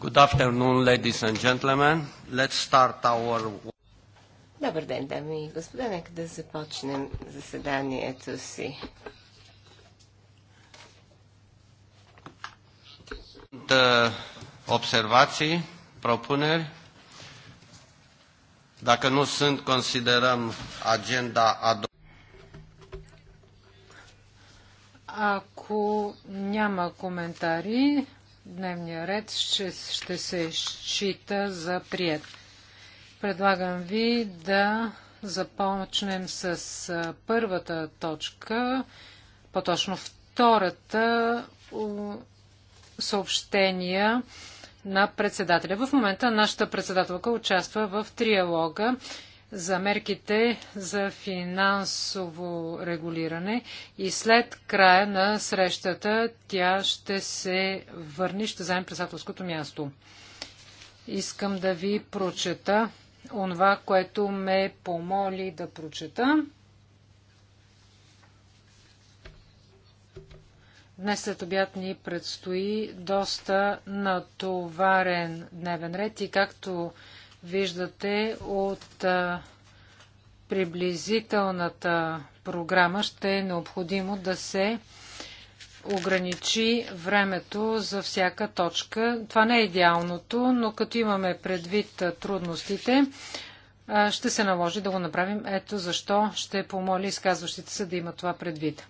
Good afternoon, ladies and gentlemen. Let's start our... Добър ден, дами и господа. Нека да започнем заседанието си. The observații, propuneri. Dacă nu sunt, considerăm agenda adoptată. Ако няма коментари, дневния ред ще, ще се счита за прият. Предлагам ви да започнем с първата точка, по-точно втората съобщения на председателя. В момента нашата председателка участва в триалога за мерките за финансово регулиране и след края на срещата тя ще се върне, ще заеме председателското място. Искам да ви прочета онова, което ме помоли да прочета. Днес след обяд ни предстои доста натоварен дневен ред и както виждате от приблизителната програма, ще е необходимо да се ограничи времето за всяка точка. Това не е идеалното, но като имаме предвид трудностите, ще се наложи да го направим. Ето защо ще помоля изказващите се да имат това предвид.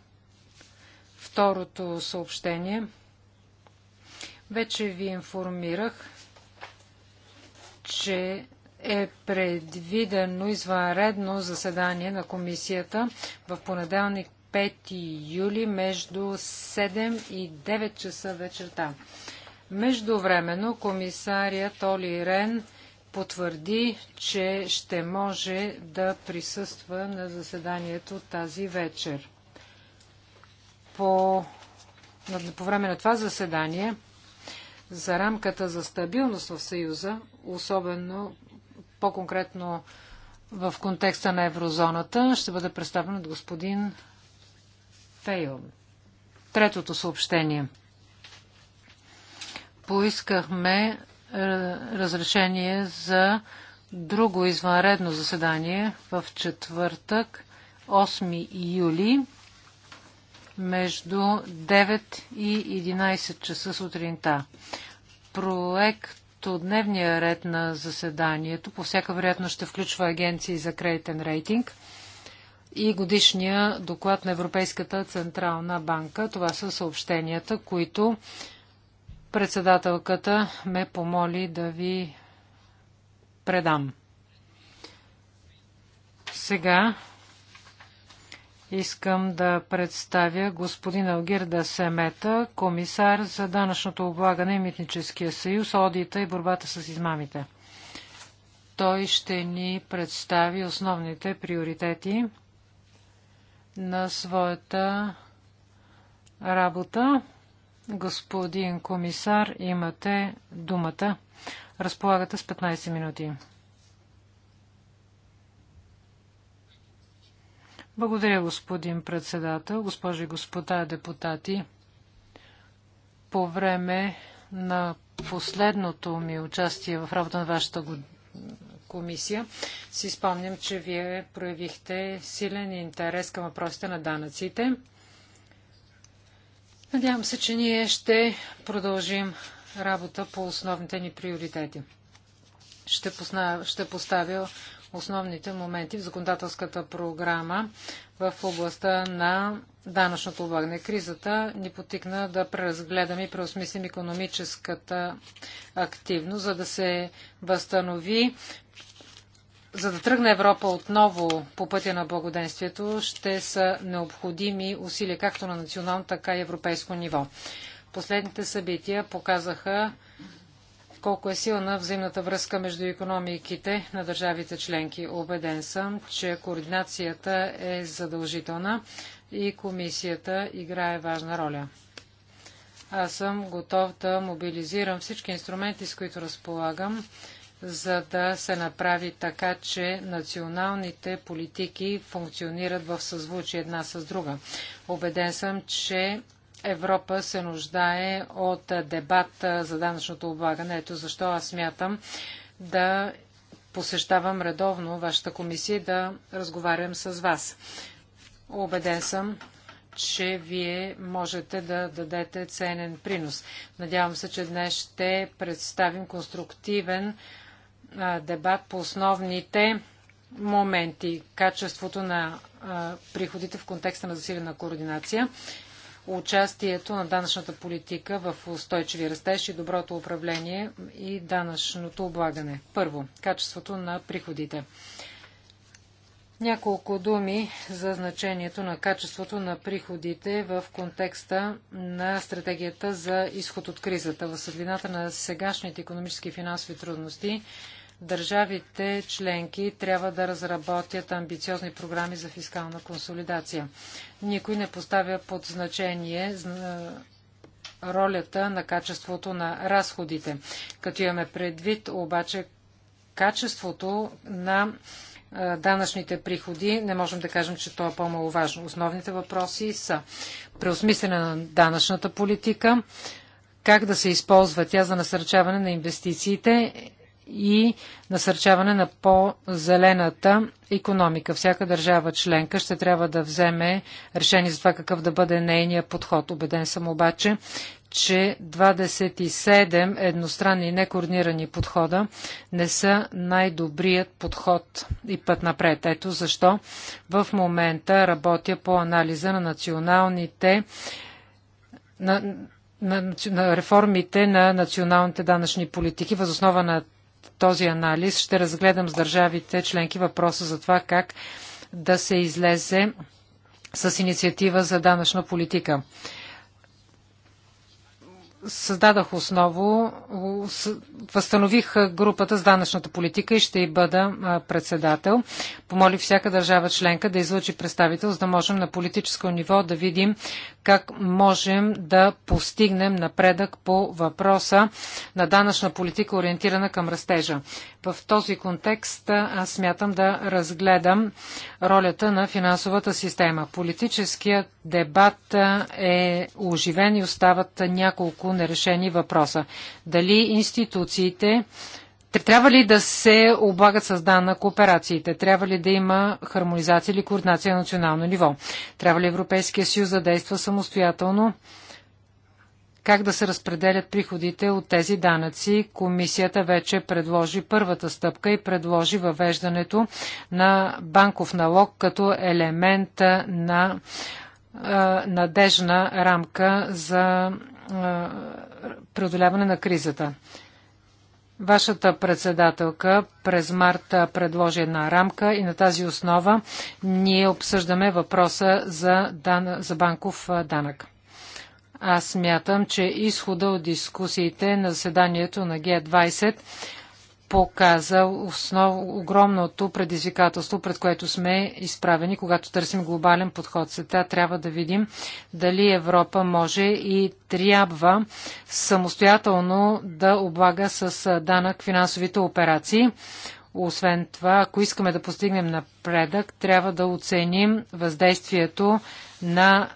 Второто съобщение. Вече ви информирах че е предвидено извънредно заседание на комисията в понеделник 5 юли между 7 и 9 часа вечерта. Междувременно комисарият Оли Рен потвърди, че ще може да присъства на заседанието тази вечер. По, по време на това заседание за рамката за стабилност в Съюза, особено по-конкретно в контекста на еврозоната, ще бъде представен от господин Фейл. Третото съобщение. Поискахме е, разрешение за друго извънредно заседание в четвъртък, 8 юли между 9 и 11 часа сутринта. Проект, дневния ред на заседанието по всяка вероятност ще включва агенции за кредитен рейтинг и годишния доклад на Европейската Централна банка. Това са съобщенията, които председателката ме помоли да ви предам. Сега Искам да представя господин Алгирда Семета, комисар за данъчното облагане и митническия съюз, одита и борбата с измамите. Той ще ни представи основните приоритети на своята работа. Господин комисар, имате думата. Разполагате с 15 минути. Благодаря, господин председател, госпожи и господа депутати. По време на последното ми участие в работа на вашата комисия, си спомням, че вие проявихте силен интерес към въпросите на данъците. Надявам се, че ние ще продължим работа по основните ни приоритети. Ще, поставя основните моменти в законодателската програма в областта на данъчното облагане. Кризата ни потикна да преразгледаме и преосмислим економическата активност, за да се възстанови за да тръгне Европа отново по пътя на благоденствието, ще са необходими усилия както на национално, така и европейско ниво. Последните събития показаха, колко е силна взаимната връзка между економиките на държавите членки. Обеден съм, че координацията е задължителна и комисията играе важна роля. Аз съм готов да мобилизирам всички инструменти, с които разполагам, за да се направи така, че националните политики функционират в съзвучие една с друга. Обеден съм, че Европа се нуждае от дебат за данъчното облагане. Ето защо аз смятам да посещавам редовно вашата комисия и да разговарям с вас. Обеден съм, че вие можете да дадете ценен принос. Надявам се, че днес ще представим конструктивен дебат по основните моменти. Качеството на приходите в контекста на засилена координация участието на данъчната политика в устойчиви растеж и доброто управление и данъчното облагане. Първо, качеството на приходите. Няколко думи за значението на качеството на приходите в контекста на стратегията за изход от кризата. В светлината на сегашните економически и финансови трудности, Държавите членки трябва да разработят амбициозни програми за фискална консолидация. Никой не поставя под значение е, ролята на качеството на разходите. Като имаме предвид обаче качеството на е, данъчните приходи, не можем да кажем, че то е по-маловажно. Основните въпроси са преосмислене на данъчната политика, как да се използва тя за насърчаване на инвестициите и насърчаване на по-зелената економика. Всяка държава членка ще трябва да вземе решение за това какъв да бъде нейният подход. Обеден съм обаче, че 27 едностранни и некоординирани подхода не са най-добрият подход и път напред. Ето защо в момента работя по анализа на националните на, на, на реформите на националните данъчни политики, възоснова на този анализ ще разгледам с държавите членки въпроса за това как да се излезе с инициатива за данъчна политика създадах осново, възстанових групата с данъчната политика и ще й бъда председател. Помолих всяка държава членка да излъчи представител, за да можем на политическо ниво да видим как можем да постигнем напредък по въпроса на данъчна политика, ориентирана към растежа. В този контекст аз смятам да разгледам ролята на финансовата система. Политическият дебат е оживен и остават няколко нерешени въпроса. Дали институциите трябва ли да се облагат с данък кооперациите? Трябва ли да има хармонизация или координация на национално ниво? Трябва ли Европейския съюз да действа самостоятелно? как да се разпределят приходите от тези данъци. Комисията вече предложи първата стъпка и предложи въвеждането на банков налог като елемент на надежна рамка за преодоляване на кризата. Вашата председателка през март предложи една рамка и на тази основа ние обсъждаме въпроса за, дан... за банков данък. Аз смятам, че изхода от дискусиите на заседанието на Г20 показа основ, огромното предизвикателство, пред което сме изправени, когато търсим глобален подход. Сега трябва да видим дали Европа може и трябва самостоятелно да облага с данък финансовите операции. Освен това, ако искаме да постигнем напредък, трябва да оценим въздействието на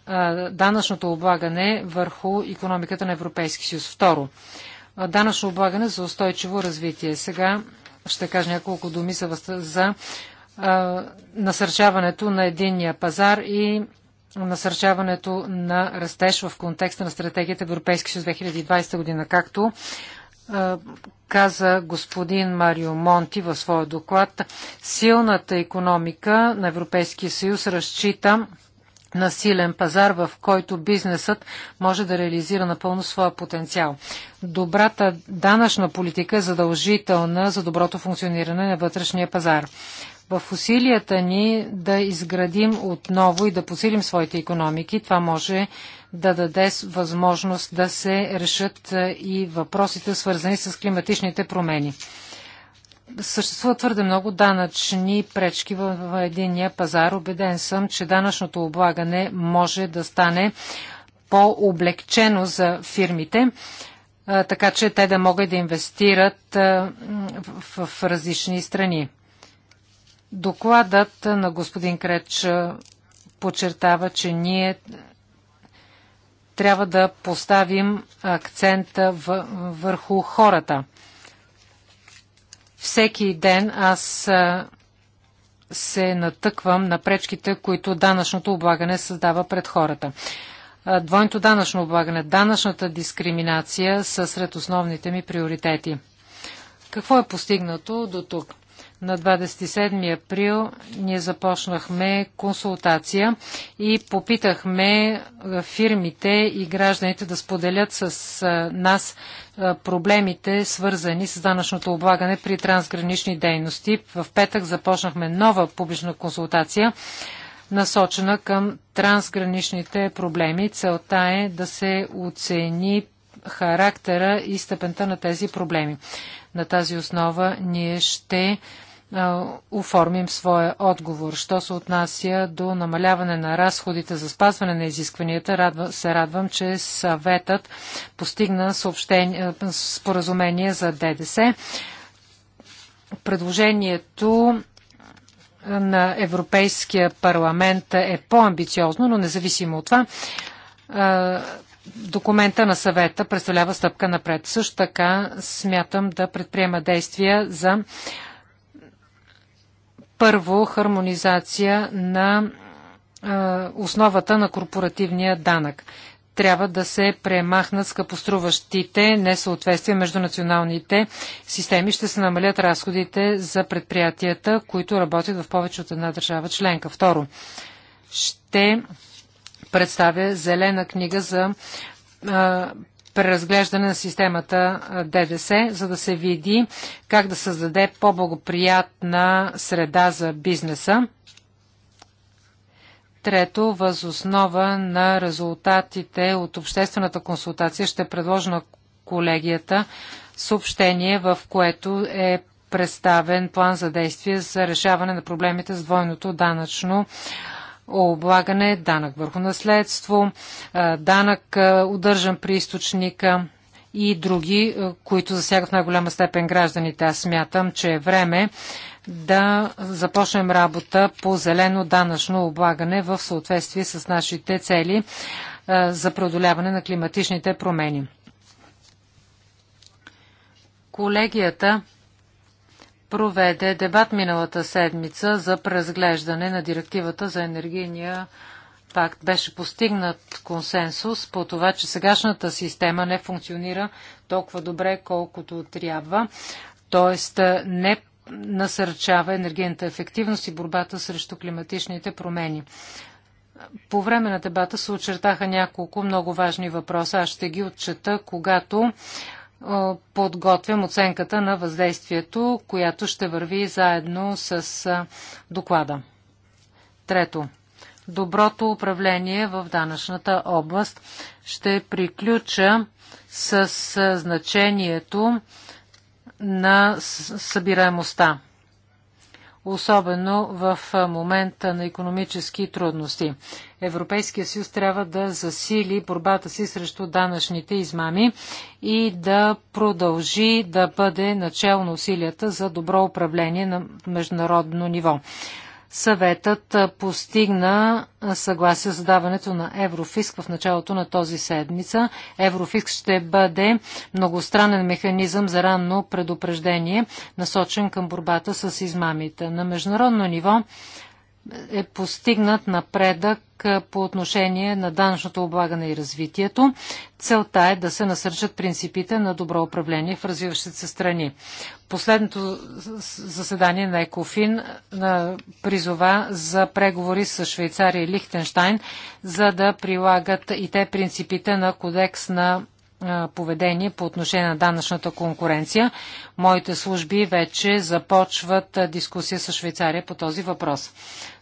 данъчното облагане върху економиката на Европейски съюз. Второ, данъчно облагане за устойчиво развитие. Сега ще кажа няколко думи за, за а, насърчаването на единния пазар и насърчаването на растеж в контекста на стратегията Европейски съюз 2020 година, както каза господин Марио Монти в своя доклад. Силната економика на Европейския съюз разчита на силен пазар, в който бизнесът може да реализира напълно своя потенциал. Добрата данъчна политика е задължителна за доброто функциониране на вътрешния пазар. В усилията ни да изградим отново и да посилим своите економики, това може да даде възможност да се решат и въпросите, свързани с климатичните промени съществуват твърде много данъчни пречки в единия пазар. Обеден съм, че данъчното облагане може да стане по-облегчено за фирмите, така че те да могат да инвестират в различни страни. Докладът на господин Креч подчертава, че ние трябва да поставим акцента върху хората. Всеки ден аз се натъквам на пречките, които данъчното облагане създава пред хората. Двойното данъчно облагане, данъчната дискриминация са сред основните ми приоритети. Какво е постигнато до тук? На 27 април ние започнахме консултация и попитахме фирмите и гражданите да споделят с нас проблемите, свързани с данъчното облагане при трансгранични дейности. В петък започнахме нова публична консултация насочена към трансграничните проблеми. Целта е да се оцени характера и степента на тези проблеми. На тази основа ние ще оформим своя отговор. Що се отнася до намаляване на разходите за спазване на изискванията, радва, се радвам, че съветът постигна споразумение за ДДС. Предложението на Европейския парламент е по-амбициозно, но независимо от това документа на съвета представлява стъпка напред. Също така смятам да предприема действия за първо хармонизация на основата на корпоративния данък. Трябва да се премахнат скъпоструващите несъответствия между националните системи. Ще се намалят разходите за предприятията, които работят в повече от една държава членка. Второ, ще представя зелена книга за преразглеждане на системата ДДС, за да се види как да създаде по-благоприятна среда за бизнеса. Трето, възоснова на резултатите от обществената консултация ще предложа на колегията съобщение, в което е представен план за действие за решаване на проблемите с двойното данъчно облагане, данък върху наследство, данък удържан при източника и други, които засягат в най-голяма степен гражданите. Аз смятам, че е време да започнем работа по зелено данъчно облагане в съответствие с нашите цели за преодоляване на климатичните промени. Колегията проведе дебат миналата седмица за преразглеждане на директивата за енергийния пакт. Беше постигнат консенсус по това, че сегашната система не функционира толкова добре, колкото трябва. Тоест не насърчава енергийната ефективност и борбата срещу климатичните промени. По време на дебата се очертаха няколко много важни въпроса. Аз ще ги отчета, когато е, подготвям оценката на въздействието, която ще върви заедно с е, доклада. Трето. Доброто управление в данъчната област. Ще приключа с е, значението на събираемостта особено в момента на економически трудности. Европейския съюз трябва да засили борбата си срещу данъчните измами и да продължи да бъде начало на усилията за добро управление на международно ниво. Съветът постигна съгласие за даването на Еврофиск в началото на този седмица. Еврофиск ще бъде многостранен механизъм за ранно предупреждение, насочен към борбата с измамите. На международно ниво е постигнат напредък по отношение на данъчното облагане и развитието. Целта е да се насърчат принципите на добро управление в развиващите се страни. Последното заседание на ЕКОФИН призова за преговори с Швейцария и Лихтенштайн, за да прилагат и те принципите на кодекс на поведение по отношение на данъчната конкуренция. Моите служби вече започват дискусия с Швейцария по този въпрос.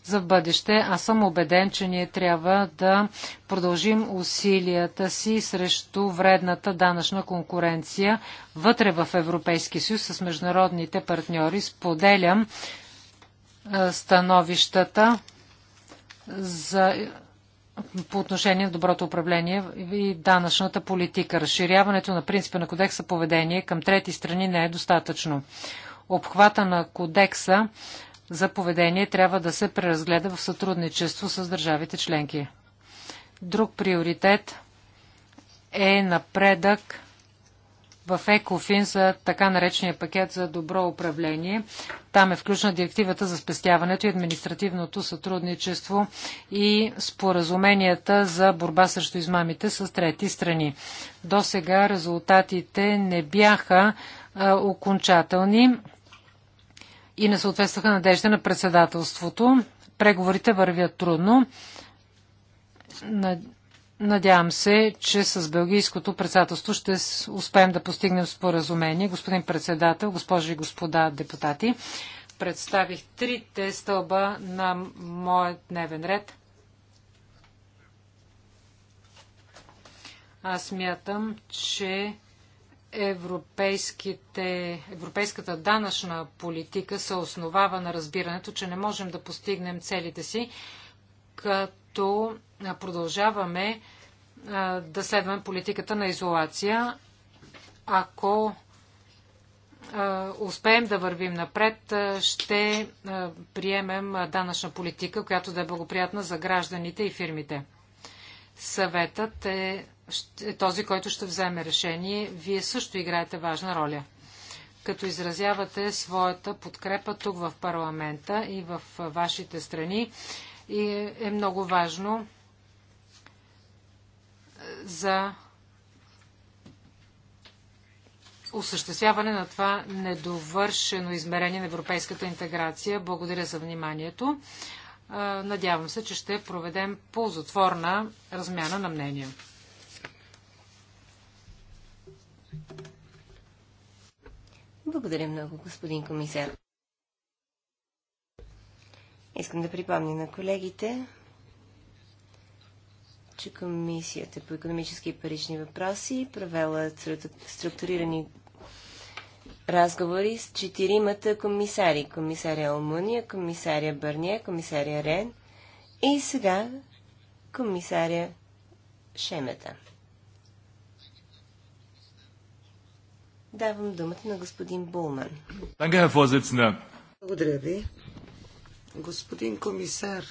За бъдеще аз съм убеден, че ние трябва да продължим усилията си срещу вредната данъчна конкуренция вътре в Европейския съюз с международните партньори. Споделям становищата за по отношение на доброто управление и данъчната политика. Разширяването на принципа на кодекса поведение към трети страни не е достатъчно. Обхвата на кодекса за поведение трябва да се преразгледа в сътрудничество с държавите членки. Друг приоритет е напредък в ЕКОФИН за така наречения пакет за добро управление. Там е включена директивата за спестяването и административното сътрудничество и споразуменията за борба срещу измамите с трети страни. До сега резултатите не бяха а, окончателни и не съответстваха надежда на председателството. Преговорите вървят трудно. Надявам се, че с белгийското председателство ще успеем да постигнем споразумение. Господин председател, госпожи и господа депутати, представих трите стълба на моят дневен ред. Аз мятам, че европейската данъчна политика се основава на разбирането, че не можем да постигнем целите си, като като продължаваме да следваме политиката на изолация. Ако успеем да вървим напред, ще приемем данъчна политика, която да е благоприятна за гражданите и фирмите. Съветът е, е този, който ще вземе решение. Вие също играете важна роля, като изразявате своята подкрепа тук в парламента и в вашите страни и е много важно е, за осъществяване на това недовършено измерение на европейската интеграция. Благодаря за вниманието. Е, надявам се, че ще проведем ползотворна размяна на мнения. Благодаря много, господин комисар. Искам да припомня на колегите, че Комисията по економически и парични въпроси провела структурирани разговори с четиримата комисари. Комисаря Алмуния, комисаря Бърния, комисария Рен и сега комисаря Шемета. Давам думата на господин Булман. Благодаря ви. Господин комисар,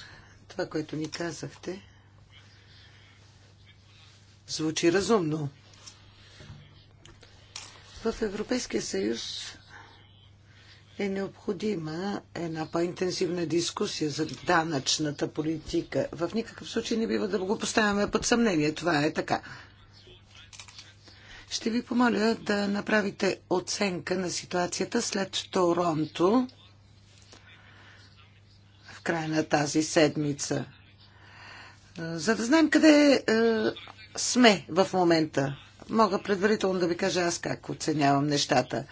това, което ни казахте, звучи разумно. В Европейския съюз е необходима една по-интензивна дискусия за данъчната политика. В никакъв случай не бива да го поставяме под съмнение. Това е така. Ще ви помоля да направите оценка на ситуацията след Торонто края на тази седмица, за да знаем къде е, сме в момента. Мога предварително да ви кажа аз как оценявам нещата.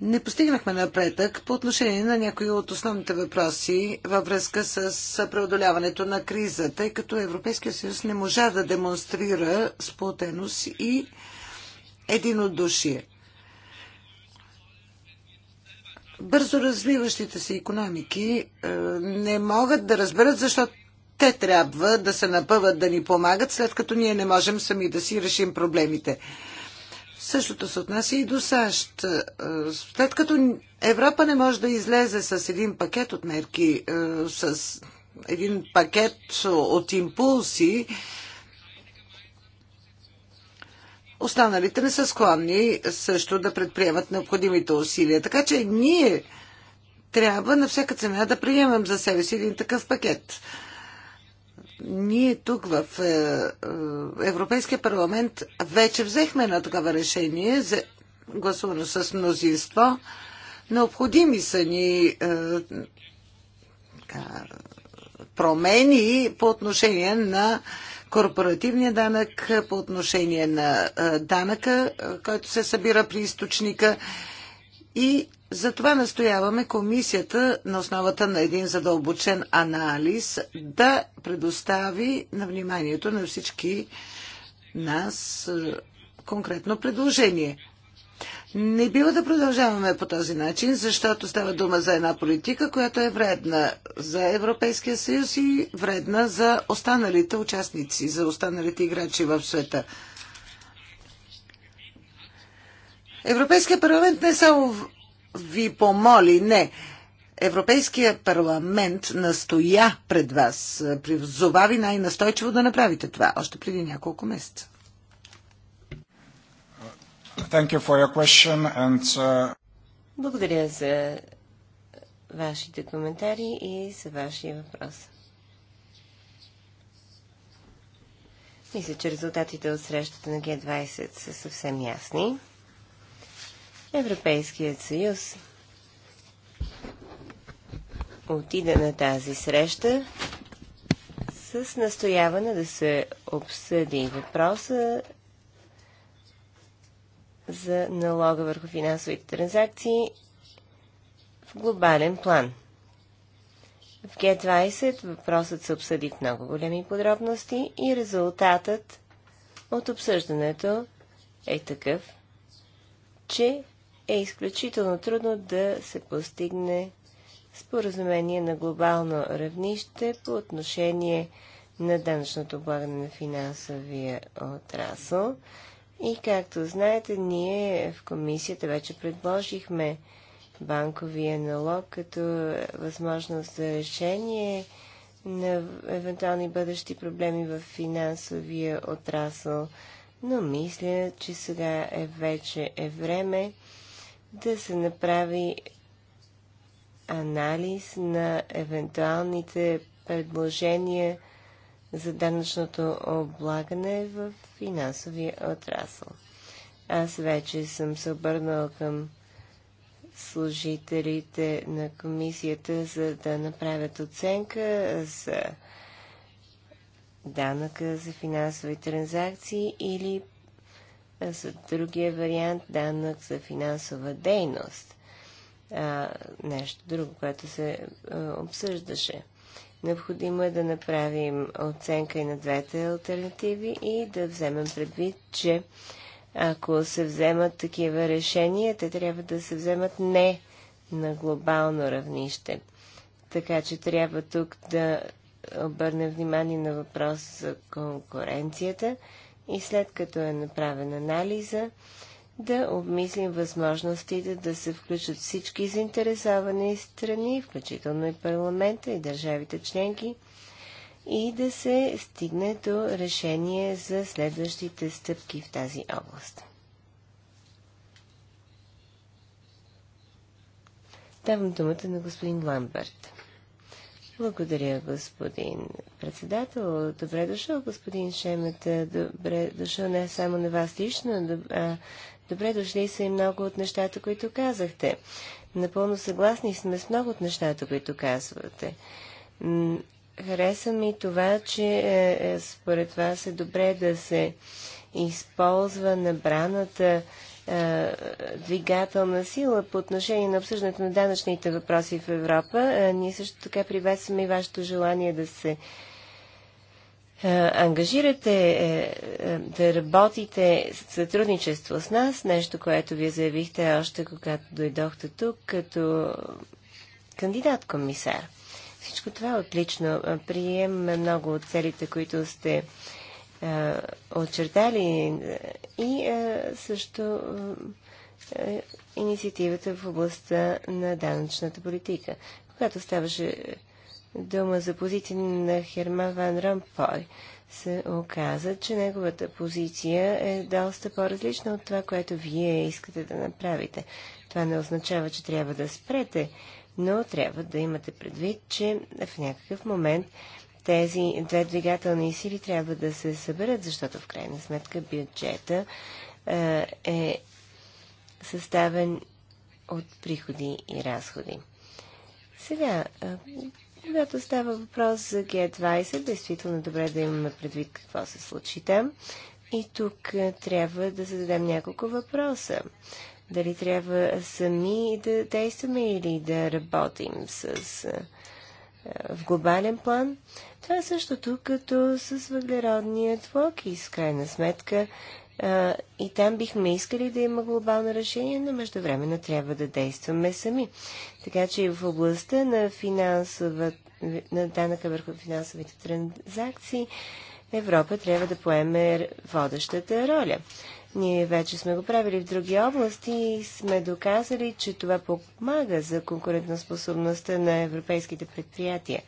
Не постигнахме напредък по отношение на някои от основните въпроси във връзка с преодоляването на кризата, тъй като Европейския съюз не можа да демонстрира сплотеност и единодушие бързо развиващите се економики е, не могат да разберат защо те трябва да се напъват да ни помагат, след като ние не можем сами да си решим проблемите. Същото се отнася и до САЩ. Е, след като Европа не може да излезе с един пакет от мерки, е, с един пакет от импулси, останалите не са склонни също да предприемат необходимите усилия. Така че ние трябва на всяка цена да приемем за себе си един такъв пакет. Ние тук в е, е, Европейския парламент вече взехме едно такова решение, за гласувано с мнозинство. Необходими са ни е, промени по отношение на корпоративния данък, по отношение на данъка, който се събира при източника. И затова настояваме комисията на основата на един задълбочен анализ да предостави на вниманието на всички нас конкретно предложение. Не бива да продължаваме по този начин, защото става дума за една политика, която е вредна за Европейския съюз и вредна за останалите участници, за останалите играчи в света. Европейския парламент не само ви помоли, не. Европейския парламент настоя пред вас, призова ви най-настойчиво да направите това, още преди няколко месеца. Thank you for your question and, uh... Благодаря за вашите коментари и за вашия въпрос. Мисля, че резултатите от срещата на Г-20 са съвсем ясни. Европейският съюз отида на тази среща с настояване да се обсъди въпроса за налога върху финансовите транзакции в глобален план. В Г20 въпросът се обсъди в много големи подробности и резултатът от обсъждането е такъв, че е изключително трудно да се постигне споразумение на глобално равнище по отношение на данъчното облагане на финансовия отрасъл. И както знаете, ние в комисията вече предложихме банковия налог като възможност за решение на евентуални бъдещи проблеми в финансовия отрасъл. Но мисля, че сега е вече е време да се направи анализ на евентуалните предложения за данъчното облагане в финансовия отрасъл. Аз вече съм се обърнала към служителите на комисията, за да направят оценка за данъка за финансови транзакции или за другия вариант данък за финансова дейност. А, нещо друго, което се а, обсъждаше. Необходимо е да направим оценка и на двете альтернативи и да вземем предвид, че ако се вземат такива решения, те трябва да се вземат не на глобално равнище. Така че трябва тук да обърнем внимание на въпрос за конкуренцията и след като е направен анализа, да обмислим възможностите да се включат всички заинтересовани страни, включително и парламента и държавите членки, и да се стигне до решение за следващите стъпки в тази област. Давам думата на господин Ламберт. Благодаря, господин председател. Добре дошъл, господин Шемета. Добре дошъл не само на вас лично, а Добре дошли са и много от нещата, които казахте. Напълно съгласни сме с много от нещата, които казвате. Хареса ми това, че е, е, според вас е добре да се използва набраната е, двигателна сила по отношение на обсъждането на данъчните въпроси в Европа. ние също така приветстваме и вашето желание да се е, ангажирате е, е, да работите сътрудничество с нас, нещо, което вие заявихте още когато дойдохте тук като кандидат-комисар. Всичко това е отлично. Приемаме много от целите, които сте очертали и също инициативата в областта на данъчната политика. Когато ставаше дума за позиция на Херман Ван Рампой, се оказа, че неговата позиция е доста по-различна от това, което вие искате да направите. Това не означава, че трябва да спрете, но трябва да имате предвид, че в някакъв момент тези две двигателни сили трябва да се съберат, защото в крайна сметка бюджета е, е съставен от приходи и разходи. Сега, когато става въпрос за g 20 действително добре да имаме предвид какво се случи там. И тук е, трябва да зададем няколко въпроса. Дали трябва сами да действаме или да работим с, е, в глобален план? Това е същото като с въглеродният влог и с крайна сметка и там бихме искали да има глобално решение, но междувременно трябва да действаме сами. Така че и в областта на, финансова, на данъка върху финансовите транзакции Европа трябва да поеме водещата роля. Ние вече сме го правили в други области и сме доказали, че това помага за конкурентоспособността на европейските предприятия.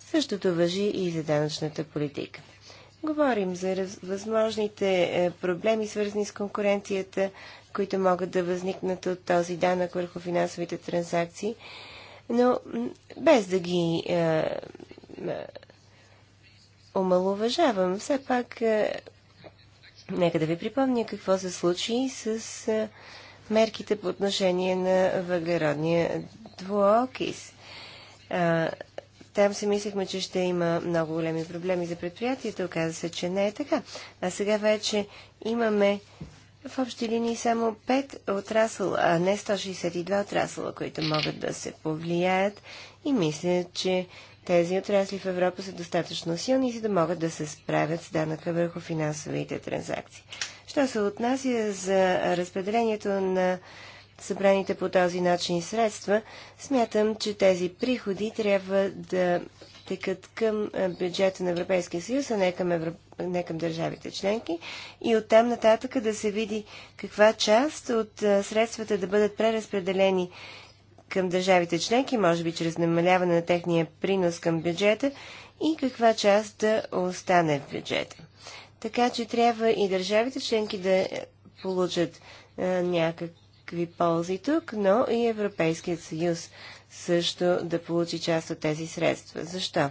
Същото въжи и за данъчната политика. Говорим за възможните е, проблеми, свързани с конкуренцията, които могат да възникнат от този данък върху финансовите транзакции, но без да ги е, омалуважавам, все пак е, нека да ви припомня какво се случи с мерките по отношение на въглеродния двуокис. Там си мислехме, че ще има много големи проблеми за предприятието. Оказа се, че не е така. А сега вече имаме в общи линии само 5 отрасъла, а не 162 отрасъла, които могат да се повлияят. И мисля, че тези отрасли в Европа са достатъчно силни, за да могат да се справят с данъка върху финансовите транзакции. Що се отнася за разпределението на събраните по този начин средства, смятам, че тези приходи трябва да текат към бюджета на Европейския съюз, а не към, Евро... не към държавите членки. И оттам нататък да се види каква част от средствата да бъдат преразпределени към държавите членки, може би чрез намаляване на техния принос към бюджета и каква част да остане в бюджета. Така че трябва и държавите членки да е, получат е, някакъв някакви ползи тук, но и Европейският съюз също да получи част от тези средства. Защо?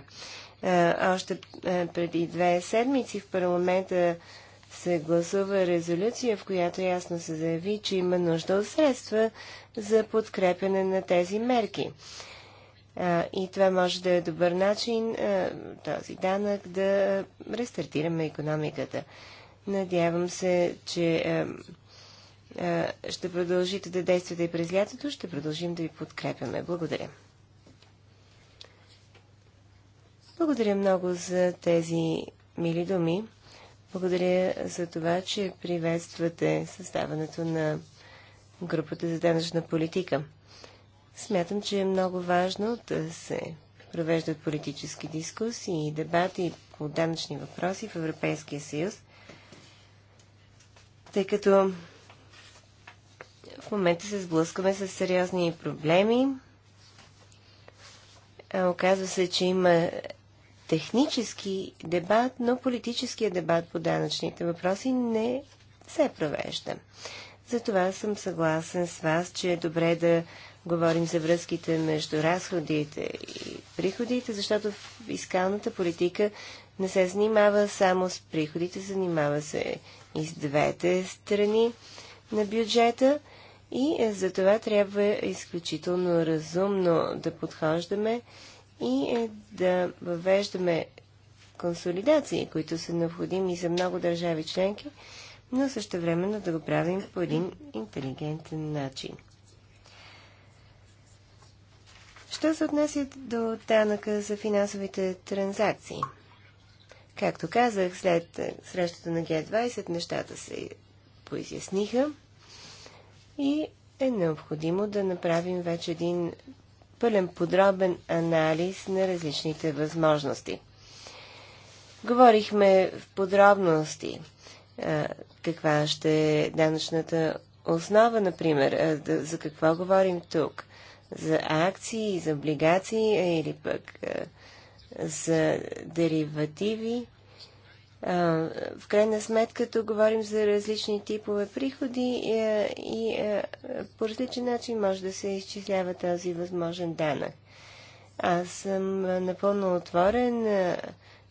Още преди две седмици в парламента се гласува резолюция, в която ясно се заяви, че има нужда от средства за подкрепяне на тези мерки. и това може да е добър начин този данък да рестартираме економиката. Надявам се, че е, ще продължите да действате и през лятото, ще продължим да ви подкрепяме. Благодаря. Благодаря много за тези мили думи. Благодаря за това, че приветствате създаването на групата за данъчна политика. Смятам, че е много важно да се провеждат политически дискусии и дебати по данъчни въпроси в Европейския съюз, тъй като в момента се сблъскваме с сериозни проблеми. Оказва се, че има технически дебат, но политическия дебат по данъчните въпроси не се провежда. Затова съм съгласен с вас, че е добре да говорим за връзките между разходите и приходите, защото фискалната политика не се занимава само с приходите, занимава се и с двете страни на бюджета и е, за това трябва изключително разумно да подхождаме и е, да въвеждаме консолидации, които са необходими за много държави членки, но също времено да го правим по един интелигентен начин. Що се отнася до данъка за финансовите транзакции? Както казах, след е, срещата на Г20 нещата се поизясниха и е необходимо да направим вече един пълен подробен анализ на различните възможности. Говорихме в подробности каква ще е данъчната основа, например, за какво говорим тук. За акции, за облигации или пък за деривативи. В крайна сметка, тук говорим за различни типове приходи е, и е, по различен начин може да се изчислява този възможен данък. Аз съм напълно отворен е,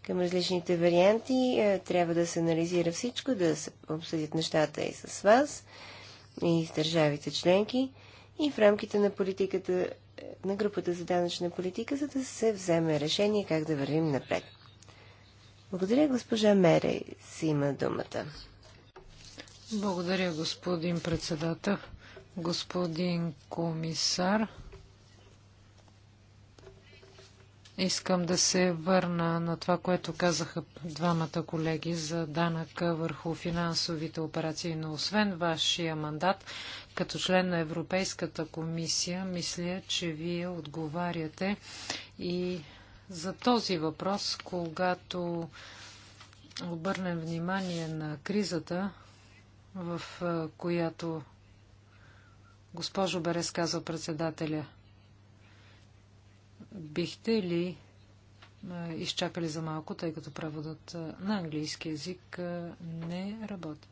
към различните варианти. Трябва да се анализира всичко, да се обсъдят нещата и с вас, и с държавите членки, и в рамките на политиката на групата за данъчна политика, за да се вземе решение как да вървим напред. Благодаря, госпожа Мерей. Си има думата. Благодаря, господин председател. Господин комисар, искам да се върна на това, което казаха двамата колеги за данъка върху финансовите операции. Но освен вашия мандат, като член на Европейската комисия, мисля, че вие отговаряте и за този въпрос, когато обърнем внимание на кризата, в която госпожо Берес казва председателя. Бихте ли изчакали за малко, тъй като преводът на английски язик не работи?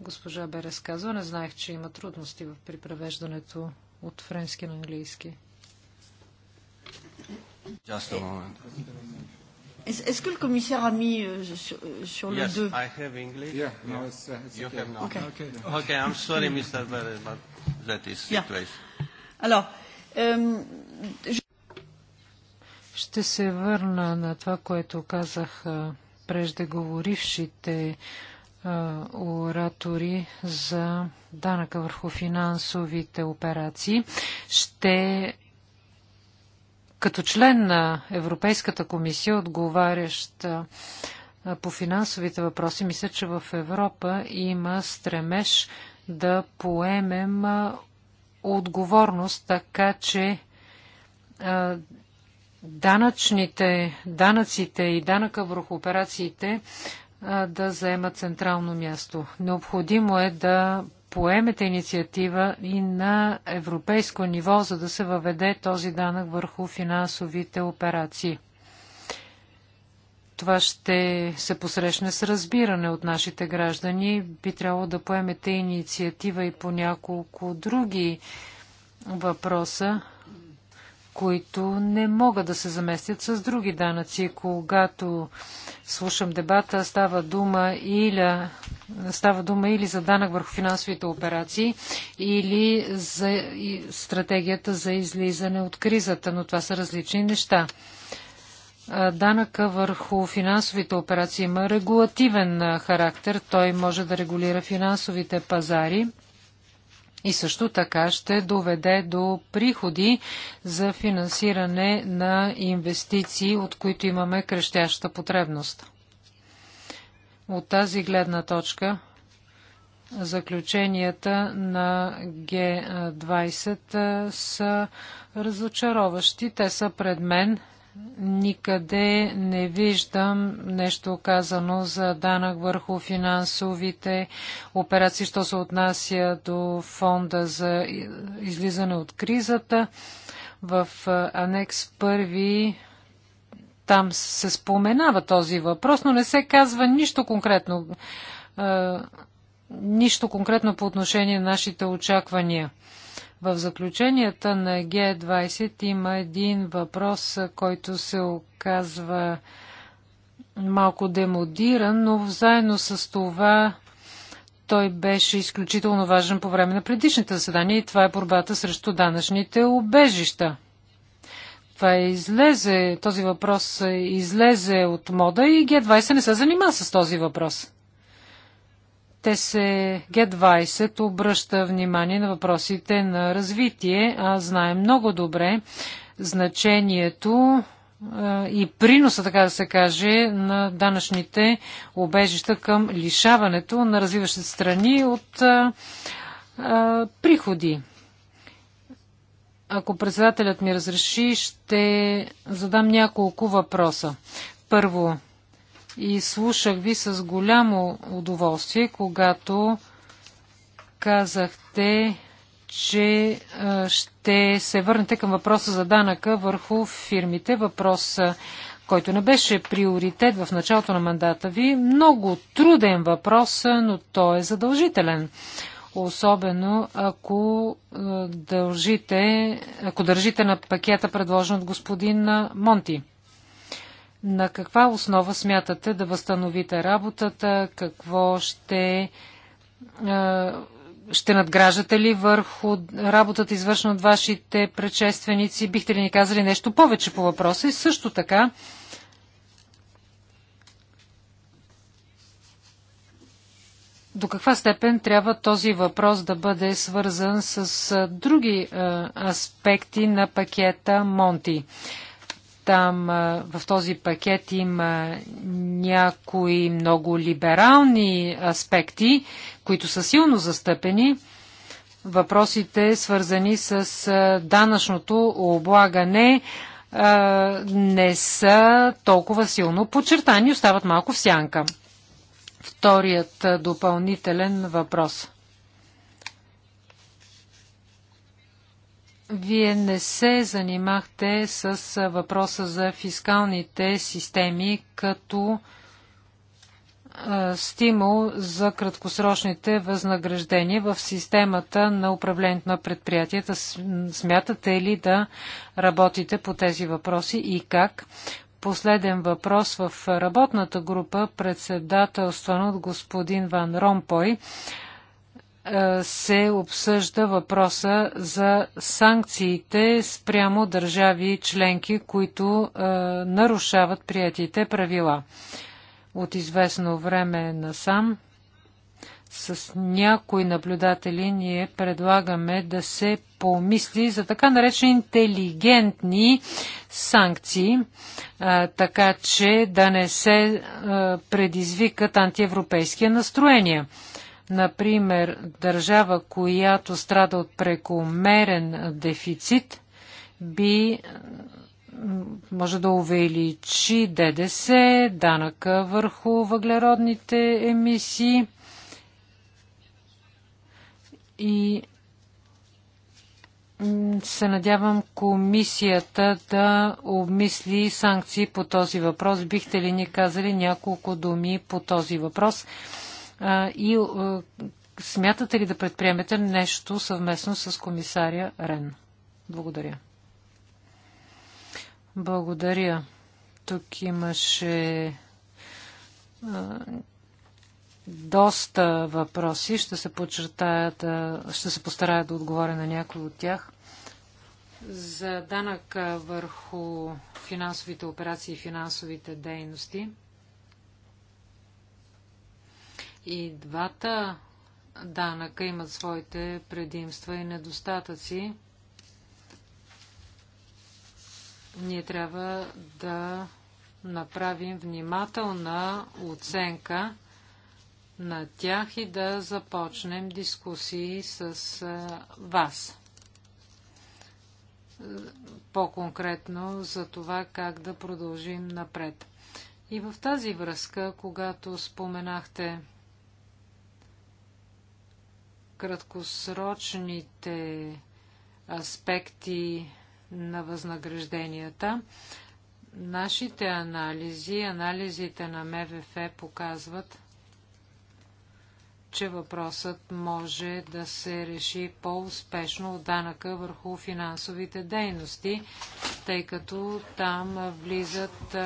Госпожа Берес казва, не знаех, че има трудности при превеждането от френски на английски. Just a moment. Est-ce que le commissaire a mis euh, sur, le 2 yes, 2 I have English. Yeah, no, it's, uh, it's you okay. have not. Okay. Okay. okay, I'm sorry, Mr. Beres, but that is the situation. Yeah. Alors, euh, je... Ще се върна на това, което казах преждеговорившите оратори за данъка върху финансовите операции. Ще като член на Европейската комисия, отговарящ по финансовите въпроси, мисля, че в Европа има стремеж да поемем отговорност, така че данъчните, данъците и данъка върху операциите да заемат централно място. Необходимо е да поемете инициатива и на европейско ниво, за да се въведе този данък върху финансовите операции. Това ще се посрещне с разбиране от нашите граждани. Би трябвало да поемете инициатива и по няколко други въпроса, които не могат да се заместят с други данъци. Когато слушам дебата, става дума или Става дума или за данък върху финансовите операции, или за стратегията за излизане от кризата, но това са различни неща. Данъка върху финансовите операции има регулативен характер. Той може да регулира финансовите пазари и също така ще доведе до приходи за финансиране на инвестиции, от които имаме крещяща потребност. От тази гледна точка заключенията на Г20 са разочароващи. Те са пред мен. Никъде не виждам нещо казано за данък върху финансовите операции, що се отнася до фонда за излизане от кризата. В анекс първи там се споменава този въпрос, но не се казва нищо конкретно. Е, нищо конкретно по отношение на нашите очаквания. В заключенията на Г20 има един въпрос, който се оказва малко демодиран, но заедно с това той беше изключително важен по време на предишните заседания и това е борбата срещу данъчните убежища. Това излезе, този въпрос излезе от мода и Г20 не се занима с този въпрос. Те се, Г20 обръща внимание на въпросите на развитие, а знае много добре значението и приноса, така да се каже, на данъчните обежища към лишаването на развиващите страни от а, а, приходи. Ако председателят ми разреши, ще задам няколко въпроса. Първо, и слушах ви с голямо удоволствие, когато казахте, че ще се върнете към въпроса за данъка върху фирмите. Въпрос, който не беше приоритет в началото на мандата ви. Много труден въпрос, но той е задължителен особено ако е, дължите, ако държите на пакета, предложен от господин е, Монти. На каква основа смятате да възстановите работата? Какво ще е, ще надграждате ли върху работата, извършена от вашите предшественици? Бихте ли ни казали нещо повече по въпроса? И също така, до каква степен трябва този въпрос да бъде свързан с други аспекти на пакета Монти. Там в този пакет има някои много либерални аспекти, които са силно застъпени. Въпросите свързани с данъчното облагане не са толкова силно подчертани, остават малко в сянка вторият допълнителен въпрос. Вие не се занимахте с въпроса за фискалните системи като стимул за краткосрочните възнаграждения в системата на управлението на предприятията. Смятате ли да работите по тези въпроси и как? последен въпрос в работната група, председателстван от господин Ван Ромпой, е, се обсъжда въпроса за санкциите спрямо държави и членки, които е, нарушават приятите правила. От известно време насам с някои наблюдатели ние предлагаме да се помисли за така наречени интелигентни санкции, а, така че да не се а, предизвикат антиевропейския настроения. Например, държава, която страда от прекомерен дефицит, би може да увеличи ДДС, данъка върху въглеродните емисии и се надявам комисията да обмисли санкции по този въпрос. Бихте ли ни казали няколко думи по този въпрос? И е, смятате ли да предприемете нещо съвместно с комисаря Рен? Благодаря. Благодаря. Тук имаше доста въпроси. Ще се подчертаят, ще се постарая да отговоря на някои от тях. За данък върху финансовите операции и финансовите дейности. И двата данъка имат своите предимства и недостатъци. Ние трябва да направим внимателна оценка на тях и да започнем дискусии с вас. По-конкретно за това как да продължим напред. И в тази връзка, когато споменахте краткосрочните аспекти на възнагражденията, нашите анализи, анализите на МВФ показват, че въпросът може да се реши по-успешно от данъка върху финансовите дейности, тъй като там влизат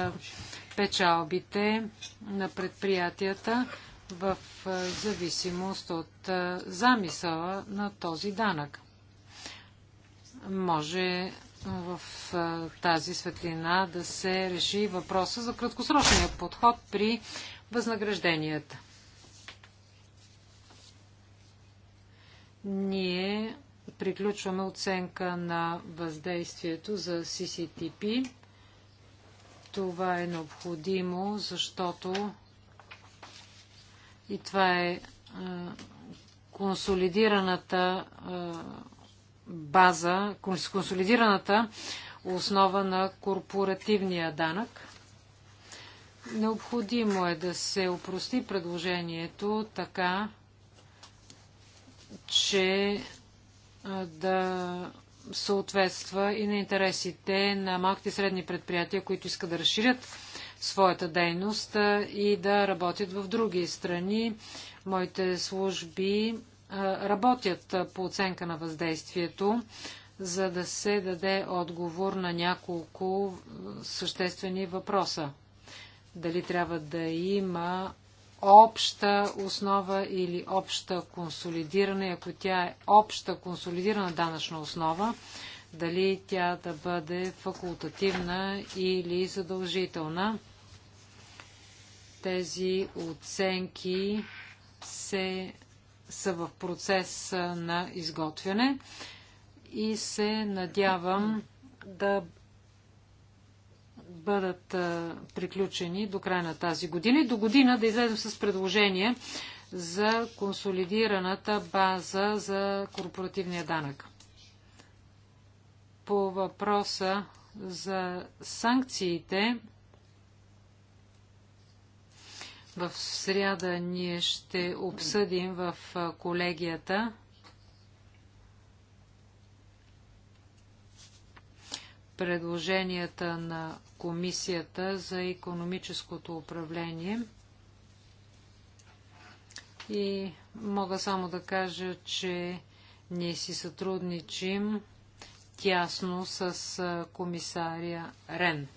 печалбите на предприятията в зависимост от замисъла на този данък. Може в тази светлина да се реши въпроса за краткосрочния подход при възнагражденията. Ние приключваме оценка на въздействието за CCTP. Това е необходимо, защото и това е, е консолидираната е, база, консолидираната основа на корпоративния данък. Необходимо е да се опрости предложението така, че да съответства и на интересите на малките и средни предприятия, които искат да разширят своята дейност и да работят в други страни. Моите служби работят по оценка на въздействието, за да се даде отговор на няколко съществени въпроса. Дали трябва да има обща основа или обща консолидирана, ако тя е обща консолидирана данъчна основа, дали тя да бъде факултативна или задължителна. Тези оценки се, са в процес на изготвяне и се надявам да бъдат приключени до края на тази година и до година да излезем с предложение за консолидираната база за корпоративния данък. По въпроса за санкциите, в сряда ние ще обсъдим в колегията предложенията на Комисията за економическото управление. И мога само да кажа, че ние си сътрудничим тясно с комисария Рен.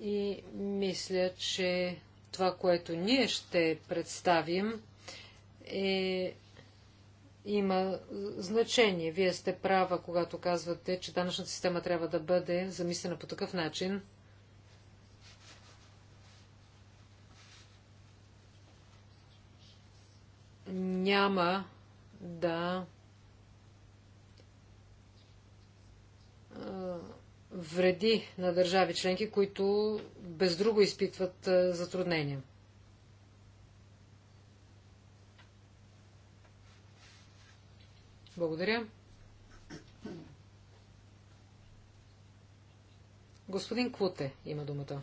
И мисля, че това, което ние ще представим, е, има е, значение. Вие сте права, когато казвате, че данъчната система трябва да бъде замислена по такъв начин, няма да е, вреди на държави членки, които без друго изпитват е, затруднения. Благодаря. Господин Клуте има думата.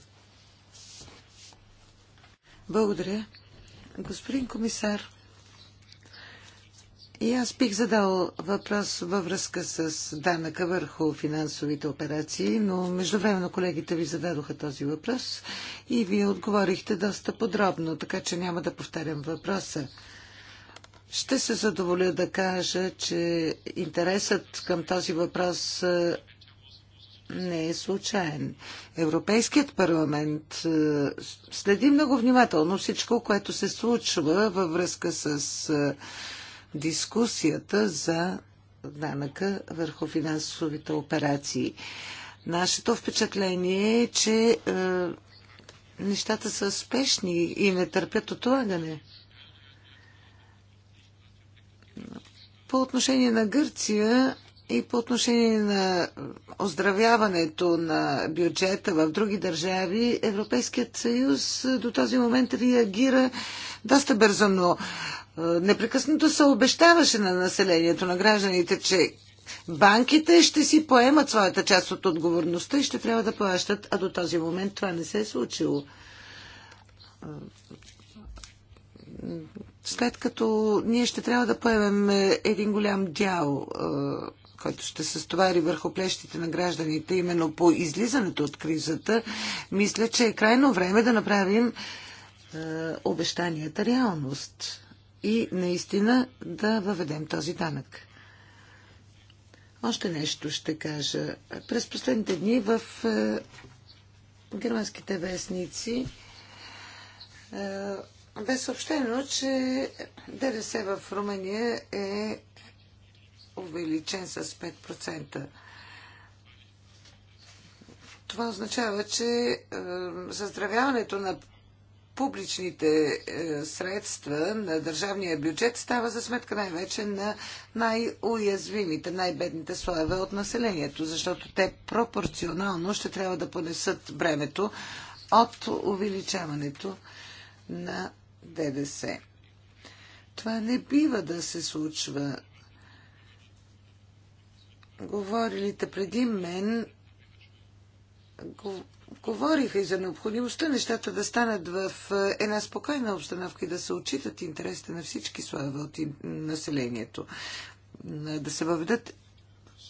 Благодаря. Господин комисар, и аз бих задал въпрос във връзка с данъка върху финансовите операции, но междувременно колегите ви зададоха този въпрос и вие отговорихте доста подробно, така че няма да повтарям въпроса. Ще се задоволя да кажа, че интересът към този въпрос е, не е случайен. Европейският парламент е, следи много внимателно всичко, което се случва във връзка с е, дискусията за данъка върху финансовите операции. Нашето впечатление е, че е, нещата са спешни и не търпят отлагане. По отношение на Гърция и по отношение на оздравяването на бюджета в други държави, Европейският съюз до този момент реагира доста бързо, е, непрекъснато се обещаваше на населението, на гражданите, че банките ще си поемат своята част от отговорността и ще трябва да плащат, а до този момент това не се е случило след като ние ще трябва да поемем е, един голям дял, е, който ще се стовари върху плещите на гражданите, именно по излизането от кризата, мисля, че е крайно време да направим е, обещанията реалност и наистина да въведем този данък. Още нещо ще кажа. През последните дни в германските вестници бе съобщено, че ДДС в Румъния е увеличен с 5%. Това означава, че е, заздравяването на публичните е, средства на държавния бюджет става за сметка най-вече на най-уязвимите, най-бедните слоеве от населението, защото те пропорционално ще трябва да понесат бремето от увеличаването на ДДС. Това не бива да се случва. Говорилите преди мен говориха и за необходимостта нещата да станат в е, една спокойна обстановка и да се отчитат интересите на всички слоеве от населението. Да се въведат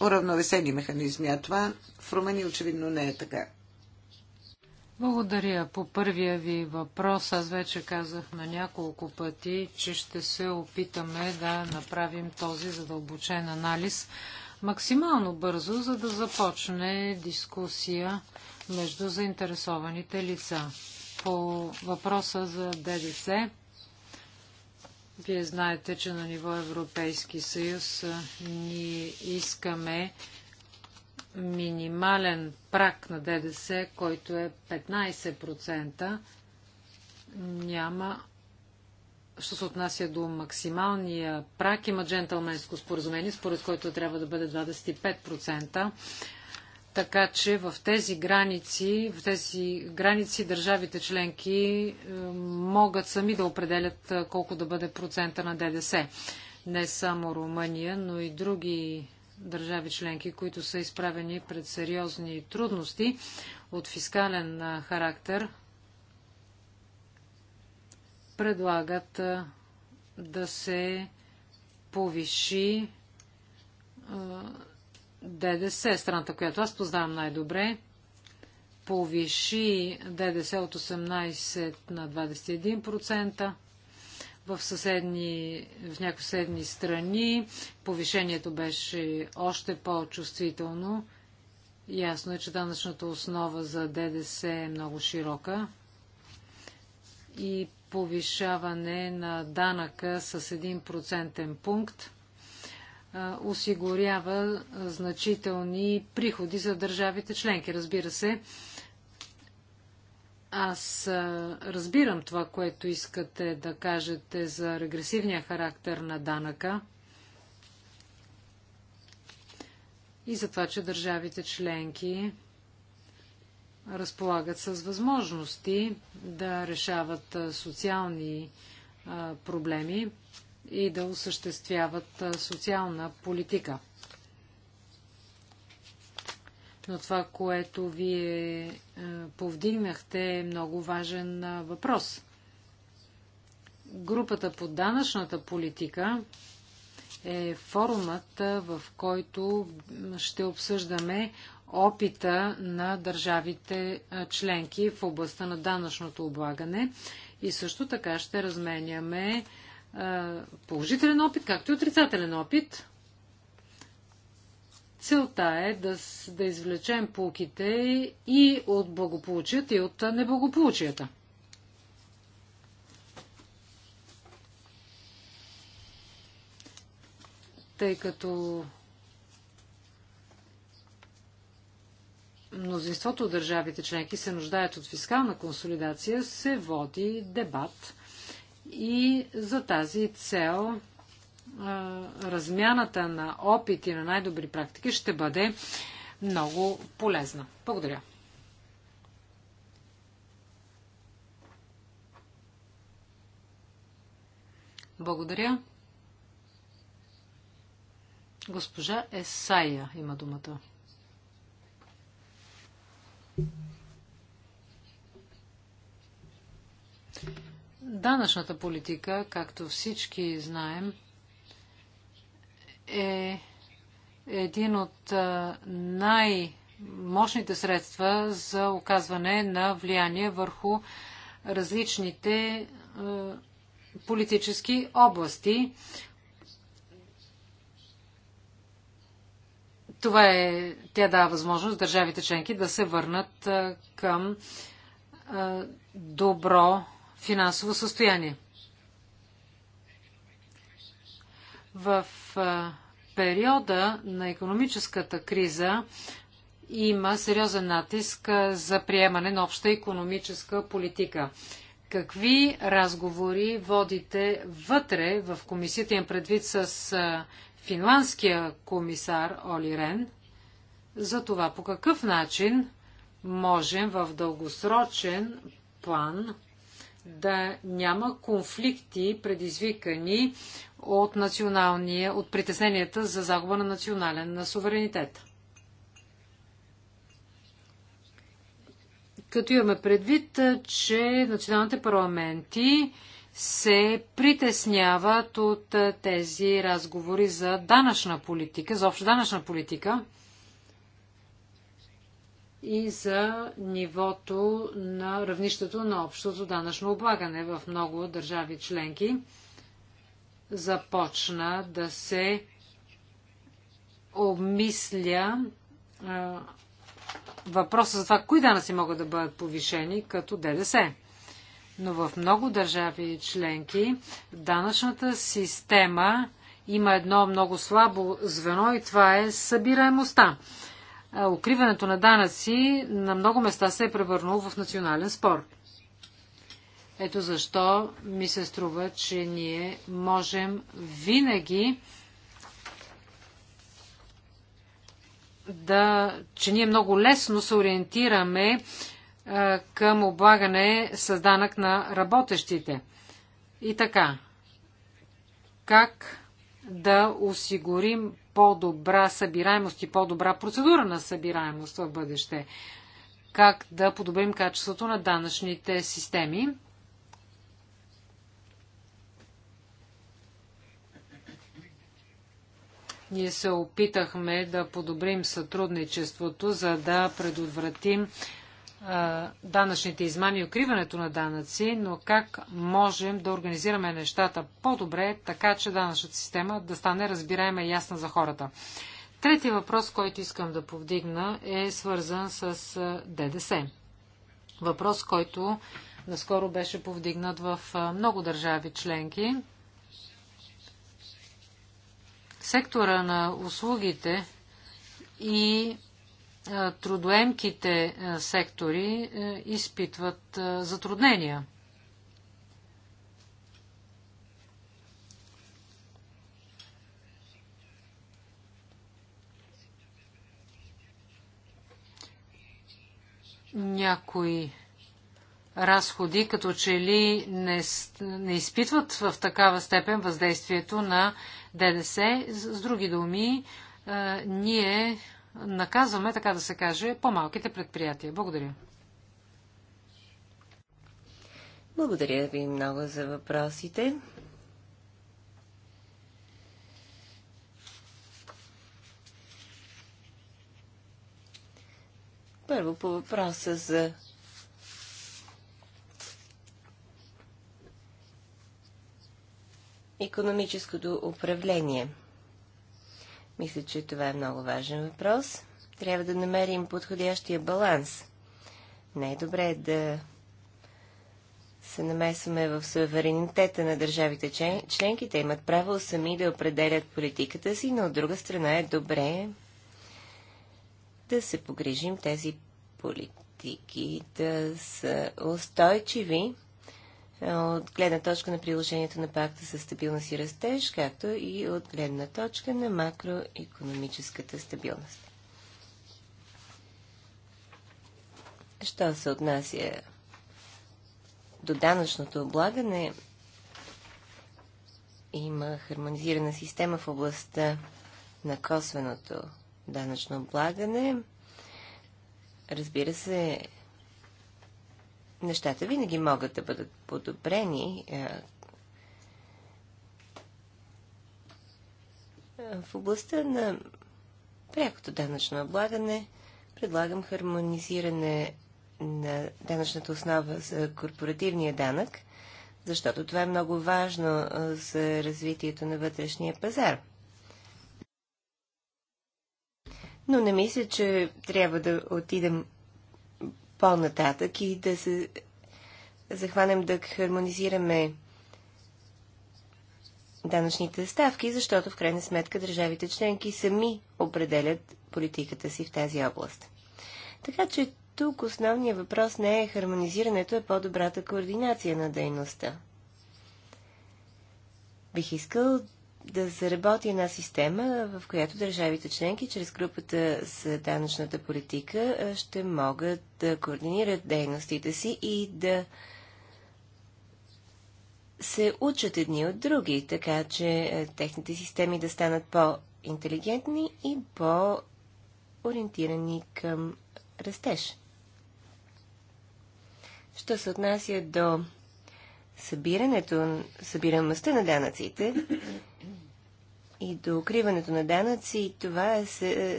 уравновесени механизми, а това в Румъния очевидно не е така. Благодаря. По първия ви въпрос аз вече казах на няколко пъти, че ще се опитаме да направим този задълбочен анализ максимално бързо, за да започне дискусия между заинтересованите лица. По въпроса за ДДС, вие знаете, че на ниво Европейски съюз ние искаме минимален прак на ДДС, който е 15%, няма що се отнася до максималния прак, има джентълменско споразумение, според който трябва да бъде 25%. Така че в тези граници, в тези граници държавите членки е, могат сами да определят е, колко да бъде процента на ДДС. Не само Румъния, но и други държави членки, които са изправени пред сериозни трудности от фискален характер, предлагат да се повиши ДДС, страната, която аз познавам най-добре, повиши ДДС от 18 на 21% в, съседни, в някои съседни страни. Повишението беше още по-чувствително. Ясно е, че данъчната основа за ДДС е много широка и повишаване на данъка с 1% пункт осигурява значителни приходи за държавите членки. Разбира се, аз разбирам това, което искате да кажете за регресивния характер на данъка и за това, че държавите членки разполагат с възможности да решават социални проблеми и да осъществяват социална политика. Но това, което вие е, повдигнахте е много важен е, въпрос. Групата по данъчната политика е форумът, е, в който ще обсъждаме опита на държавите членки в областта на данъчното облагане и също така ще разменяме положителен опит, както и отрицателен опит Целта е да, да извлечем полките и от благополучията, и от неблагополучията. Тъй като мнозинството от държавите членки се нуждаят от фискална консолидация, се води дебат и за тази цел размяната на опити на най-добри практики ще бъде много полезна. Благодаря. Благодаря. Госпожа Есая има думата. Данъчната политика, както всички знаем, е един от най-мощните средства за оказване на влияние върху различните политически области. Това е, тя дава възможност държавите членки да се върнат към добро финансово състояние. В периода на економическата криза има сериозен натиск за приемане на обща економическа политика. Какви разговори водите вътре в комисията, им предвид с финландския комисар Оли Рен, за това по какъв начин можем в дългосрочен план да няма конфликти, предизвикани от, националния, от притесненията за загуба на национален на суверенитет. Като имаме предвид, че националните парламенти се притесняват от тези разговори за данъчна политика, за общо данъчна политика и за нивото на равнището на общото данъчно облагане в много държави членки започна да се обмисля а, въпроса за това, кои данъци могат да бъдат повишени като ДДС. Но в много държави членки данъчната система има едно много слабо звено и това е събираемостта. Укриването на данъци на много места се е превърнало в национален спор. Ето защо ми се струва, че ние можем винаги да, че ние много лесно се ориентираме а, към облагане с данък на работещите. И така, как да осигурим по-добра събираемост и по-добра процедура на събираемост в бъдеще? Как да подобрим качеството на данъчните системи? Ние се опитахме да подобрим сътрудничеството, за да предотвратим данъчните измами и укриването на данъци, но как можем да организираме нещата по-добре, така че данъчната система да стане разбираема и ясна за хората. Третия въпрос, който искам да повдигна, е свързан с ДДС. Въпрос, който наскоро беше повдигнат в много държави членки сектора на услугите и трудоемките сектори изпитват затруднения. Някои разходи, като че ли не, не изпитват в такава степен въздействието на ДДС. С други думи, е, ние наказваме, така да се каже, по-малките предприятия. Благодаря. Благодаря ви много за въпросите. Първо по въпроса за економическото управление. Мисля, че това е много важен въпрос. Трябва да намерим подходящия баланс. Не е добре да се намесваме в суверенитета на държавите членки, членките. Имат право сами да определят политиката си, но от друга страна е добре да се погрижим тези политики да са устойчиви от гледна точка на приложението на пакта за стабилност и растеж, както и от гледна точка на макроекономическата стабилност. Що се отнася до данъчното облагане, има хармонизирана система в областта на косвеното данъчно облагане. Разбира се, Нещата винаги могат да бъдат подобрени. Е, в областта на прякото данъчно облагане предлагам хармонизиране на данъчната основа за корпоративния данък, защото това е много важно е, за развитието на вътрешния пазар. Но не мисля, че трябва да отидем по-нататък и да се захванем да хармонизираме данъчните ставки, защото в крайна сметка държавите членки сами определят политиката си в тази област. Така че тук основният въпрос не е хармонизирането, е по-добрата координация на дейността. Бих искал да заработи една система, в която държавите членки чрез групата с данъчната политика ще могат да координират дейностите си и да се учат едни от други, така че техните системи да станат по-интелигентни и по-ориентирани към растеж. Що се отнася до събирането, събираемостта на данъците, и до укриването на данъци. И това е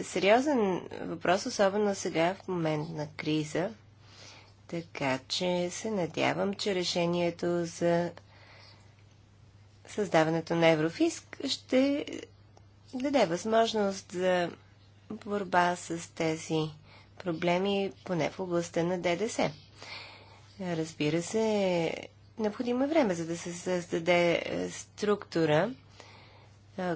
сериозен въпрос, особено сега в момент на криза. Така че се надявам, че решението за създаването на Еврофиск ще даде възможност за борба с тези проблеми, поне в областта на ДДС. Разбира се, необходимо е време, за да се създаде е, структура,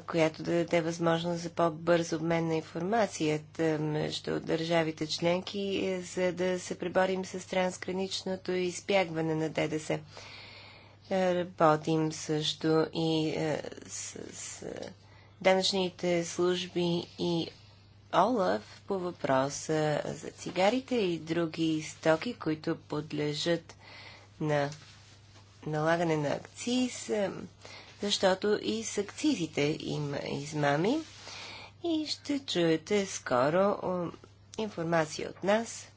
която да даде възможност за по-бърз обмен на информацията между държавите членки, е, за да се приборим с трансграничното избягване на ДДС. Работим също и е, с, с е, данъчните служби и Олаф по въпроса за цигарите и други стоки, които подлежат на налагане на акциз защото и с акцизите има измами. И ще чуете скоро информация от нас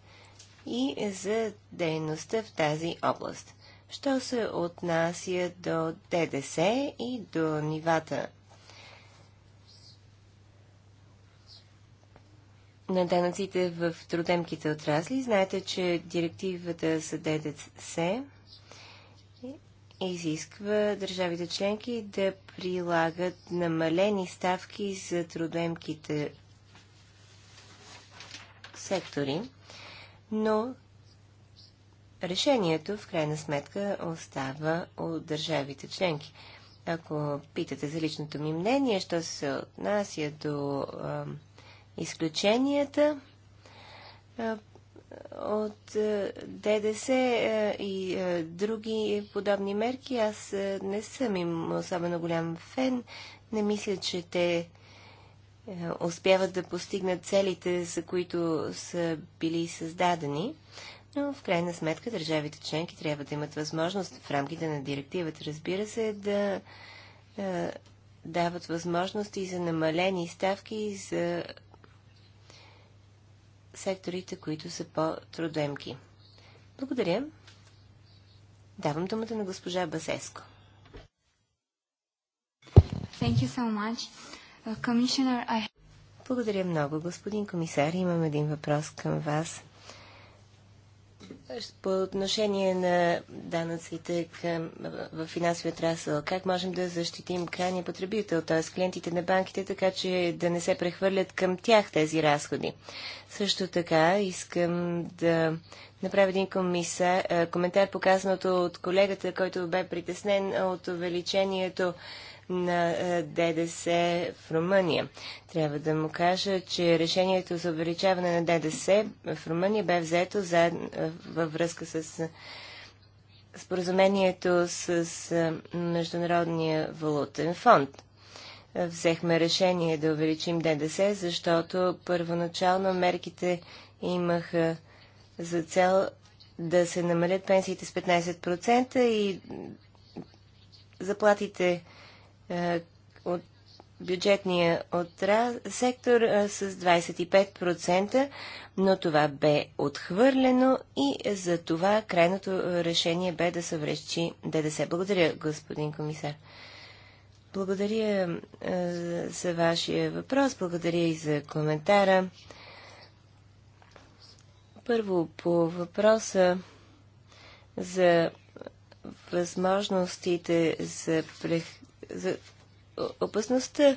и за дейността в тази област. Що се отнася до ДДС и до нивата на данъците в трудемките отрасли, знаете, че директивата за ДДС изисква държавите членки да прилагат намалени ставки за трудемките сектори, но решението в крайна сметка остава от държавите членки. Ако питате за личното ми мнение, що се отнася до а, изключенията, а, от е, ДДС е, и е, други подобни мерки. Аз не съм им особено голям фен. Не мисля, че те успяват да постигнат целите, за които са били създадени. Но в крайна сметка държавите членки трябва да имат възможност в рамките на директивата, разбира се, да дават възможности за намалени ставки за секторите, които са по-трудемки. Благодаря. Давам думата на госпожа Басеско. Thank you so much. Uh, I... Благодаря много, господин комисар. Имам един въпрос към вас. По отношение на данъците към, в финансовия трасъл, как можем да защитим крайния потребител, т.е. клиентите на банките, така че да не се прехвърлят към тях тези разходи? Също така искам да направя един комисар, коментар, показаното от колегата, който бе притеснен от увеличението на е, ДДС в Румъния. Трябва да му кажа, че решението за увеличаване на ДДС в Румъния бе взето е, във връзка с е, споразумението с Международния валутен фонд. Взехме решение да увеличим ДДС, защото първоначално мерките имаха за цел да се намалят пенсиите с 15% и заплатите е, от бюджетния отра... сектор е, с 25%, но това бе отхвърлено и за това крайното решение бе да се връщи ДДС. Благодаря, господин комисар. Благодаря е, за вашия въпрос, благодаря и за коментара. Първо по въпроса за възможностите за за опасността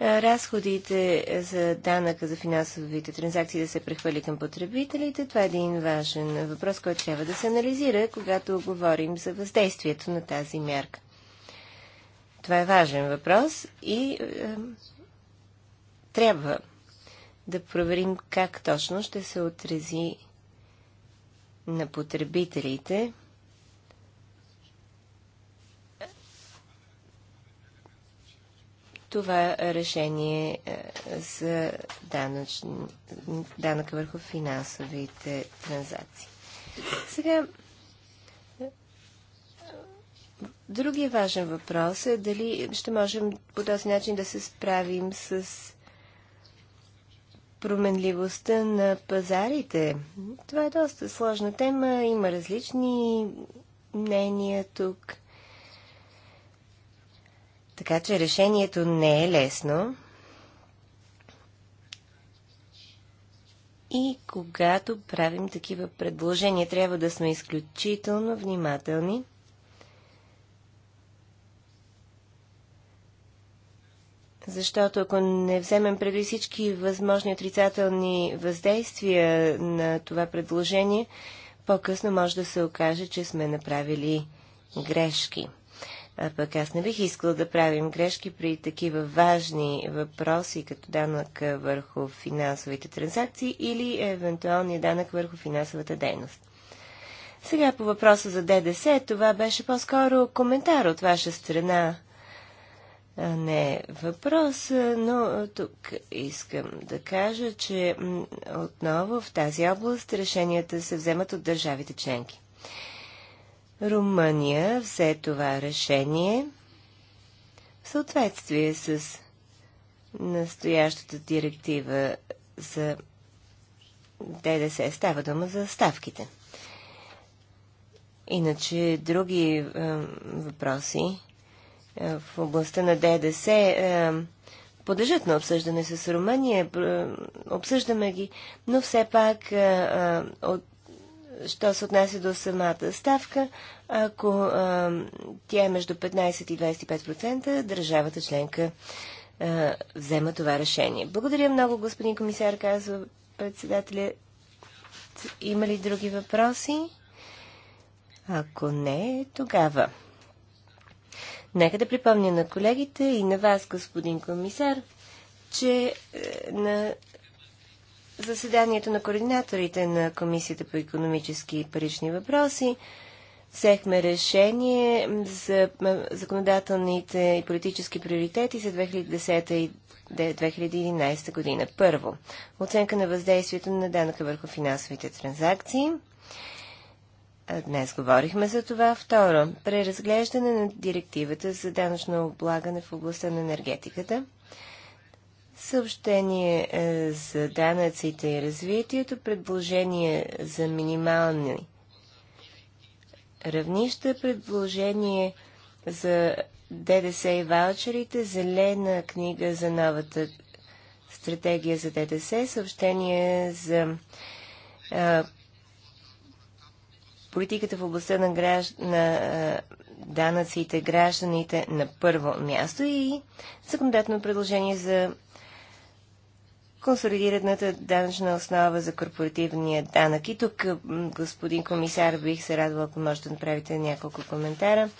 разходите за данъка за финансовите транзакции да се прехвърли към потребителите. Това е един важен въпрос, който трябва да се анализира, когато говорим за въздействието на тази мярка. Това е важен въпрос и е, трябва да проверим как точно ще се отрези на потребителите това решение е, за данъч, данъка върху финансовите транзакции. Сега, другия важен въпрос е дали ще можем по този начин да се справим с променливостта на пазарите. Това е доста сложна тема, има различни мнения тук – така че решението не е лесно. И когато правим такива предложения, трябва да сме изключително внимателни. Защото ако не вземем преди всички възможни отрицателни въздействия на това предложение, по-късно може да се окаже, че сме направили грешки. А пък аз не бих искал да правим грешки при такива важни въпроси, като данък върху финансовите транзакции или евентуалния данък върху финансовата дейност. Сега по въпроса за ДДС, това беше по-скоро коментар от ваша страна. А не е въпрос, но тук искам да кажа, че отново в тази област решенията се вземат от държавите членки. Румъния взе това решение в съответствие с настоящата директива за ДДС. Става дума за ставките. Иначе други е, въпроси е, в областта на ДДС е, подлежат на обсъждане с Румъния. Е, обсъждаме ги, но все пак е, е, от що се отнася до самата ставка, ако а, тя е между 15 и 25%, държавата членка а, взема това решение. Благодаря много, господин комисар, казва председателя. Има ли други въпроси? Ако не, тогава. Нека да припомня на колегите и на вас, господин комисар, че е, на заседанието на координаторите на Комисията по економически и парични въпроси взехме решение за законодателните и политически приоритети за 2010 и 2011 година. Първо, оценка на въздействието на данъка върху финансовите транзакции. Днес говорихме за това. Второ, преразглеждане на директивата за данъчно облагане в областта на енергетиката. Съобщение е, за данъците и развитието, предложение за минимални равнища, предложение за ДДС и ваучерите, зелена книга за новата стратегия за ДДС, съобщение за а, политиката в областта на, гражд... на а, данъците, гражданите на първо място и законодателно предложение за консолидираната е данъчна основа за корпоративния данък. И тук, господин комисар, бих се радвала, ако можете да направите няколко коментара.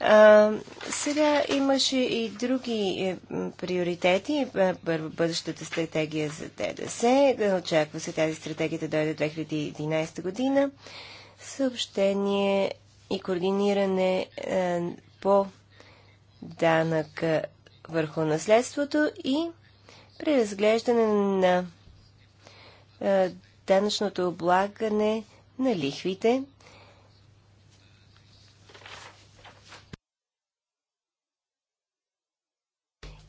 А, сега имаше и други е, приоритети. Е, първо, бъдещата стратегия за ДДС. Очаква се тази стратегия да дойде 2011 година. Съобщение и координиране по данък върху наследството и при разглеждане на е, данъчното облагане на лихвите.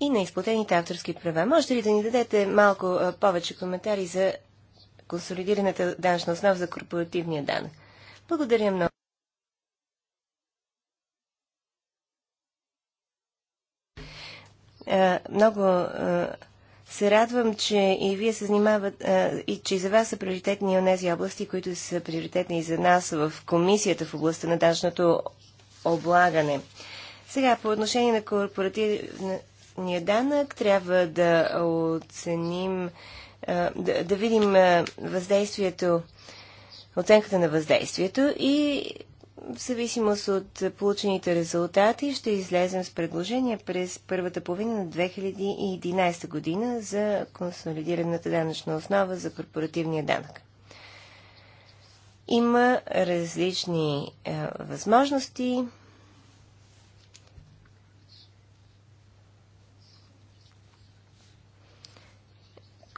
И на изплатените авторски права. Можете ли да ни дадете малко а, повече коментари за консолидираната данъчна основа за корпоративния данък? Благодаря много. Много се радвам, че и вие се занимават, а, и че и за вас са приоритетни от тези области, които са приоритетни и за нас в комисията в областта на данъчното облагане. Сега, по отношение на корпоративния данък, трябва да оценим, а, да, да видим а, въздействието, оценката на въздействието и в зависимост от получените резултати ще излезем с предложение през първата половина на 2011 година за консолидираната данъчна основа за корпоративния данък. Има различни е, възможности.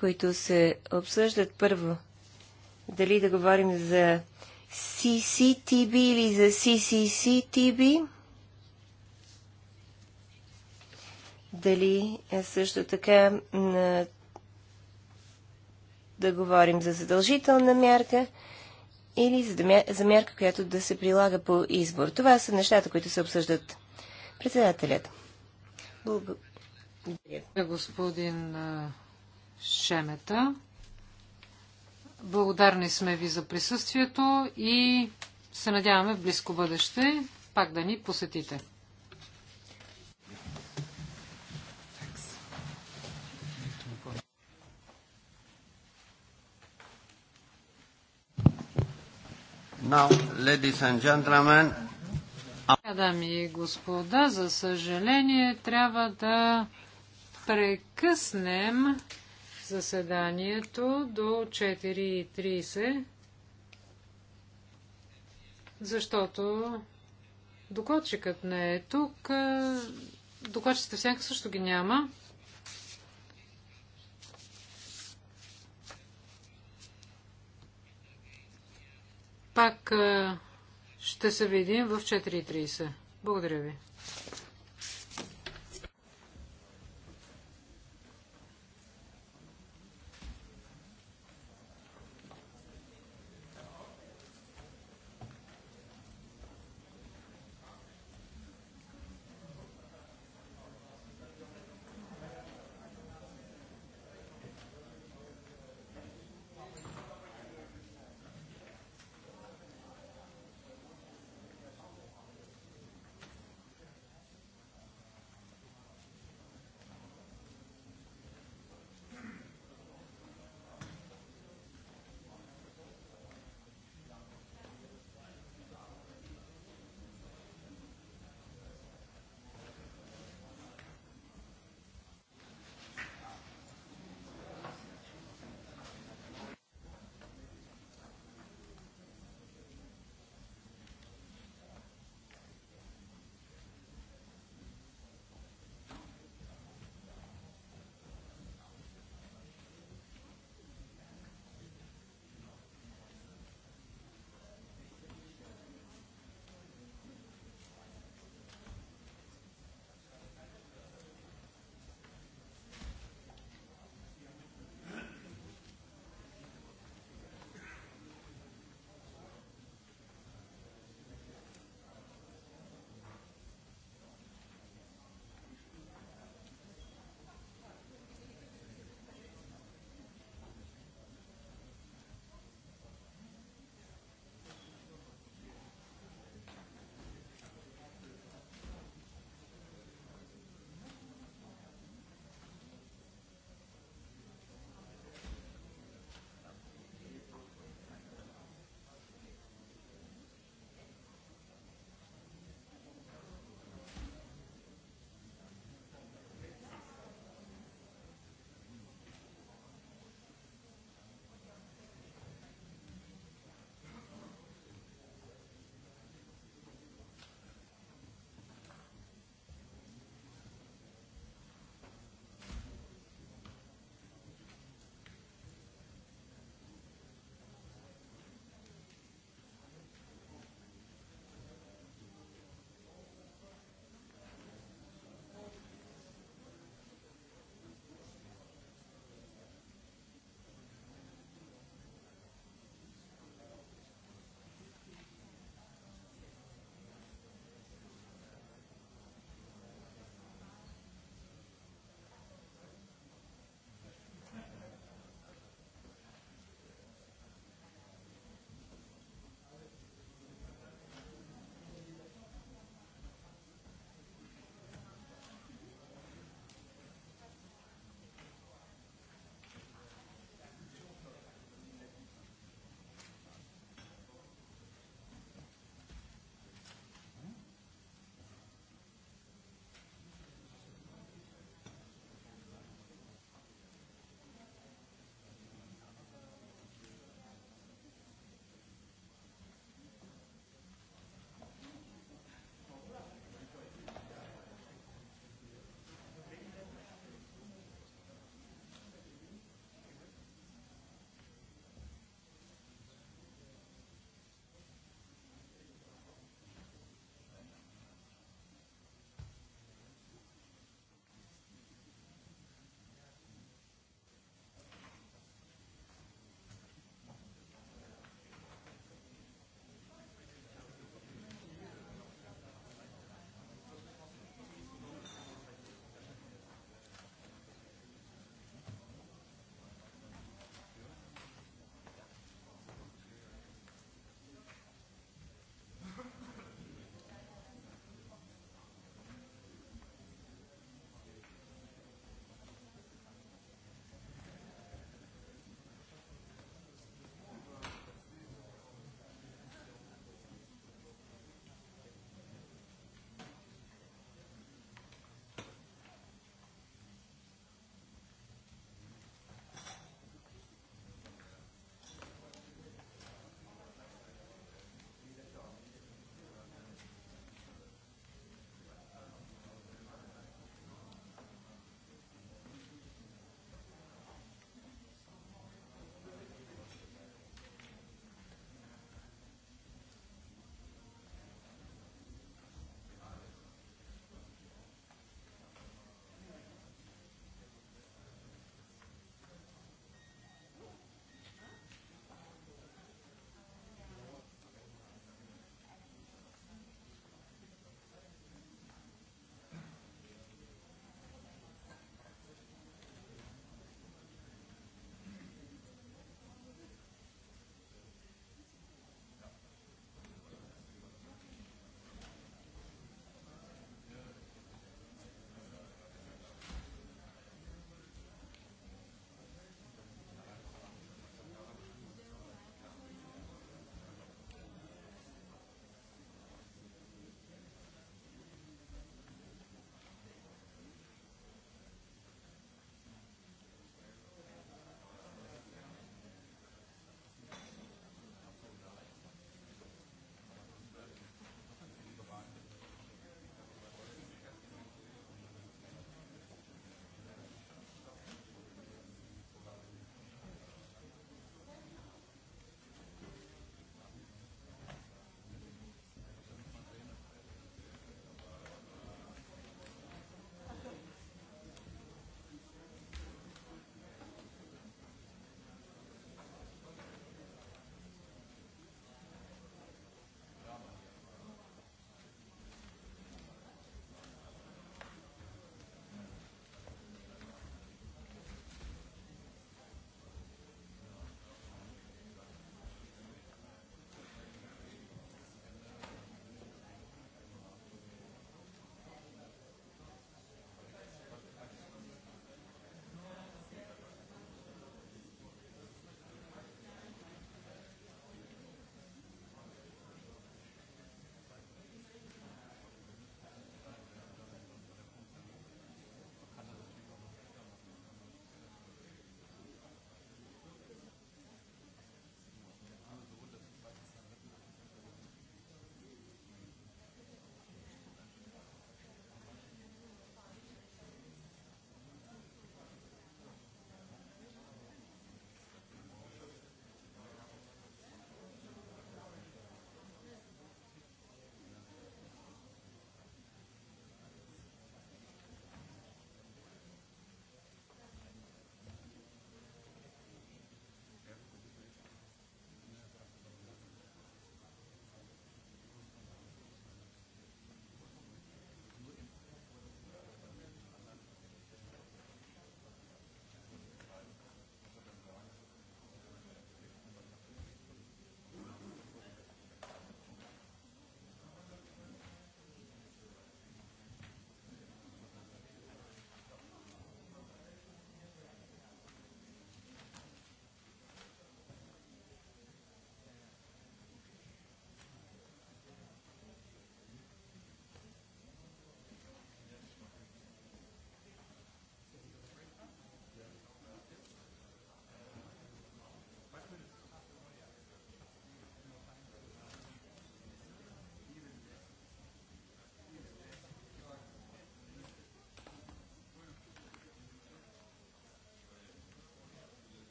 които се обсъждат първо. Дали да говорим за CCTB или за CCCTB. Дали е също така на... да говорим за задължителна мярка или за, мя... за мярка, която да се прилага по избор. Това са нещата, които се обсъждат председателят. Благодаря. Господин Шемета. Благодарни сме ви за присъствието и се надяваме в близко бъдеще пак да ни посетите. Now, ladies and gentlemen, Дами и господа, за съжаление трябва да прекъснем заседанието до 4.30, защото докладчикът не е тук, докладчиците сянка също ги няма. Пак ще се видим в 4.30. Благодаря ви.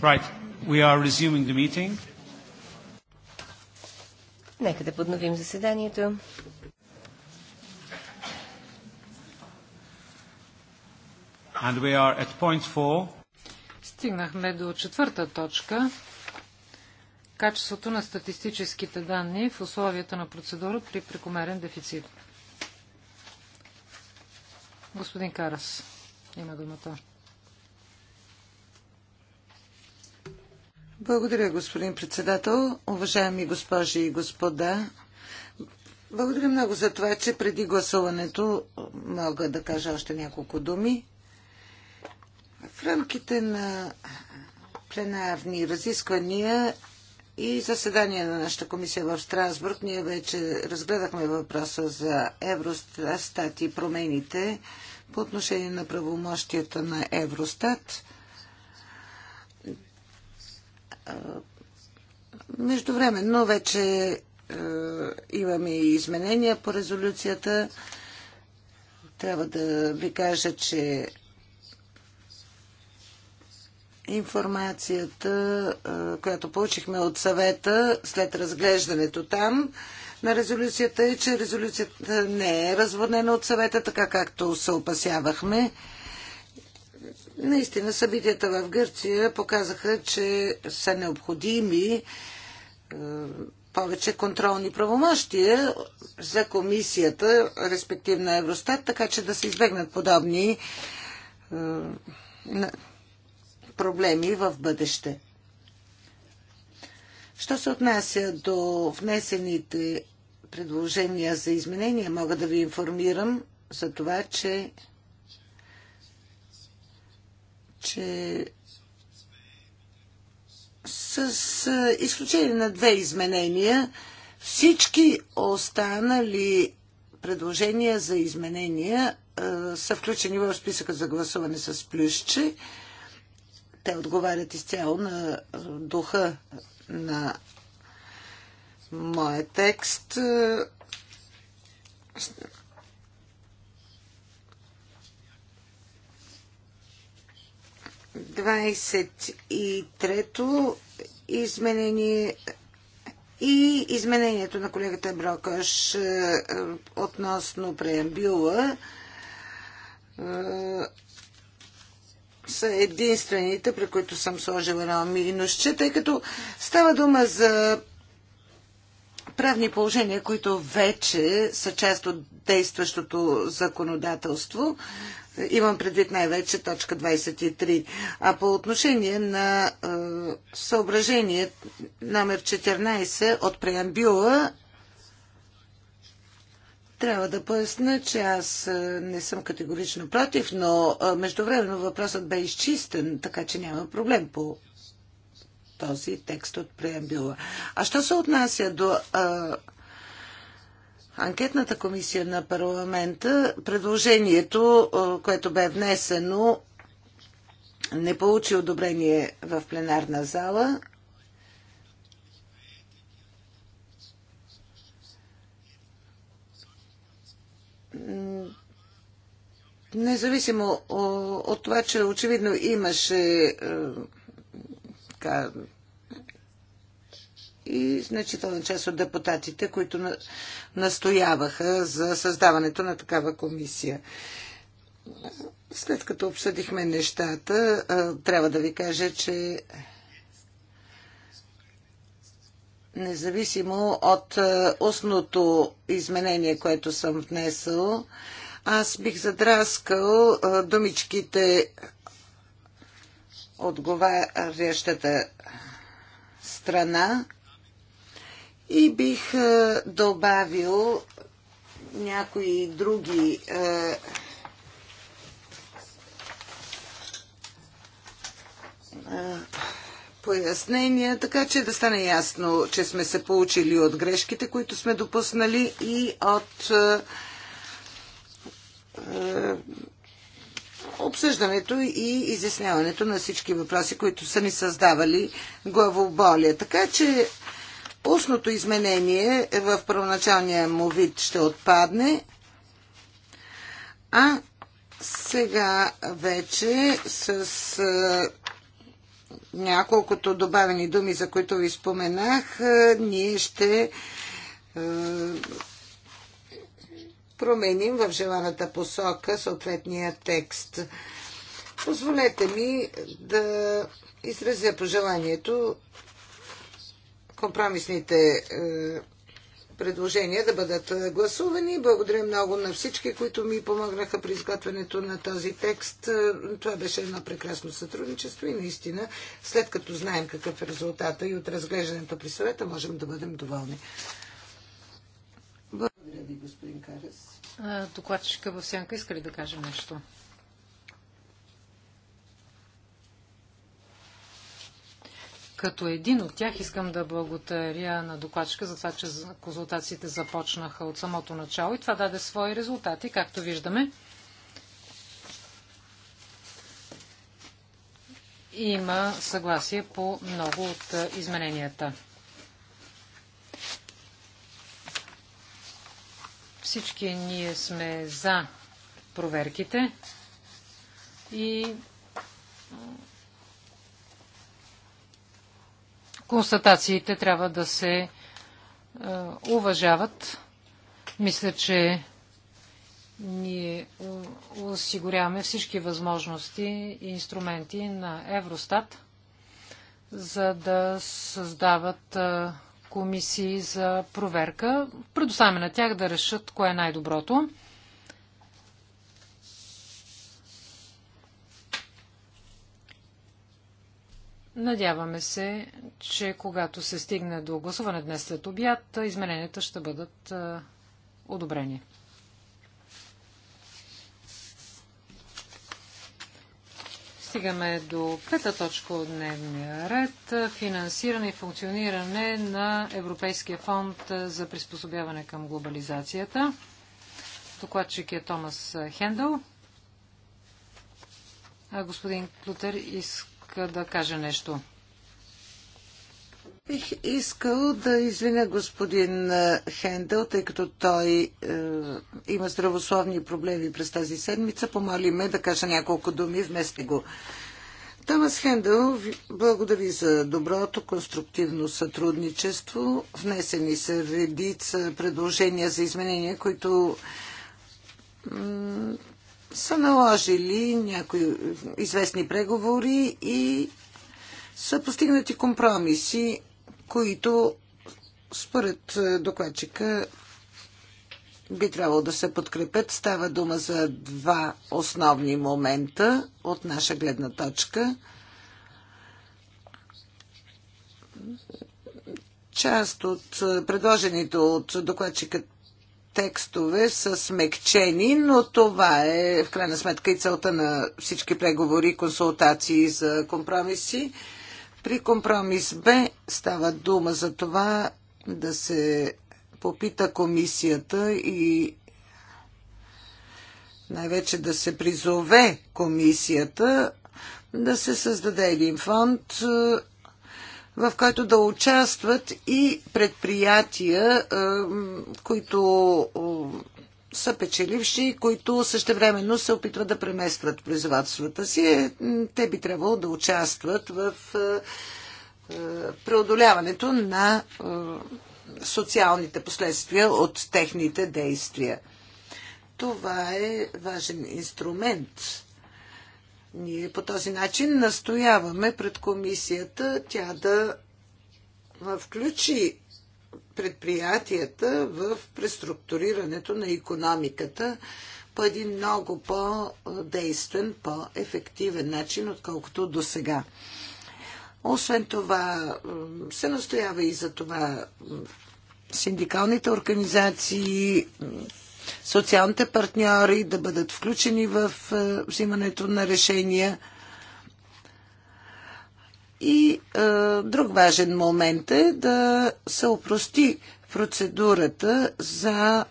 Right. We are resuming the meeting. Нека да подновим заседанието. And we are at point four. Стигнахме до четвърта точка. Качеството на статистическите данни в условията на процедура при прекомерен дефицит. Господин Карас има думата. Благодаря, господин председател. Уважаеми госпожи и господа, благодаря много за това, че преди гласуването мога да кажа още няколко думи. В рамките на пленарни разисквания и заседания на нашата комисия в Страсбург ние вече разгледахме въпроса за Евростат и промените по отношение на правомощията на Евростат – Междувременно вече имаме и изменения по резолюцията. Трябва да ви кажа, че информацията, която получихме от съвета след разглеждането там на резолюцията е, че резолюцията не е разводнена от съвета, така както се опасявахме. Наистина събитията в Гърция показаха, че са необходими е, повече контролни правомощия за комисията, респективно Евростат, така че да се избегнат подобни е, проблеми в бъдеще. Що се отнася до внесените предложения за изменения, мога да ви информирам за това, че че с изключение на две изменения, всички останали предложения за изменения а, са включени в списъка за гласуване с плюсче. Те отговарят изцяло на духа на моя текст. 23-то изменение и изменението на колегата Брокаш е, е, относно преамбюла е, са единствените, при които съм сложила едно минусче, тъй като става дума за правни положения, които вече са част от действащото законодателство. Имам предвид най-вече точка 23. А по отношение на е, съображение номер 14 от преамбюла, трябва да поясна, че аз не съм категорично против, но междувременно въпросът бе изчистен, така че няма проблем по този текст от преамбюла. А що се отнася до е, анкетната комисия на парламента предложението, което бе внесено, не получи одобрение в пленарна зала. Независимо от това, че очевидно имаше така, и значителна част от депутатите, които настояваха за създаването на такава комисия. След като обсъдихме нещата, трябва да ви кажа, че независимо от устното изменение, което съм внесъл, аз бих задраскал думичките отговарящата страна и бих е, добавил някои други е, е, пояснения, така че да стане ясно, че сме се получили от грешките, които сме допуснали и от обсъждането и изясняването на всички въпроси, които са ни създавали главоболие. Така че Устното изменение в първоначалния му вид ще отпадне, а сега вече с няколкото добавени думи, за които ви споменах, ние ще променим в желаната посока съответния текст. Позволете ми да изразя пожеланието компромисните е, предложения да бъдат е, гласувани. Благодаря много на всички, които ми помогнаха при изготвянето на този текст. Е, това беше едно прекрасно сътрудничество и наистина, след като знаем какъв е резултата и от разглеждането при съвета, можем да бъдем доволни. Благодаря ви, господин Карес. Докладчика в сянка иска ли да каже нещо? като един от тях искам да благодаря на докладчика за това, че консултациите започнаха от самото начало и това даде свои резултати, както виждаме. Има съгласие по много от измененията. Всички ние сме за проверките и констатациите трябва да се е, уважават. Мисля, че ние осигуряваме всички възможности и инструменти на Евростат, за да създават е, комисии за проверка. Предоставяме на тях да решат кое е най-доброто. Надяваме се, че когато се стигне до гласуване днес след обяд, измененията ще бъдат одобрени. Стигаме до пета точка от дневния ред – финансиране и функциониране на Европейския фонд за приспособяване към глобализацията. Докладчик е Томас Хендъл. Господин Клутер, иска иска да каже нещо. Бих искал да извиня господин е, Хендел, тъй като той е, има здравословни проблеми през тази седмица. Помоли ме да кажа няколко думи вместо го. Томас Хендел благодари за доброто конструктивно сътрудничество. Внесени са редица предложения за изменения, които са наложили някои известни преговори и са постигнати компромиси, които според е, докладчика би трябвало да се подкрепят. Става дума за два основни момента от наша гледна точка. Част от е, предложените от докладчика текстове са смекчени, но това е в крайна сметка и целта на всички преговори, консултации за компромиси. При компромис Б става дума за това да се попита комисията и най-вече да се призове комисията да се създаде един фонд в който да участват и предприятия, е, които е, са печеливши и които същевременно се опитват да преместват производствата си. Е, те би трябвало да участват в преодоляването на социалните последствия от техните действия. Това е важен инструмент ние по този начин настояваме пред комисията тя да включи предприятията в преструктурирането на економиката по един много по-действен, по-ефективен начин, отколкото до сега. Освен това, се настоява и за това синдикалните организации, социалните партньори да бъдат включени в е, взимането на решения. И е, друг важен момент е да се опрости процедурата за е,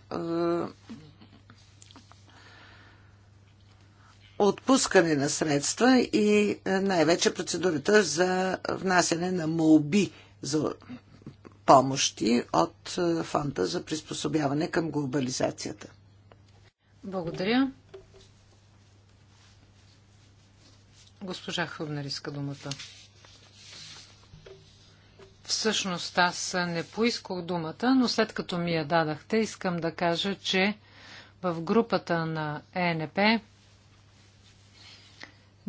отпускане на средства и е, най-вече процедурата за внасяне на молби за помощи от е, Фонда за приспособяване към глобализацията. Благодаря. Госпожа Хъбнер иска думата. Всъщност аз не поисках думата, но след като ми я дадахте, искам да кажа, че в групата на ЕНП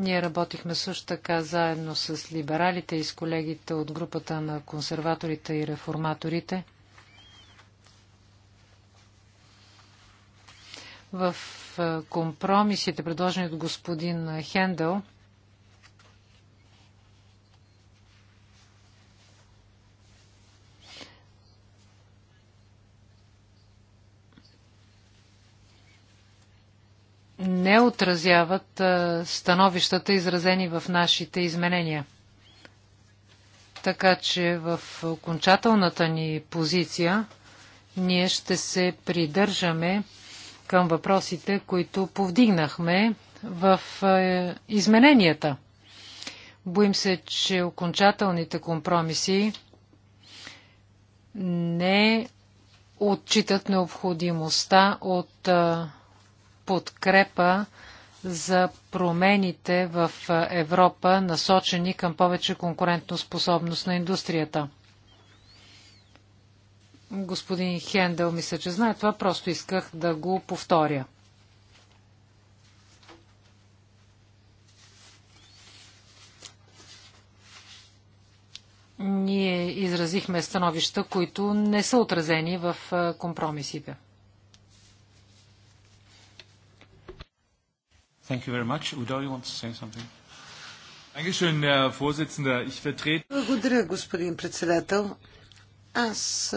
ние работихме също така заедно с либералите и с колегите от групата на консерваторите и реформаторите. В компромисите, предложени от господин Хендел, не отразяват становищата, изразени в нашите изменения. Така че в окончателната ни позиция ние ще се придържаме към въпросите, които повдигнахме в измененията. Боим се, че окончателните компромиси не отчитат необходимостта от подкрепа за промените в Европа, насочени към повече конкурентоспособност на индустрията. Господин Хендел, мисля, че знае това, просто исках да го повторя. Ние изразихме становища, които не са отразени в компромисите. Thank you very much. Udo, you want to say something? Dankeschön, Herr Vorsitzender. Ich vertrete... Благодаря, господин председател. Аз е,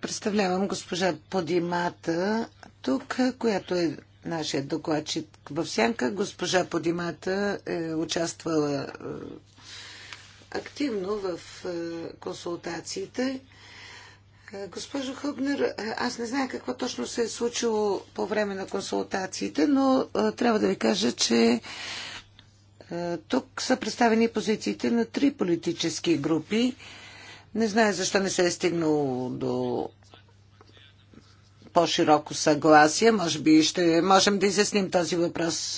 представлявам госпожа Подимата тук, която е нашия докладчик в Сянка. Госпожа Подимата е участвала е, активно в е, консултациите е, госпожо Хъбнер, е, аз не знае какво точно се е случило по време на консултациите, но е, трябва да ви кажа, че тук са представени позициите на три политически групи. Не знае защо не се е стигнало до по-широко съгласие. Може би ще можем да изясним този въпрос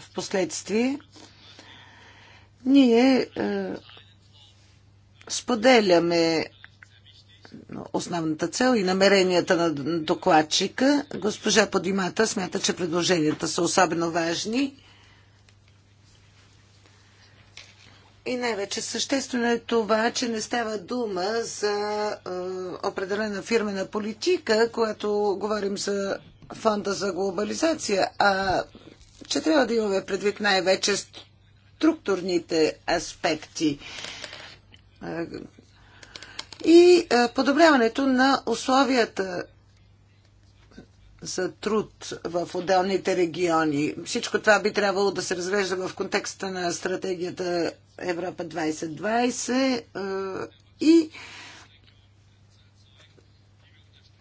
в последствие. Ние споделяме основната цел и намеренията на докладчика. Госпожа Подимата смята, че предложенията са особено важни. И най-вече съществено е това, че не става дума за е, определена фирмена политика, когато говорим за фонда за глобализация, а че трябва да имаме предвид най-вече структурните аспекти е, и е, подобряването на условията за труд в отделните региони. Всичко това би трябвало да се развежда в контекста на стратегията Европа 2020 е, и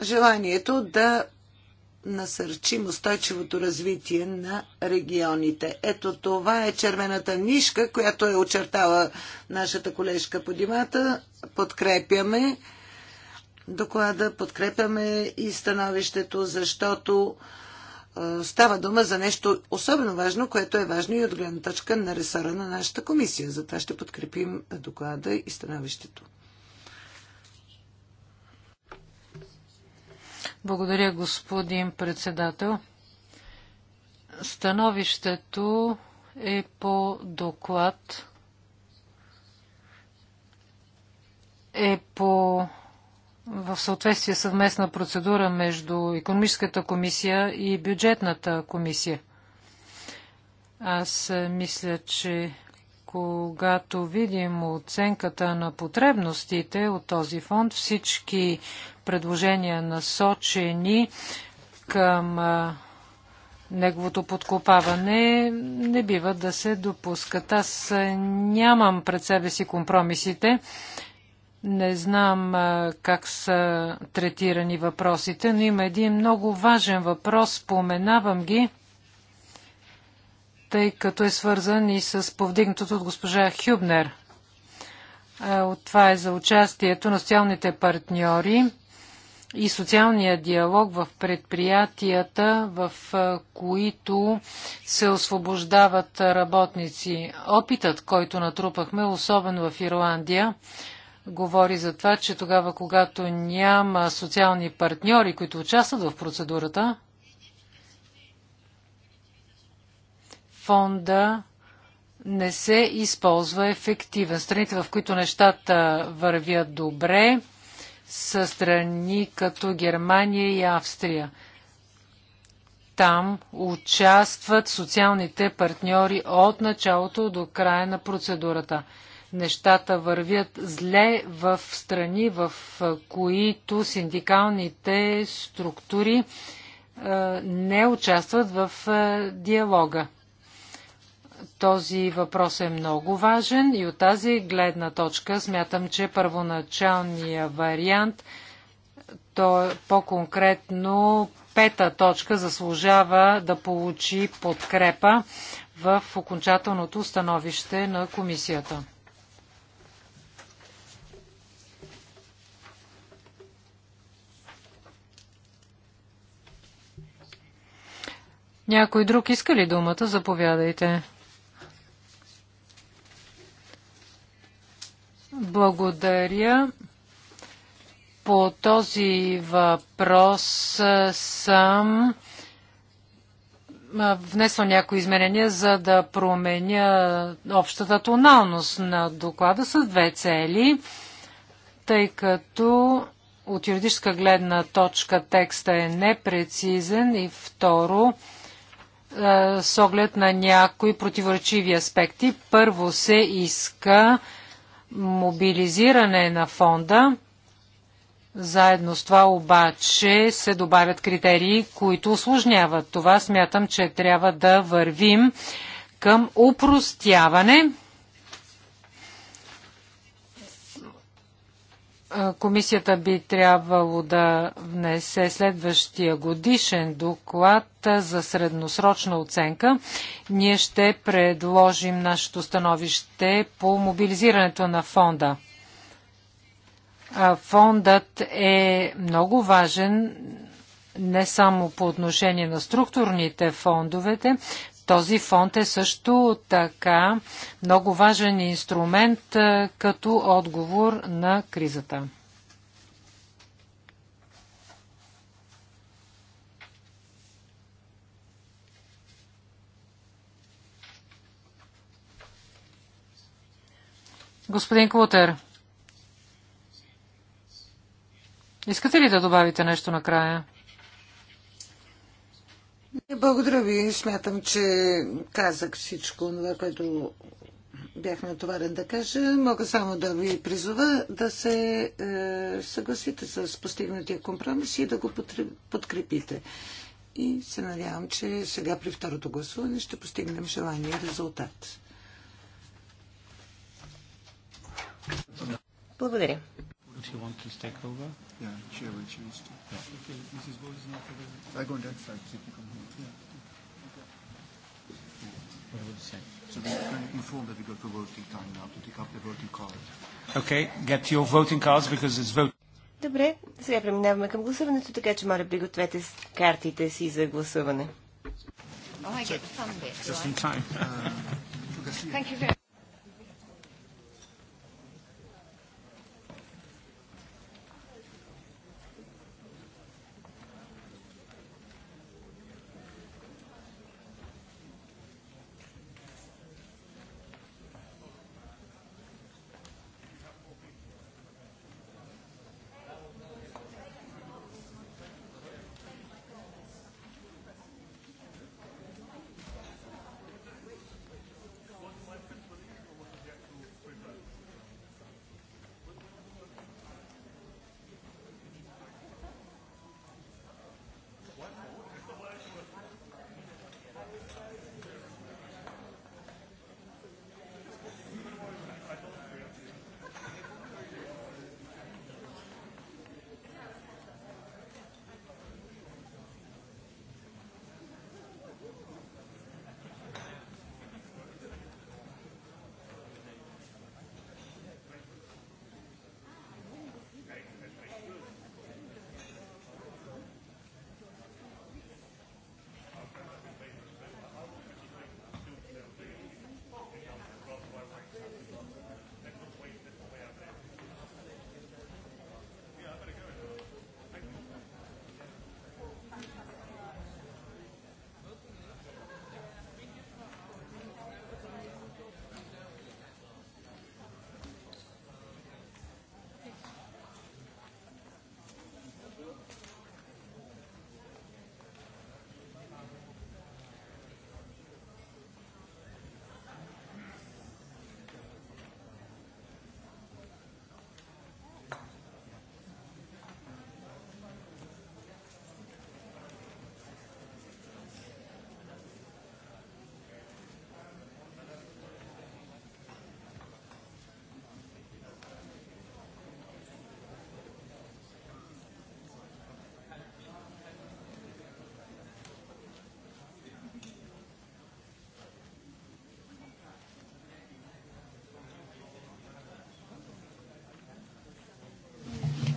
желанието да насърчим устойчивото развитие на регионите. Ето това е червената нишка, която е очертала нашата колежка по димата. Подкрепяме доклада, подкрепяме и становището, защото става дума за нещо особено важно, което е важно и от гледна точка на ресора на нашата комисия. Затова ще подкрепим доклада и становището. Благодаря, господин председател. Становището е по доклад е по в съответствие съвместна процедура между економическата комисия и бюджетната комисия. Аз мисля, че когато видим оценката на потребностите от този фонд, всички предложения насочени към неговото подкопаване не бива да се допускат. Аз нямам пред себе си компромисите. Не знам как са третирани въпросите, но има един много важен въпрос, споменавам ги – тъй като е свързан и с повдигнатото от госпожа Хюбнер. Е, това е за участието на социалните партньори и социалния диалог в предприятията, в е, които се освобождават работници. Опитът, който натрупахме, особено в Ирландия, говори за това, че тогава, когато няма социални партньори, които участват в процедурата, фонда не се използва ефективен. Страните, в които нещата вървят добре, са страни като Германия и Австрия. Там участват социалните партньори от началото до края на процедурата. Нещата вървят зле в страни, в които синдикалните структури е, не участват в е, диалога. Този въпрос е много важен и от тази гледна точка смятам, че първоначалния вариант, то е по-конкретно пета точка, заслужава да получи подкрепа в окончателното становище на комисията. Някой друг иска ли думата? Заповядайте. Благодаря. По този въпрос съм внесла някои изменения, за да променя общата тоналност на доклада с две цели, тъй като от юридическа гледна точка текста е непрецизен и второ, с оглед на някои противоречиви аспекти. Първо се иска мобилизиране на фонда. Заедно с това обаче се добавят критерии, които осложняват това. Смятам, че трябва да вървим към упростяване комисията би трябвало да внесе следващия годишен доклад за средносрочна оценка. Ние ще предложим нашето становище по мобилизирането на фонда. Фондът е много важен не само по отношение на структурните фондовете, този фонд е също така много важен инструмент е, като отговор на кризата. Господин Клутер, искате ли да добавите нещо накрая? Благодаря ви. Смятам, че казах всичко това, което бях натоварен да кажа. Мога само да ви призова да се е, съгласите с постигнатия компромис и да го подкрепите. И се надявам, че сега при второто гласуване ще постигнем желания резултат. Благодаря. Yeah, sure, we'll change to. Yeah. Okay, Mrs. Bowles is not available. I go on that side, see if you come here what you So we can inform that we go to voting time now to take up the voting card. Okay, get your voting cards because it's vote. Добре, сега преминаваме към гласуването, така че моля пригответе картите си за гласуване. Oh, I get the fun bit, Just in time. Uh, Thank you very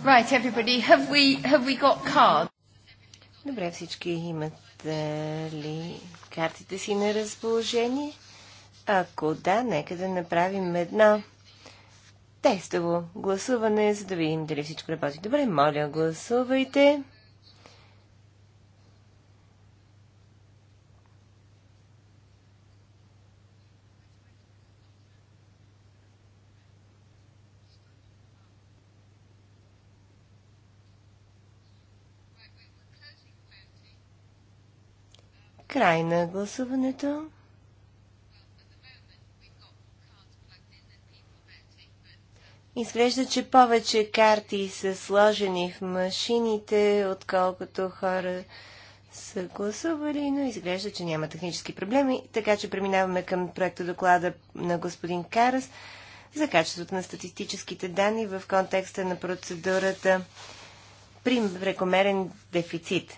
Right, everybody, have we, have we got cards? Добре, всички имат е, ли картите си на разположение? Ако да, нека да направим едно тестово гласуване, за да видим дали всичко работи. Добре, моля, гласувайте. Край на гласуването. Изглежда, че повече карти са сложени в машините, отколкото хора са гласували, но изглежда, че няма технически проблеми, така че преминаваме към проекта доклада на господин Карас за качеството на статистическите данни в контекста на процедурата при прекомерен дефицит.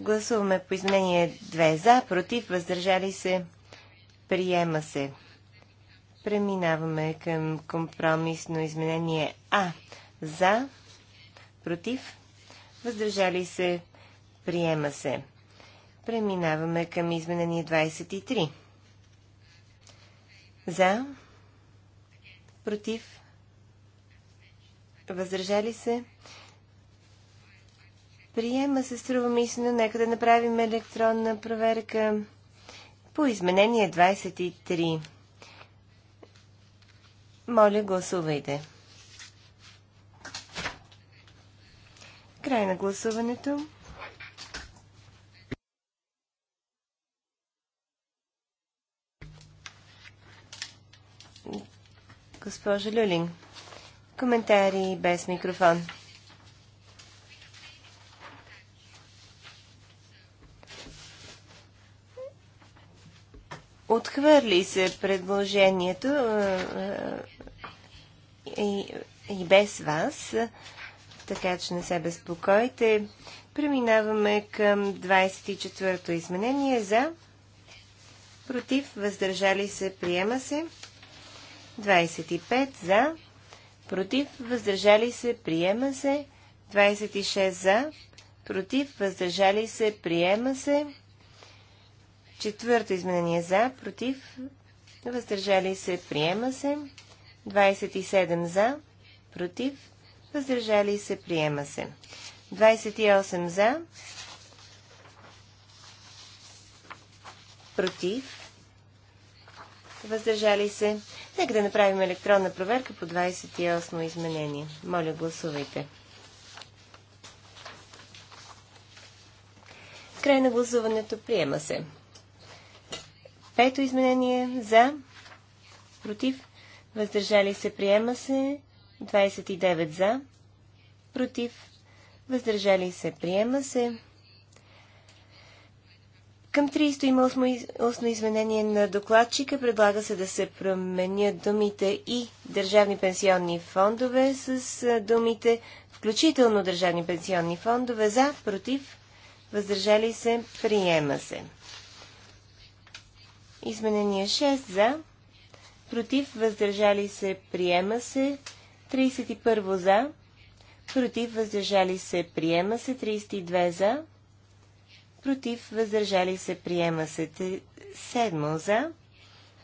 Гласуваме по изменение 2 за, против, въздържали се, приема се. Преминаваме към компромисно изменение А. За, против, въздържали се, приема се. Преминаваме към изменение 23. За, против, въздържали се, приема се приема се струва мислено. Нека да направим електронна проверка по изменение 23. Моля, гласувайте. Край на гласуването. Госпожа Люлин. Коментари без микрофон. Отхвърли се предложението и, и без вас, така че не се безпокойте. Преминаваме към 24-то изменение за против, въздържали се, приема се. 25 за против, въздържали се, приема се. 26 за против, въздържали се, приема се. Четвърто изменение за, против, въздържали се, приема се. 27 за, против, въздържали се, приема се. 28 за, против, въздържали се. Нека да направим електронна проверка по 28 изменение. Моля, гласувайте. Край на гласуването приема се. Пето изменение за, против, въздържали се, приема се. 29 за, против, въздържали се, приема се. Към 30 има устно изменение на докладчика. Предлага се да се променят думите и държавни пенсионни фондове с думите включително държавни пенсионни фондове за, против, въздържали се, приема се. Изменение 6 за. Против. Въздържали се. Приема се. 31 за. Против. Въздържали се. Приема се. 32 за. Против. Въздържали се. Приема се. 7 за.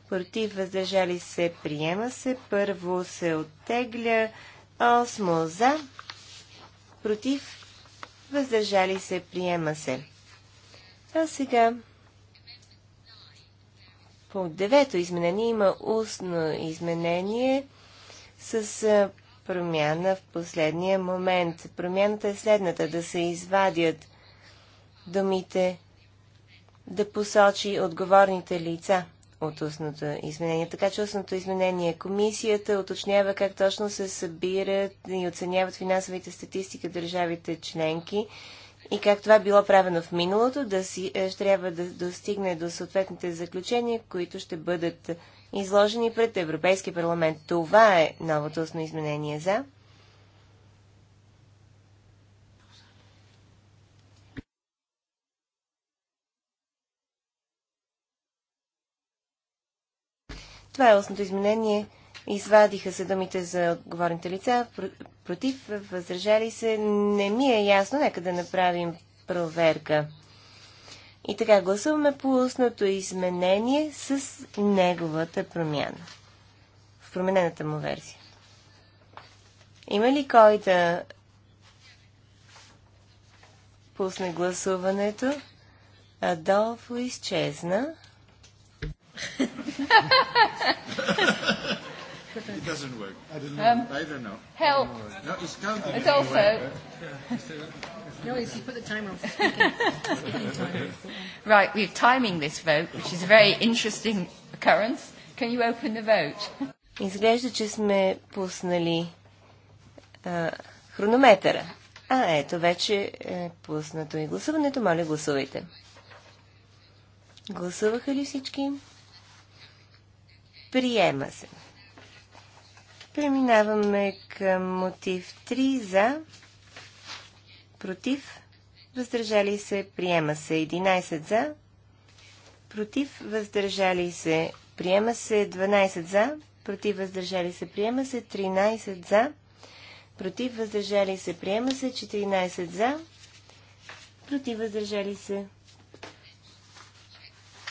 Против. Въздържали се. Приема се. Първо се оттегля. 8 за. Против. Въздържали се. Приема се. А сега по девето изменение има устно изменение с промяна в последния момент. Промяната е следната да се извадят думите да посочи отговорните лица от устното изменение. Така че устното изменение комисията уточнява как точно се събират и оценяват финансовите статистики държавите членки и как това било правено в миналото, да си, е, ще трябва да достигне до съответните заключения, които ще бъдат изложени пред Европейския парламент. Това е новото основно изменение за. Това е основното изменение Извадиха се думите за отговорните лица. Против, възражали се. Не ми е ясно. Нека да направим проверка. И така гласуваме по устното изменение с неговата промяна. В променената му версия. Има ли кой да пусне гласуването? Адолфо изчезна. It doesn't work. I don't know. Um, I don't know. Help. No, it's counting. It's also. Anyway, no, it's you put the timer on. right, we're timing this vote, which is a very interesting occurrence. Can you open the vote? Изглежда, че сме пуснали а, хронометъра. А, ето, вече е пуснато и гласуването. Моля, гласувайте. Гласуваха ли всички? Приема се. Преминаваме към мотив 3 за, против, въздържали се, приема се 11 за, против, въздържали се, приема се 12 за, против, въздържали се, приема се 13 за, против, въздържали се, приема се 14 за, против, въздържали се.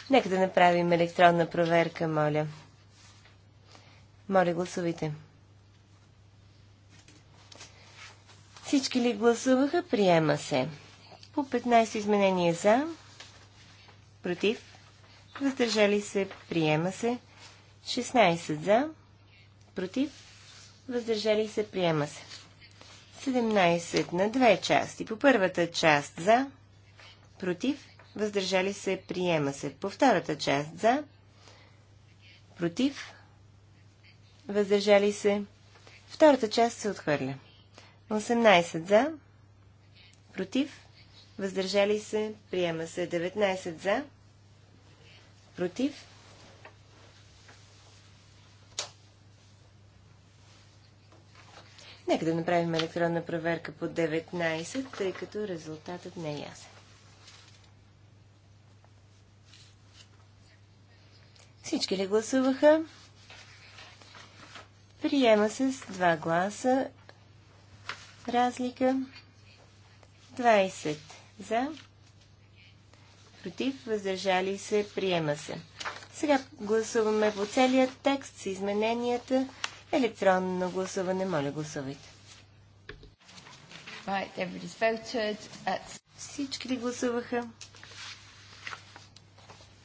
Нека да направим електронна проверка, моля. Моля, гласувайте. Всички ли гласуваха? Приема се. По 15 изменения за, против, въздържали се, приема се. 16 за, против, въздържали се, приема се. 17 на две части. По първата част за, против, въздържали се, приема се. По втората част за, против, въздържали се. Втората част се отхвърля. 18 за, против, въздържали се, приема се 19 за, против. Нека да направим електронна проверка по 19, тъй като резултатът не е ясен. Всички ли гласуваха? Приема се с два гласа разлика. 20 за, против, въздържали се, приема се. Сега гласуваме по целия текст с измененията. Електронно гласуване, моля гласувайте. Right, Всички ли гласуваха?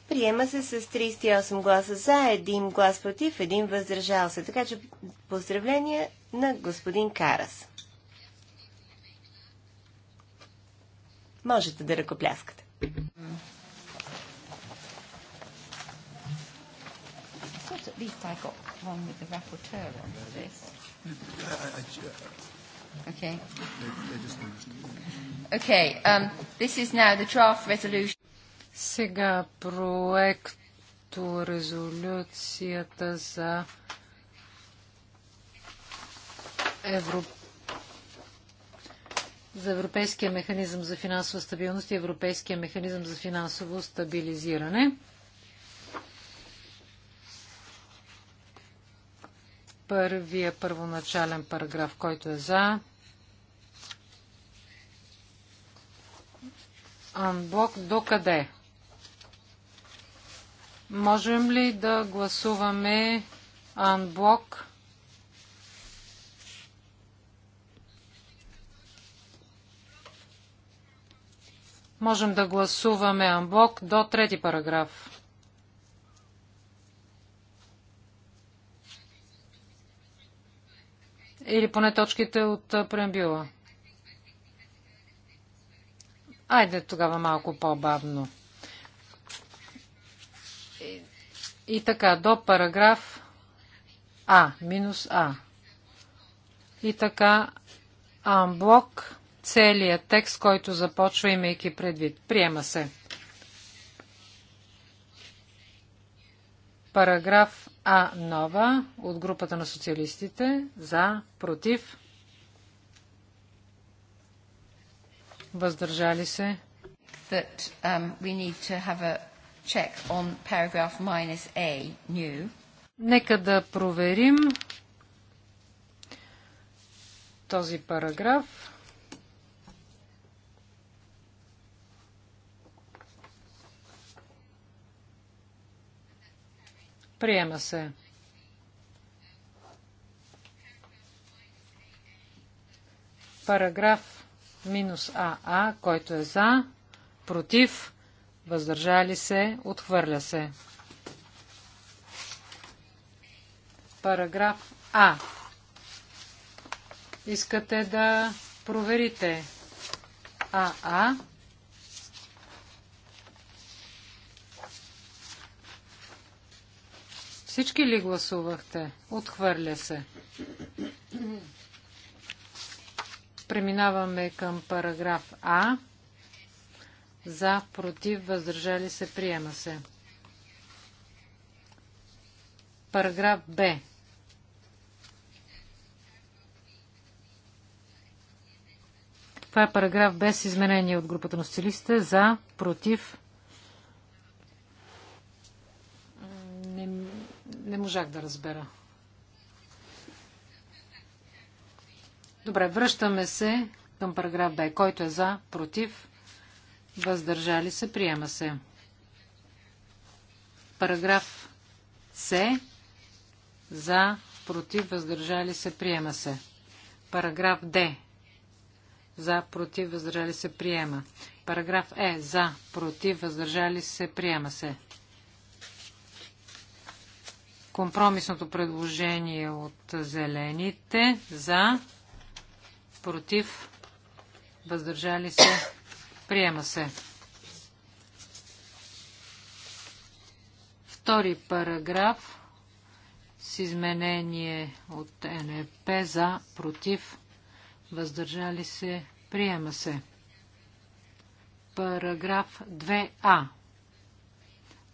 Приема се с 38 гласа за, 1 глас против, 1 въздържал се. Така че поздравления на господин Карас. Можете да ръкопляскате. At least I got one with the rapporteur on this. Okay. Okay. Um, this is now the draft resolution. Сега проект като резолюцията за Европейския за Европейския механизъм за финансова стабилност и Европейския механизъм за финансово стабилизиране. Първия първоначален параграф, който е за. Анблок до къде? Можем ли да гласуваме анблок? Можем да гласуваме анблок до трети параграф. Или поне точките от преамбюла. Айде тогава малко по-бавно. И, и така, до параграф А, минус А. И така, амблок целият текст, който започва имайки предвид. Приема се. Параграф А нова от групата на социалистите. За, против. Въздържали се. That, um, A, Нека да проверим този параграф. Приема се. Параграф минус АА, който е за, против, въздържали се, отхвърля се. Параграф А. Искате да проверите АА. Всички ли гласувахте? Отхвърля се. Преминаваме към параграф А. За, против, въздържали се, приема се. Параграф Б. Това е параграф без изменение от групата на стилистите. За, против, не можах да разбера. Добре, връщаме се към параграф Б. Който е за, против, въздържали се, приема се. Параграф С. За, против, въздържали се, приема се. Параграф Д. За, против, въздържали се, приема. Параграф Е. За, против, въздържали се, приема се. Компромисното предложение от зелените за, против, въздържали се, приема се. Втори параграф с изменение от НЕП за, против, въздържали се, приема се. Параграф 2а.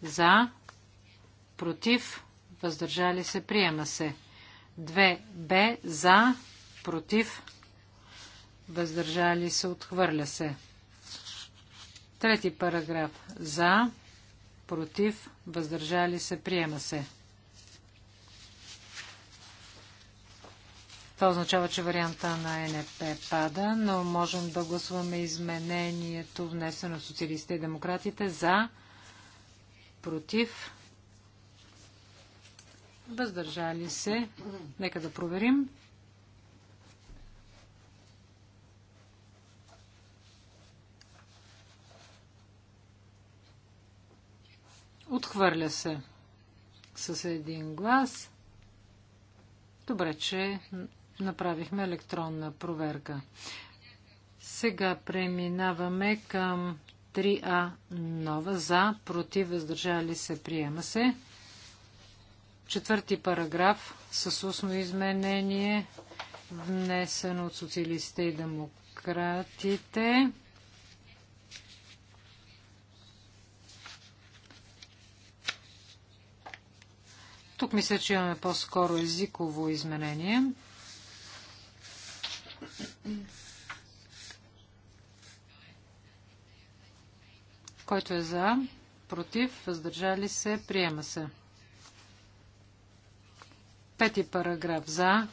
За, против, въздържали се, приема се. 2Б за, против, въздържали се, отхвърля се. Трети параграф за, против, въздържали се, приема се. Това означава, че варианта на НП пада, но можем да гласуваме изменението внесено от социалистите и демократите за, против, Въздържали се. Нека да проверим. Отхвърля се с един глас. Добре, че направихме електронна проверка. Сега преминаваме към 3А нова за, против, въздържали се, приема се. Четвърти параграф с устно изменение, внесен от социалистите и демократите. Тук мисля, че имаме по-скоро езиково изменение. Който е за, против, въздържали се, приема се. Пети параграф за,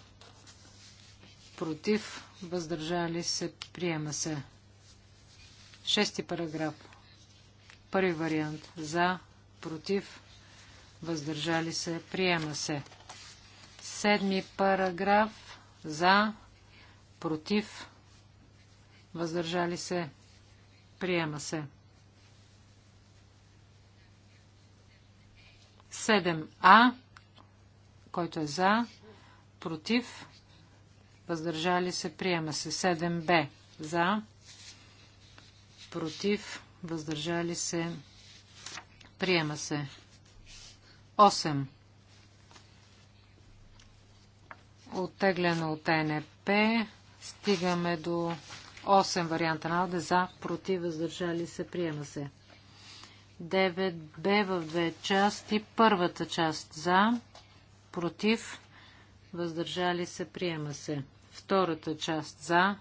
против, въздържали се, приема се. Шести параграф. Първи вариант. За, против, въздържали се, приема се. Седми параграф. За, против, въздържали се, приема се. Седем а който е за, против, въздържали се, приема се. 7Б за, против, въздържали се, приема се. 8. Оттеглено от НП. Стигаме до 8 варианта на АД за, против, въздържали се, приема се. 9Б в две части. Първата част за, против, въздържали се, приема се. Втората част за,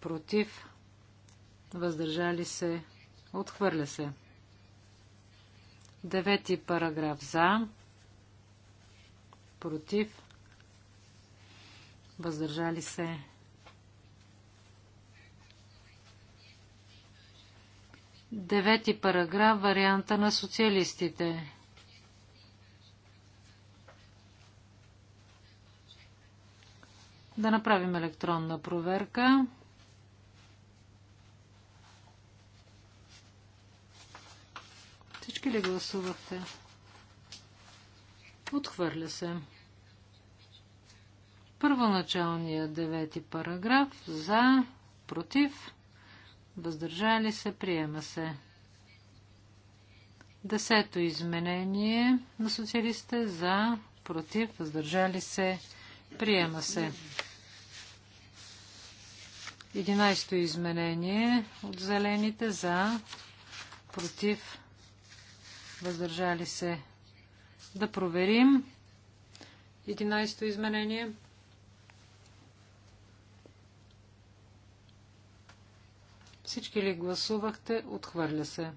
против, въздържали се, отхвърля се. Девети параграф за, против, въздържали се. Девети параграф, варианта на социалистите. Да направим електронна проверка. Всички ли гласувахте? Отхвърля се. Първоначалният девети параграф за, против, въздържали се, приема се. Десето изменение на социалистите за, против, въздържали се, приема се. 11-то изменение от зелените за, против, въздържали се. Да проверим. 11-то изменение. Всички ли гласувахте? Отхвърля се.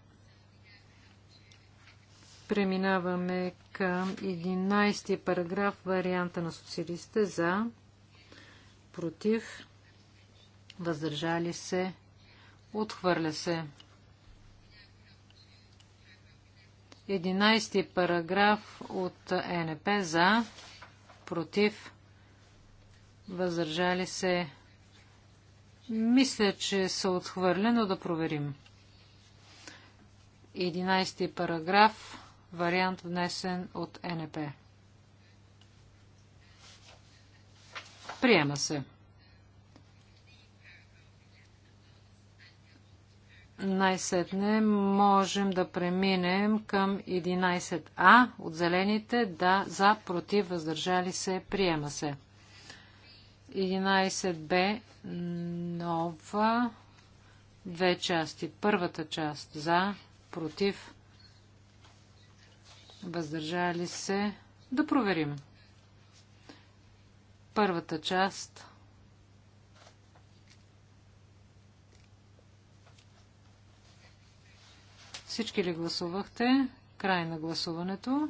Преминаваме към 11 параграф, варианта на социалистите за, против, въздържали се, отхвърля се. 11 параграф от НП за, против, въздържали се. Мисля, че са отхвърля, но да проверим. 11 параграф, вариант внесен от НП. Приема се. най-сетне можем да преминем към 11А от зелените. Да, за, против, въздържали се, приема се. 11Б нова две части. Първата част за, против, въздържали се. Да проверим. Първата част Всички ли гласувахте? Край на гласуването.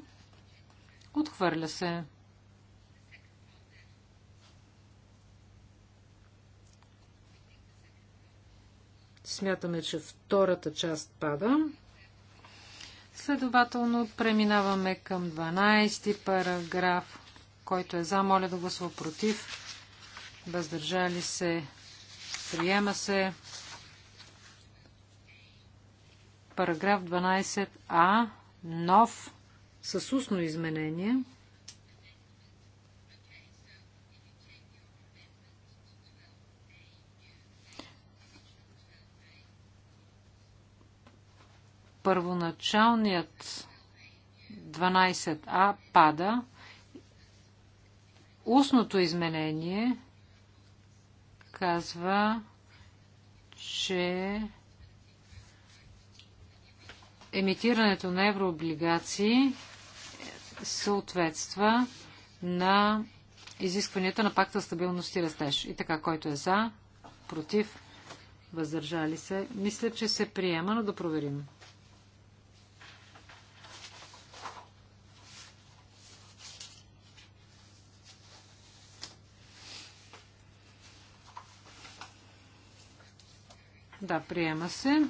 Отхвърля се. Смятаме, че втората част пада. Следователно преминаваме към 12 параграф, който е за, моля да гласува против. Въздържали се. Приема се. Параграф 12а, нов, с устно изменение. Първоначалният 12а пада. Устното изменение казва, че емитирането на еврооблигации съответства на изискванията на пакта стабилност и растеж. И така, който е за, против, въздържали се. Мисля, че се приема, но да проверим. Да, приема се.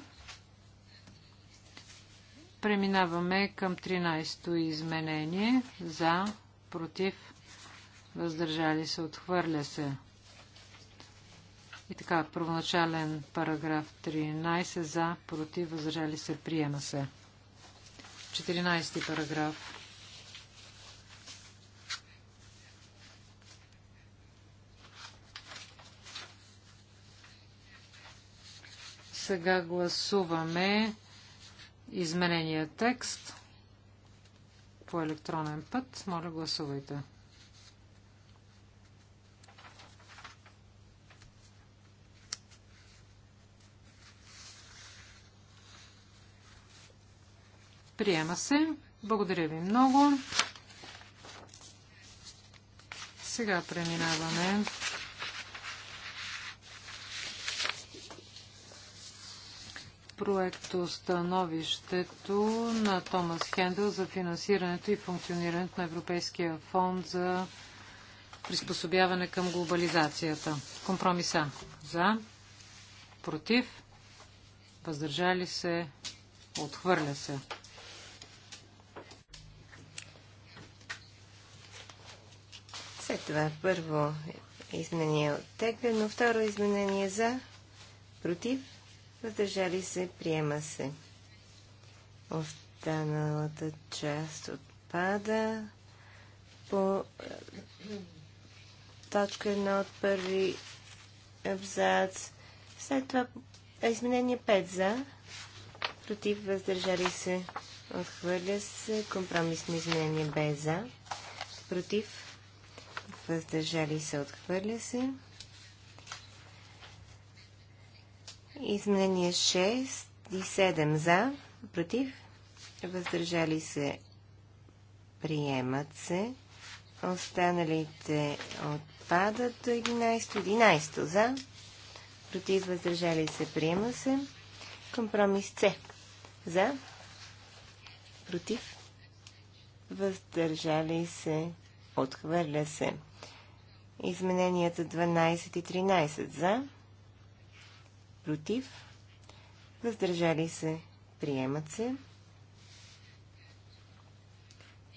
Преминаваме към 13-то изменение. За, против, въздържали се, отхвърля се. И така, първоначален параграф 13 за, против, въздържали се, приема се. 14 ти параграф. Сега гласуваме изменения текст по електронен път. Моля, гласувайте. Приема се. Благодаря ви много. Сега преминаваме проекто становището на Томас Хендел за финансирането и функционирането на Европейския фонд за приспособяване към глобализацията. Компромиса. За. Против. Въздържали се. Отхвърля се. След това първо изменение е оттеглено, второ изменение за, против, въздържали се, приема се. Останалата част отпада по е, точка 1 от първи абзац. След това е изменение 5 за, против, въздържали се, отхвърля се, компромисно изменение без. за, против, въздържали се, отхвърля се. Изменение 6 и 7 за, против, въздържали се, приемат се. Останалите отпадат до 11. 11 за, против, въздържали се, приема се. Компромис С за, против, въздържали се, отхвърля се. Измененията 12 и 13 за, против, въздържали се, приемат се.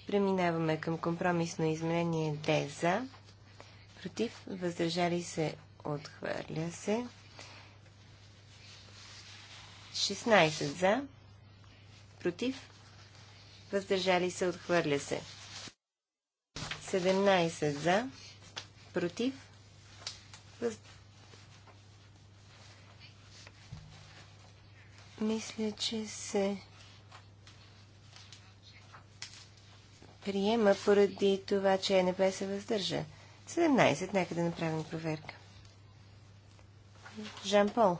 Преминаваме към компромисно изменение Д за, против, въздържали се, отхвърля се. 16 за, против, въздържали се, отхвърля се. 17 за, против, въздържали Мисля, че се приема поради това, че е НП се въздържа. 17. Нека да направим проверка. Жан Пол.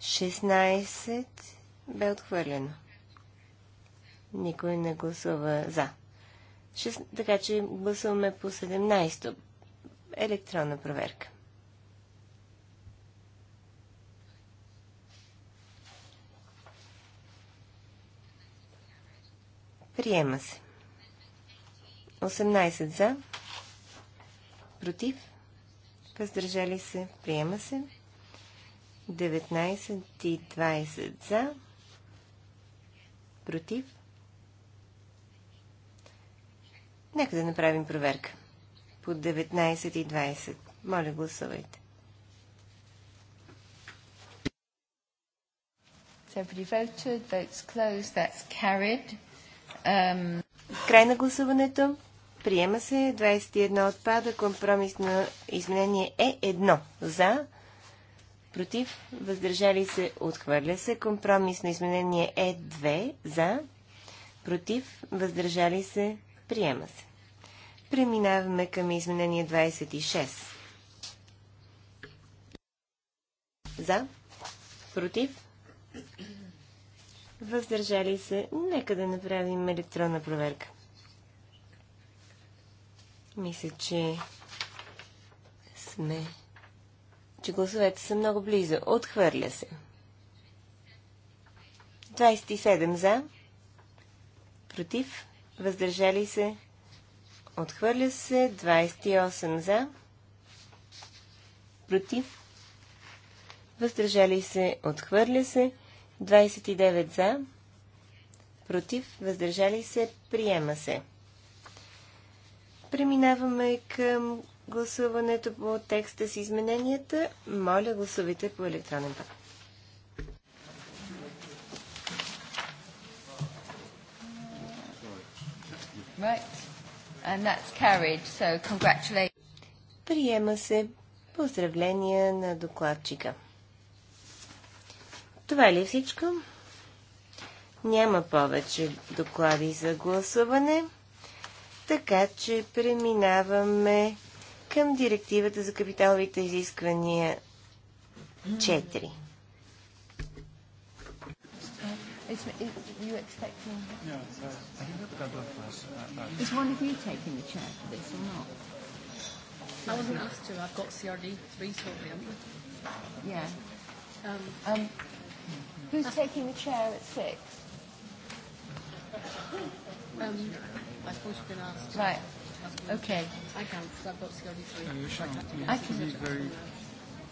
16 бе отхвърлено. Никой не гласува за. 6, така че гласуваме по 17 електронна проверка. Приема се. 18 за. Против. Въздържали се. Приема се. 19 и 20 за. Против. Нека да направим проверка. По 19 и 20. Моля, гласувайте. So everybody voted, votes closed, that's carried. Край на гласуването. Приема се. 21 отпада. Компромис на изменение е едно. За. Против. Въздържали се. Отхвърля се. Компромисно изменение е 2. За. Против. Въздържали се. Приема се. Преминаваме към изменение 26. За. Против въздържали се, нека да направим електронна проверка. Мисля, че сме... че гласовете са много близо. Отхвърля се. 27 за, против, въздържали се, отхвърля се, 28 за, против, въздържали се, отхвърля се, 29 за, против, въздържали се, приема се. Преминаваме към гласуването по текста с измененията. Моля, гласувайте по електронен път. Приема се. Поздравления на докладчика. Това ли е всичко? Няма повече доклади за гласуване, така че преминаваме към директивата за капиталовите изисквания 4. Um, um Who's taking the chair at six? Um, I suppose you been asked. Right. Okay. I can't because I've got to go to three. I can be very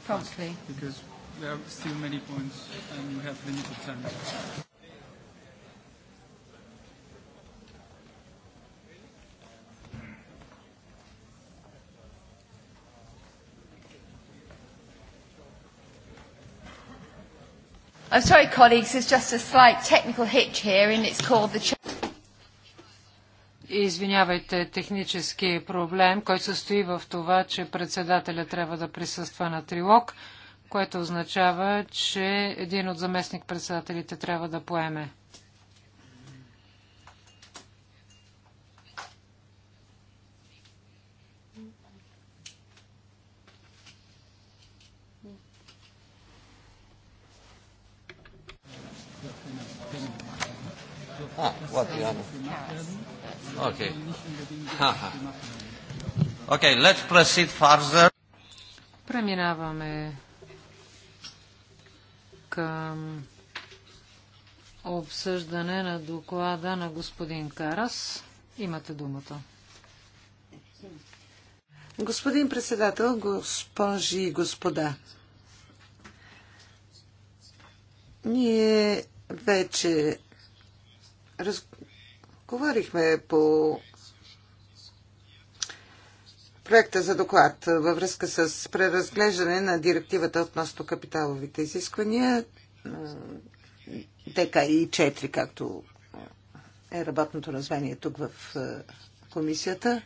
promptly because there are still many points and we have limited time. I'm sorry, colleagues, there's just a slight technical hitch here and it's called the... Извинявайте, технически проблем, който състои в това, че председателя трябва да присъства на трилог, което означава, че един от заместник председателите трябва да поеме. Ah, what you have? Okay. okay, let's proceed further. Преминаваме към обсъждане на доклада на господин Карас. Имате думата. Господин председател, госпожи и господа, ние вече разговорихме по проекта за доклад във връзка с преразглеждане на директивата относно капиталовите изисквания ДКИ 4, както е работното название тук в е, комисията.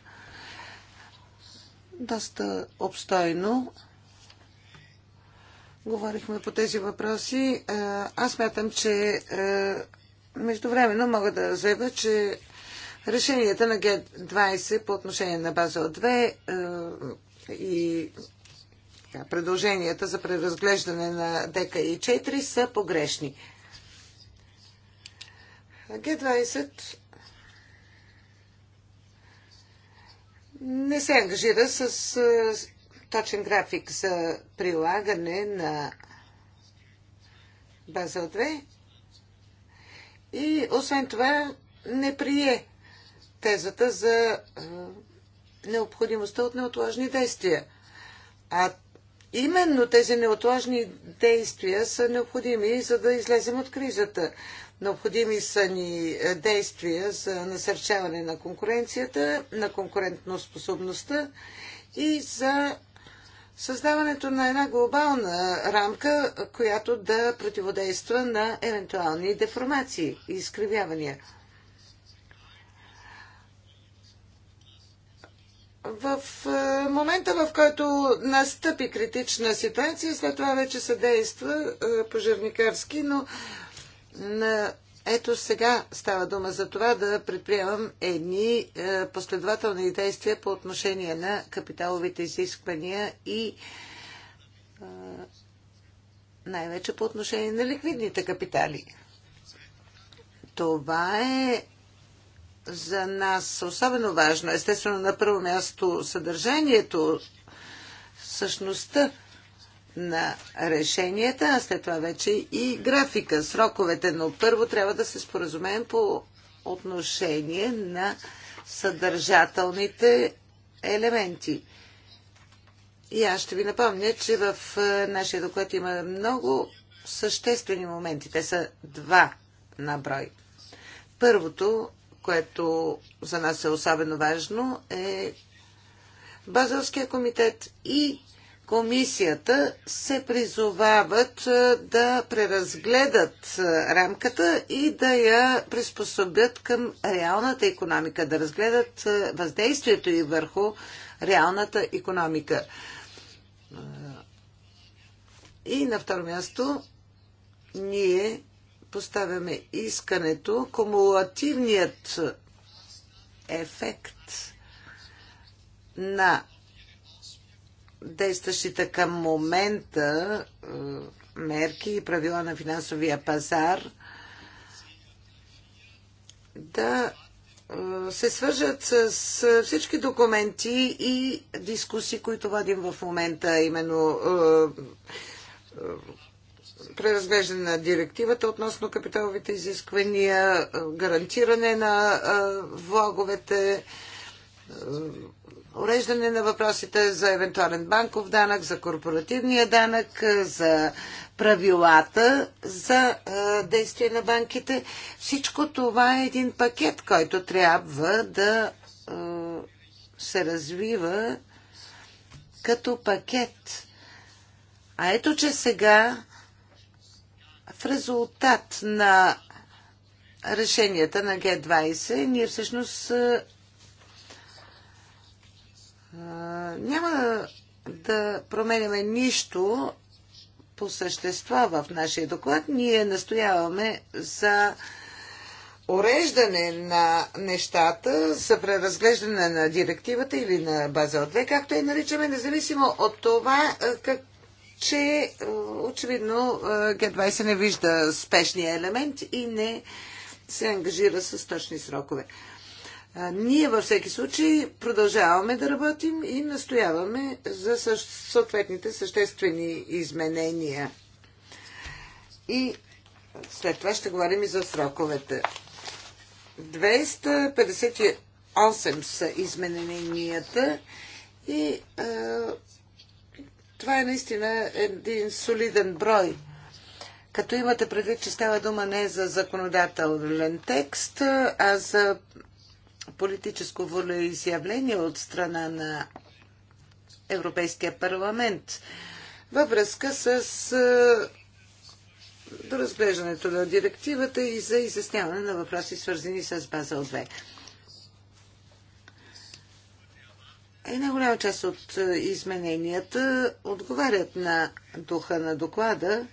Доста обстойно говорихме по тези въпроси. Е, аз мятам, че е, Междувременно мога да заявя, че решенията на Г20 по отношение на база 2 е, и така, предложенията за преразглеждане на ДК и 4 са погрешни. Г20 не се ангажира е, с точен график за прилагане на база 2 и освен това не прие тезата за необходимостта от неотложни действия. А именно тези неотложни действия са необходими, за да излезем от кризата. Необходими са ни действия за насърчаване на конкуренцията, на конкурентноспособността и за създаването на една глобална рамка, която да противодейства на евентуални деформации и изкривявания. в е, момента, в който настъпи критична ситуация, след това вече се действа е, пожарникарски, но на ето сега става дума за това да предприемам едни е, последователни действия по отношение на капиталовите изисквания и е, най-вече по отношение на ликвидните капитали. Това е за нас особено важно. Естествено, на първо място съдържанието, същността на решенията, а след това вече и графика, сроковете. Но първо трябва да се споразумеем по отношение на съдържателните елементи. И аз ще ви напомня, че в е, нашия доклад има много съществени моменти. Те са два на брой. Първото, което за нас е особено важно, е базовския комитет и комисията се призовават да преразгледат рамката и да я приспособят към реалната економика, да разгледат въздействието и върху реалната економика. И на второ място ние поставяме искането кумулативният ефект на действащите към момента е, мерки и правила на финансовия пазар да е, се свържат с всички документи и дискусии, които водим в момента, именно е, преразглеждане на директивата относно капиталовите изисквания, гарантиране на влоговете, уреждане на въпросите за евентуален банков данък, за корпоративния данък, за правилата за действие на банките. Всичко това е един пакет, който трябва да се развива като пакет. А ето, че сега в резултат на решенията на Г-20 ние всъщност няма да променяме нищо по същество в нашия доклад. Ние настояваме за уреждане на нещата, за преразглеждане на директивата или на база от 2, както я наричаме, независимо от това, как, че очевидно Г20 не вижда спешния елемент и не се ангажира с точни срокове. Ние във всеки случай продължаваме да работим и настояваме за съответните съществени изменения. И след това ще говорим и за сроковете. 258 са измененията и а, това е наистина един солиден брой. Като имате предвид, че става дума не за законодателен текст, а за политическо волеизявление от страна на Европейския парламент във връзка с до разглеждането на директивата и за изясняване на въпроси, свързани с Базел 2. Една голяма част от измененията отговарят на духа на доклада.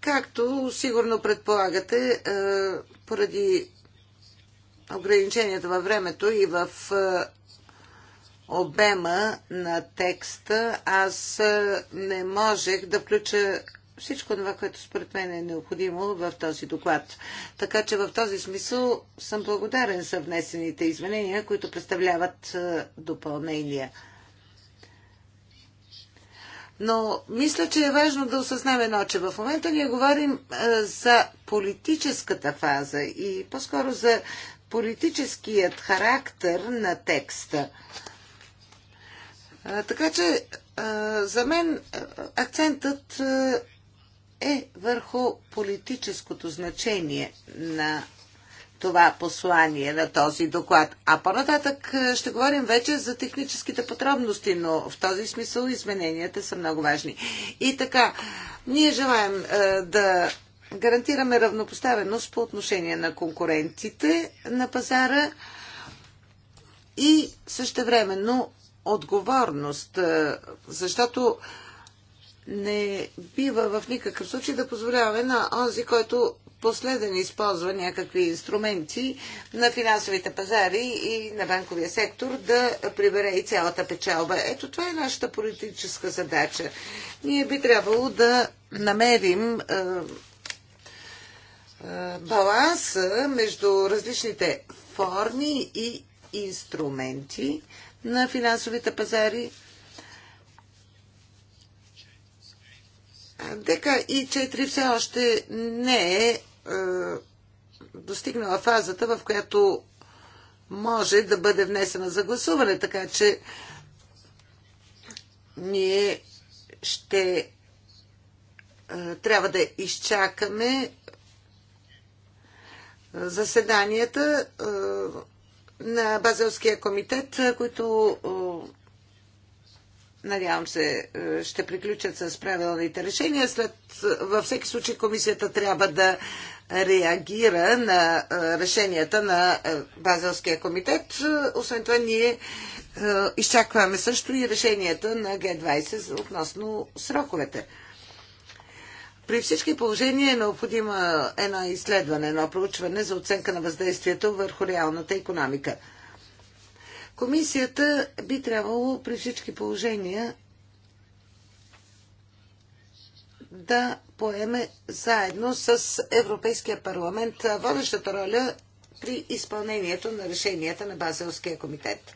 Както сигурно предполагате, е, поради ограниченията във времето и в е, обема на текста, аз е, не можех да включа всичко това, което според мен е необходимо в този доклад. Така че в този смисъл съм благодарен за внесените изменения, които представляват допълнения. Но мисля, че е важно да осъзнаем едно, че в момента ние говорим е, за политическата фаза и по-скоро за политическият характер на текста. Е, така че е, за мен акцентът е върху политическото значение на това послание на този доклад. А по-нататък е, ще говорим вече за техническите подробности, но в този смисъл измененията са много важни. И така, ние желаем е, да гарантираме равнопоставеност по отношение на конкурентите на пазара и същевременно отговорност, е, защото не бива в никакъв случай да позволяваме на онзи, който последен използва някакви инструменти на финансовите пазари и на банковия сектор да прибере и цялата печалба. Ето това е нашата политическа задача. Ние би трябвало да намерим е, е, баланса между различните форми и инструменти на финансовите пазари. Дека и 4 все още не е е, достигнала фазата, в която може да бъде внесена за гласуване, така че ние ще е, трябва да изчакаме е, заседанията на Базелския комитет, които надявам се ще приключат с правилните решения. След, във всеки случай комисията трябва да реагира на решенията на Базелския комитет. Освен това, ние изчакваме също и решенията на Г-20 относно сроковете. При всички положения е необходимо едно изследване, едно проучване за оценка на въздействието върху реалната економика. Комисията би трябвало при всички положения да поеме заедно с Европейския парламент водещата роля при изпълнението на решенията на Базелския комитет.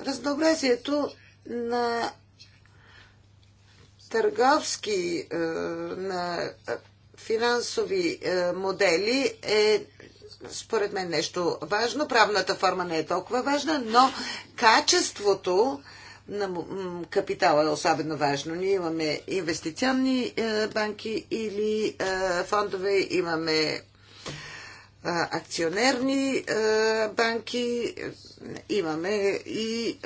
Разнообразието на търговски, е, на финансови е, модели е според мен нещо важно. Правната форма не е толкова важна, но качеството на капитала е особено важно. Ние имаме инвестиционни е, банки или е, фондове, имаме е, акционерни банки, имаме и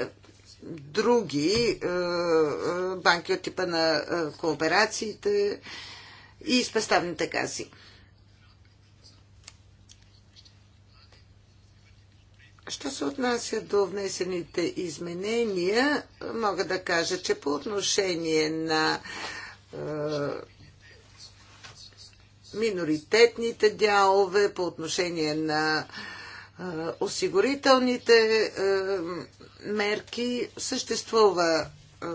други банки от типа на кооперациите и спеставните каси. Що се отнася до внесените изменения, мога да кажа, че по отношение на е, миноритетните дялове, по отношение на е, осигурителните е, мерки, съществува е,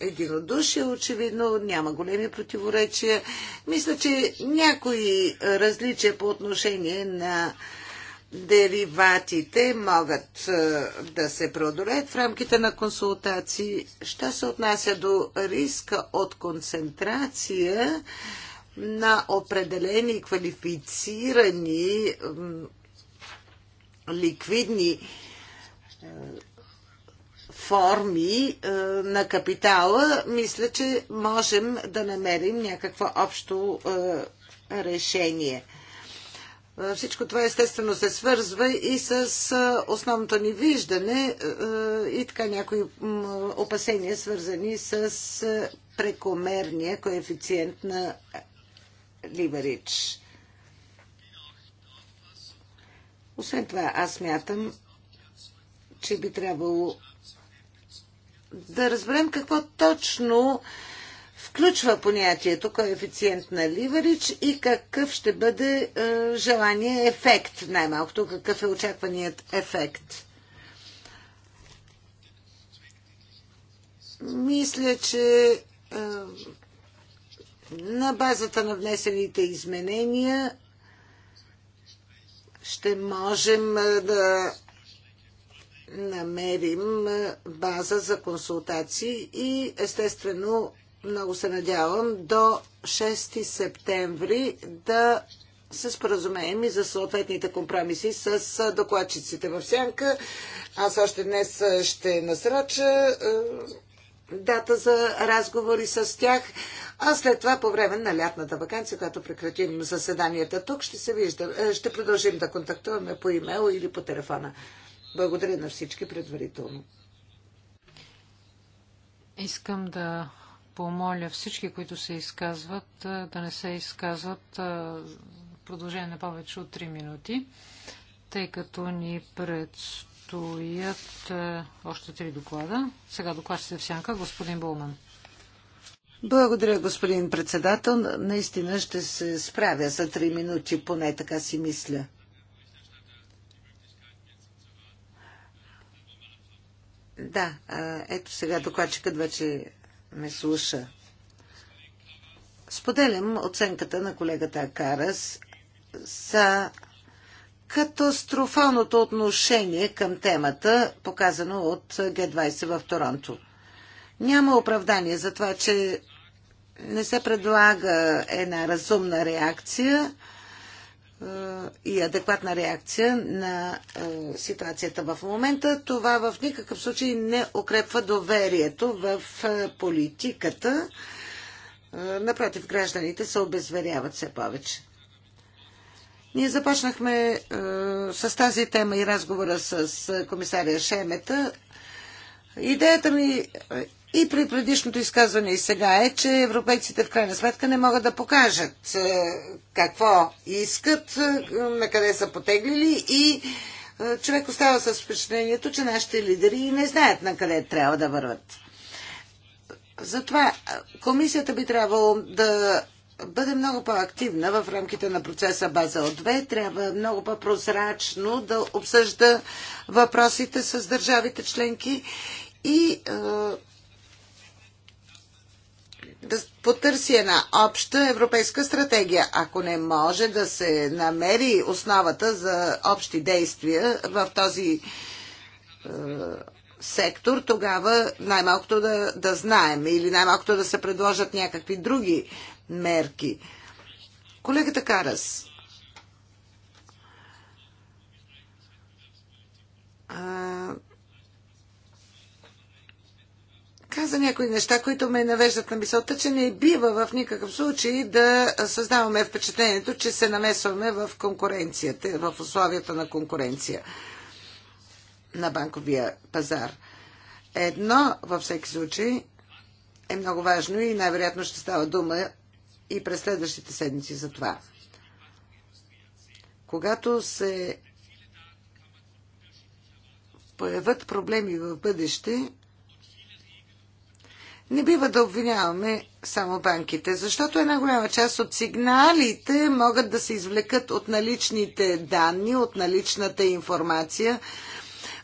единодушие, очевидно, няма големи противоречия. Мисля, че някои различия по отношение на е, дериватите могат да се преодолеят в рамките на консултации. Що се отнася до риска от концентрация на определени квалифицирани ликвидни форми на капитала, мисля, че можем да намерим някакво общо решение. Всичко това естествено се свързва и с основното ни виждане и така някои опасения, свързани с прекомерния коефициент на ливеридж. Освен това, аз мятам, че би трябвало да разберем какво точно включва понятието коефициент на ливарич и какъв ще бъде е, желание ефект, най-малкото какъв е очакваният ефект. Мисля, че е, на базата на внесените изменения ще можем е, да намерим е, база за консултации и естествено много се надявам, до 6 септември да се споразумеем и за съответните компромиси с докладчиците в сянка. Аз още днес ще насрача дата за разговори с тях, а след това по време на лятната вакансия, когато прекратим заседанията тук, ще се вижда. Ще продължим да контактуваме по имейл или по телефона. Благодаря на всички предварително. Искам да помоля всички, които се изказват, да не се изказват в продължение на повече от 3 минути, тъй като ни предстоят още 3 доклада. Сега докладчите в сянка, господин Булман. Благодаря, господин председател. Наистина ще се справя за 3 минути, поне така си мисля. Да, ето сега докладчикът вече ме слуша. Споделям оценката на колегата Карас за катастрофалното отношение към темата, показано от Г-20 в Торонто. Няма оправдание за това, че не се предлага една разумна реакция и адекватна реакция на е, ситуацията в момента. Това в никакъв случай не укрепва доверието в е, политиката. Е, напротив, гражданите се обезверяват все повече. Ние започнахме с тази тема и разговора с комисаря Шемета Идеята ми и при предишното изказване и сега е, че европейците в крайна сметка не могат да покажат е, какво искат, е, на къде са потеглили и е, човек остава с впечатлението, че нашите лидери не знаят на къде трябва да върват. Затова комисията би трябвало да бъде много по-активна в рамките на процеса Базел 2. Трябва много по-прозрачно да обсъжда въпросите с държавите членки и да потърси една обща европейска стратегия. Ако не може да се намери основата за общи действия в този е, сектор, тогава най-малкото да, да знаем или най-малкото да се предложат някакви други мерки. Колегата Карас. Е, каза някои неща, които ме навеждат на мисълта, че не бива в никакъв случай да създаваме впечатлението, че се намесваме в конкуренцията, в условията на конкуренция на банковия пазар. Едно във всеки случай е много важно и най-вероятно ще става дума и през следващите седмици за това. Когато се появят проблеми в бъдеще, не бива да обвиняваме само банките, защото една голяма част от сигналите могат да се извлекат от наличните данни, от наличната информация.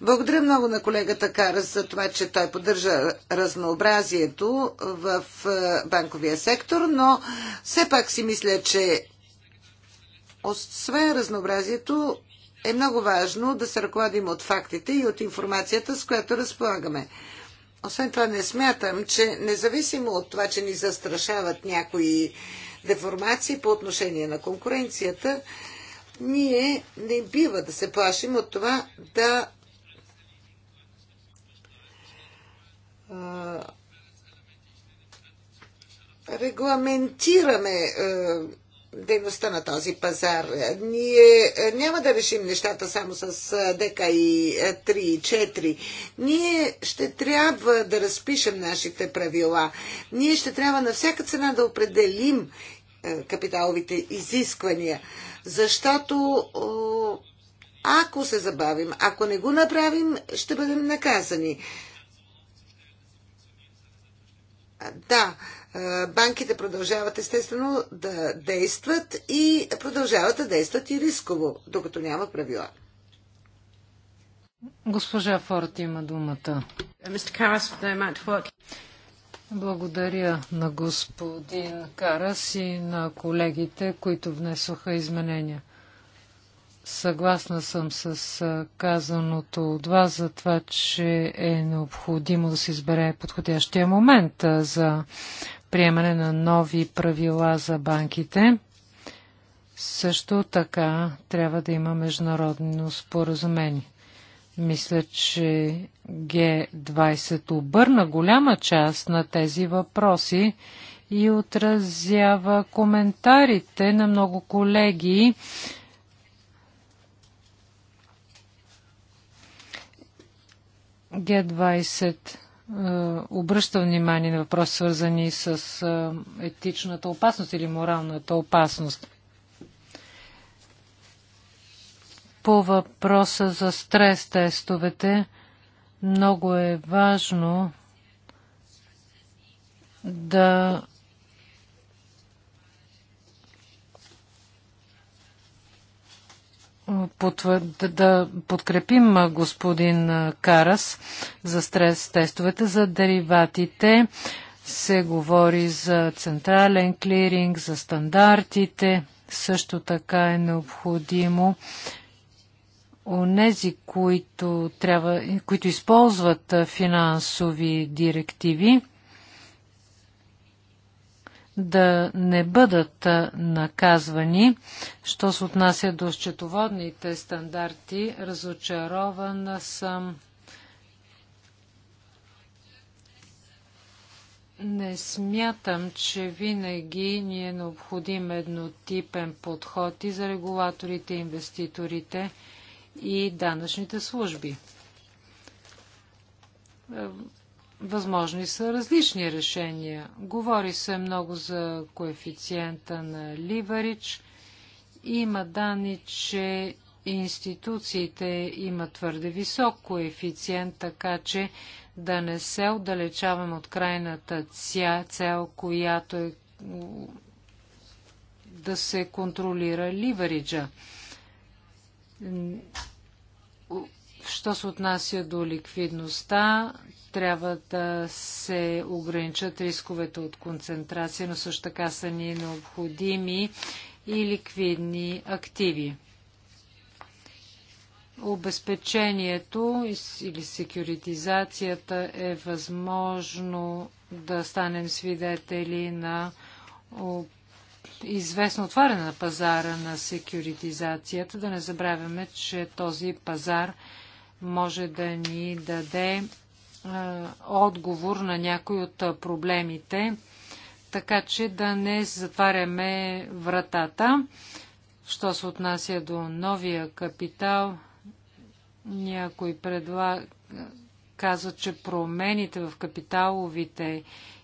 Благодаря много на колегата Карас за това, че той поддържа разнообразието в е, банковия сектор, но все пак си мисля, че освен разнообразието е много важно да се ръководим от фактите и от информацията, с която разполагаме. Освен това не смятам, че независимо от това, че ни застрашават някои деформации по отношение на конкуренцията, ние не бива да се плашим от това да регламентираме дейността на този пазар. Ние е, няма да решим нещата само с е, и 3 е, и 4. Ние ще трябва да разпишем нашите правила. Ние ще трябва на всяка цена да определим капиталовите изисквания, защото ако се забавим, ако не го направим, ще бъдем наказани. Да, банките продължават естествено да действат и продължават да действат и рисково, докато няма правила. Госпожа Форт има думата. Uh, Благодаря на господин Карас и на колегите, които внесоха изменения. Съгласна съм с казаното от вас за това, че е необходимо да се избере подходящия момент за приемане на нови правила за банките. Също така трябва да има международно споразумение. Мисля, че Г20 обърна голяма част на тези въпроси и отразява коментарите на много колеги. Г20 е, обръща внимание на въпроси, свързани с е, етичната опасност или моралната опасност. По въпроса за стрес тестовете, много е важно да да подкрепим господин Карас за стрес тестовете за дериватите. Се говори за централен клиринг, за стандартите. Също така е необходимо онези, които, трябва, които използват финансови директиви, да не бъдат наказвани. Що се отнася до счетоводните стандарти, разочарована съм. Не смятам, че винаги ни е необходим еднотипен подход и за регулаторите, инвеститорите и данъчните служби Възможни са различни решения. Говори се много за коефициента на Ливарич. Има данни, че институциите имат твърде висок коефициент, така че да не се отдалечаваме от крайната цел, която е да се контролира ливариджа. Що се отнася до ликвидността, трябва да се ограничат рисковете от концентрация, но също така са ни необходими и ликвидни активи. Обезпечението или секюритизацията е възможно да станем свидетели на известно отваряне на пазара на секюритизацията. Да не забравяме, че този пазар може да ни даде е, отговор на някои от е, проблемите, така че да не затваряме вратата. Що се отнася до новия капитал, някой предлага, каза, че промените в капиталовите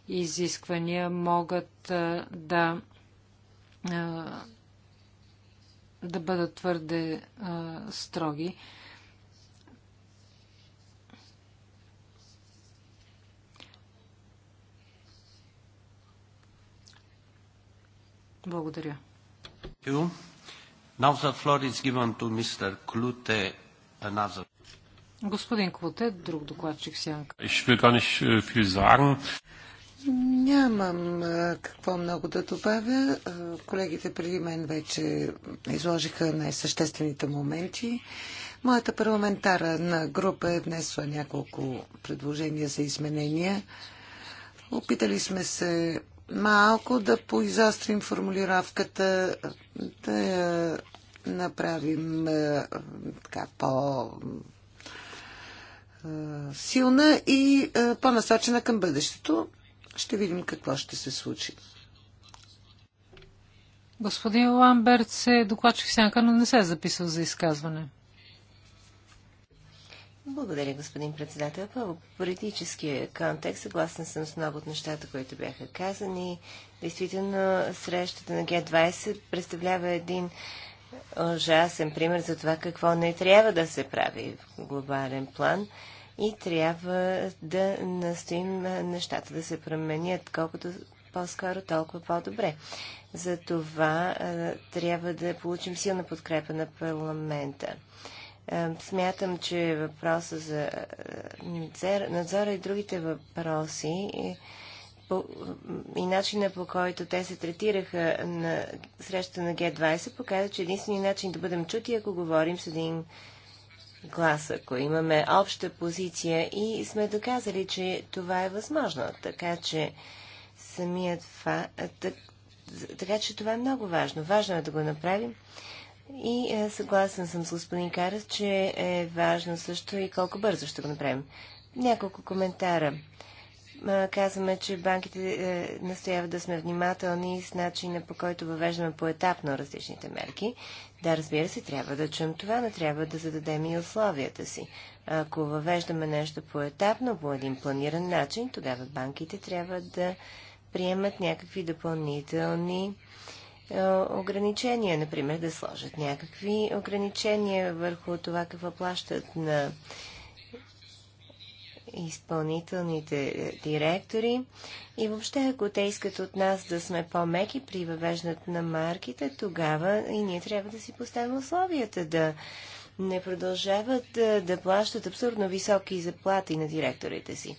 изисквания могат е, да, да бъдат твърде строги. Благодаря. Господин Клуте, друг докладчик Сянка. Äh, Нямам какво много да добавя. Колегите преди мен вече изложиха най-съществените моменти. Моята парламентарна група е внесла няколко предложения за изменения. Опитали сме се малко да поизострим формулировката, да я направим е, така по е, силна и е, по-насочена към бъдещето. Ще видим какво ще се случи. Господин Ламберт се докладчик сянка, но не се е записал за изказване. Благодаря, господин председател. В политическия контекст, съгласен съм с много от нещата, които бяха казани. Действително, срещата на Г-20 представлява един ужасен пример за това какво не трябва да се прави в глобален план и трябва да настоим нещата да се променят колкото по-скоро, толкова по-добре. За това трябва да получим силна подкрепа на парламента. Е, смятам, че въпроса за е, надзора и другите въпроси е, и начина по който те се третираха на среща на Г-20 показва, че единственият начин да бъдем чути, ако говорим с един глас, ако имаме обща позиция и сме доказали, че това е възможно. Така че самият фа... така че това е много важно. Важно е да го направим. И е, съгласен съм с господин Карас, че е важно също и колко бързо ще го направим. Няколко коментара. Е, казваме, че банките е, настояват да сме внимателни с начина по който въвеждаме поетапно различните мерки. Да, разбира се, трябва да чуем това, но трябва да зададем и условията си. Ако въвеждаме нещо поетапно, по един планиран начин, тогава банките трябва да приемат някакви допълнителни е, ограничения, например, да сложат някакви ограничения върху това какво плащат на изпълнителните е, директори. И въобще, ако те искат от нас да сме по-меки при въвеждането на марките, тогава и ние трябва да си поставим условията да не продължават да, е, да плащат абсурдно високи заплати на директорите си.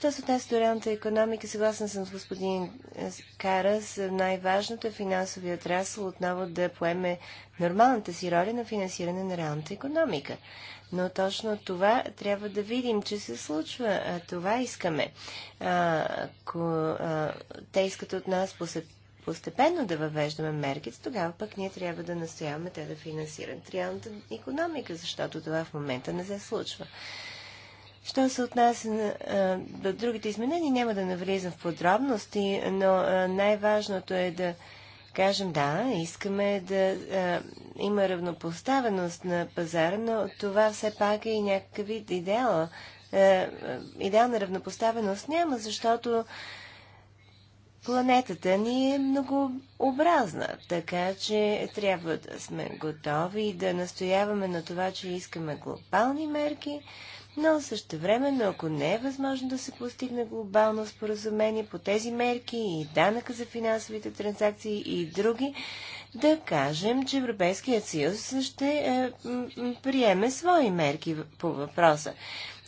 Що се отнася до реалната економика, съгласна съм с господин е, Карас, най-важното е финансовия отрасъл отново да поеме нормалната си роля на финансиране на реалната економика. Но точно това трябва да видим, че се случва. това искаме. А, ако а, те искат от нас постепенно да въвеждаме мерките, тогава пък ние трябва да настояваме те да финансират реалната економика, защото това в момента не се случва. Що се отнася е, до другите изменения, няма да навлизам в подробности, но е, най-важното е да кажем да, искаме да е, има равнопоставеност на пазара, но това все пак е и някакъв вид идеал. Идеал идеална равнопоставеност няма, защото планетата ни е многообразна, така че трябва да сме готови да настояваме на това, че искаме глобални мерки, но също време, но ако не е възможно да се постигне глобално споразумение по тези мерки и данъка за финансовите транзакции и други, да кажем, че Европейският съюз ще е, приеме свои мерки по въпроса,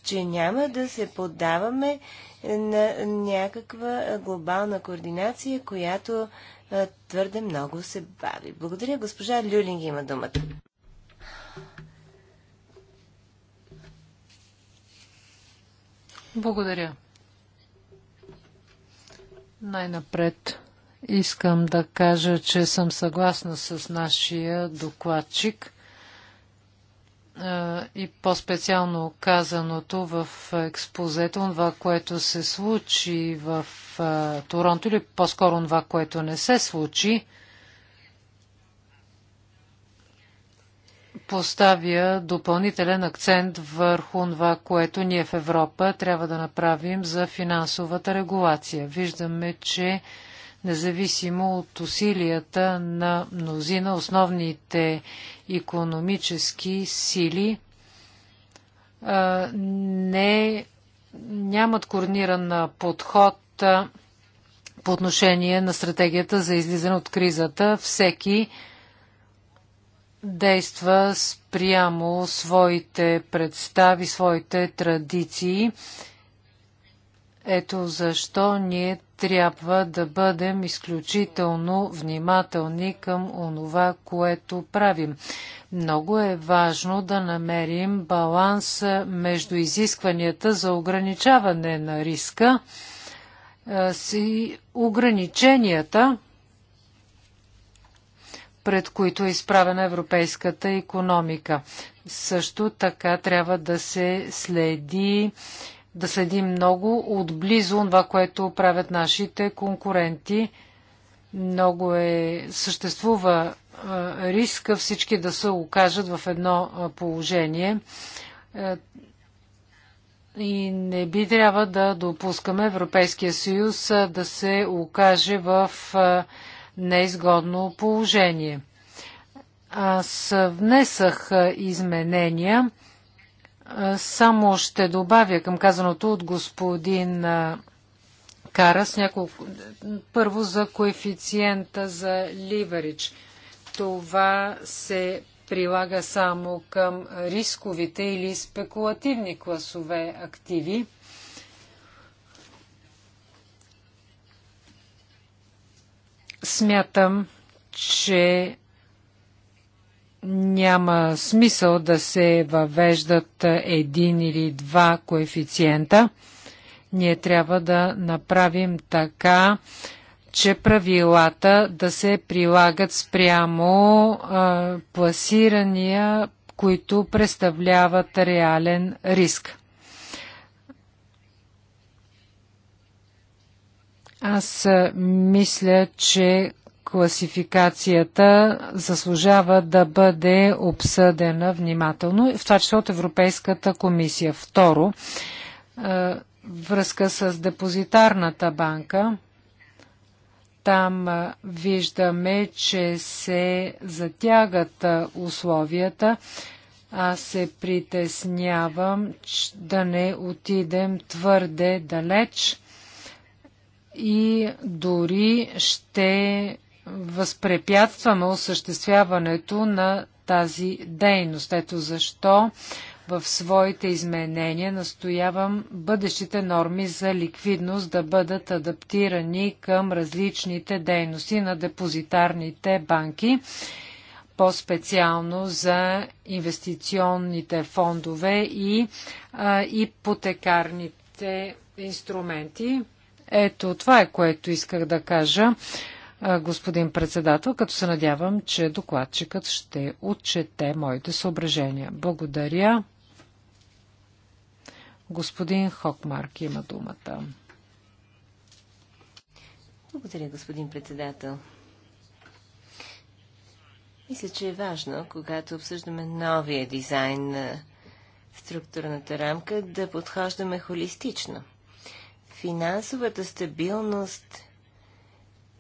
че няма да се поддаваме на някаква глобална координация, която е, твърде много се бави. Благодаря. Госпожа Люлинг има думата. Благодаря. Най-напред искам да кажа, че съм съгласна с нашия докладчик и по-специално казаното в експозето, това, което се случи в Торонто или по-скоро това, което не се случи. поставя допълнителен акцент върху това, което ние в Европа трябва да направим за финансовата регулация. Виждаме, че независимо от усилията на мнозина, основните економически сили не, нямат координиран подход по отношение на стратегията за излизане от кризата. Всеки действа спрямо своите представи, своите традиции. Ето защо ние трябва да бъдем изключително внимателни към онова, което правим. Много е важно да намерим баланс между изискванията за ограничаване на риска и ограниченията, пред които е изправена европейската економика. Също така трябва да се следи да следи много отблизо това, което правят нашите конкуренти. Много е, съществува риска всички да се окажат в едно положение и не би трябва да допускаме Европейския съюз да се окаже в неизгодно положение. Аз внесах изменения. Само ще добавя към казаното от господин Карас няколко... Първо за коефициента за ливарич. Това се прилага само към рисковите или спекулативни класове активи Смятам, че няма смисъл да се въвеждат един или два коефициента. Ние трябва да направим така, че правилата да се прилагат спрямо а, пласирания, които представляват реален риск. Аз мисля, че класификацията заслужава да бъде обсъдена внимателно, в това число от Европейската комисия. Второ, връзка с депозитарната банка. Там виждаме, че се затягат условията. Аз се притеснявам да не отидем твърде далеч и дори ще възпрепятстваме осъществяването на тази дейност. Ето защо в своите изменения настоявам бъдещите норми за ликвидност да бъдат адаптирани към различните дейности на депозитарните банки, по-специално за инвестиционните фондове и а, ипотекарните инструменти. Ето, това е което исках да кажа, господин председател, като се надявам, че докладчикът ще отчете моите съображения. Благодаря. Господин Хокмарк има думата. Благодаря, господин председател. Мисля, че е важно, когато обсъждаме новия дизайн на структурната рамка, да подхождаме холистично финансовата стабилност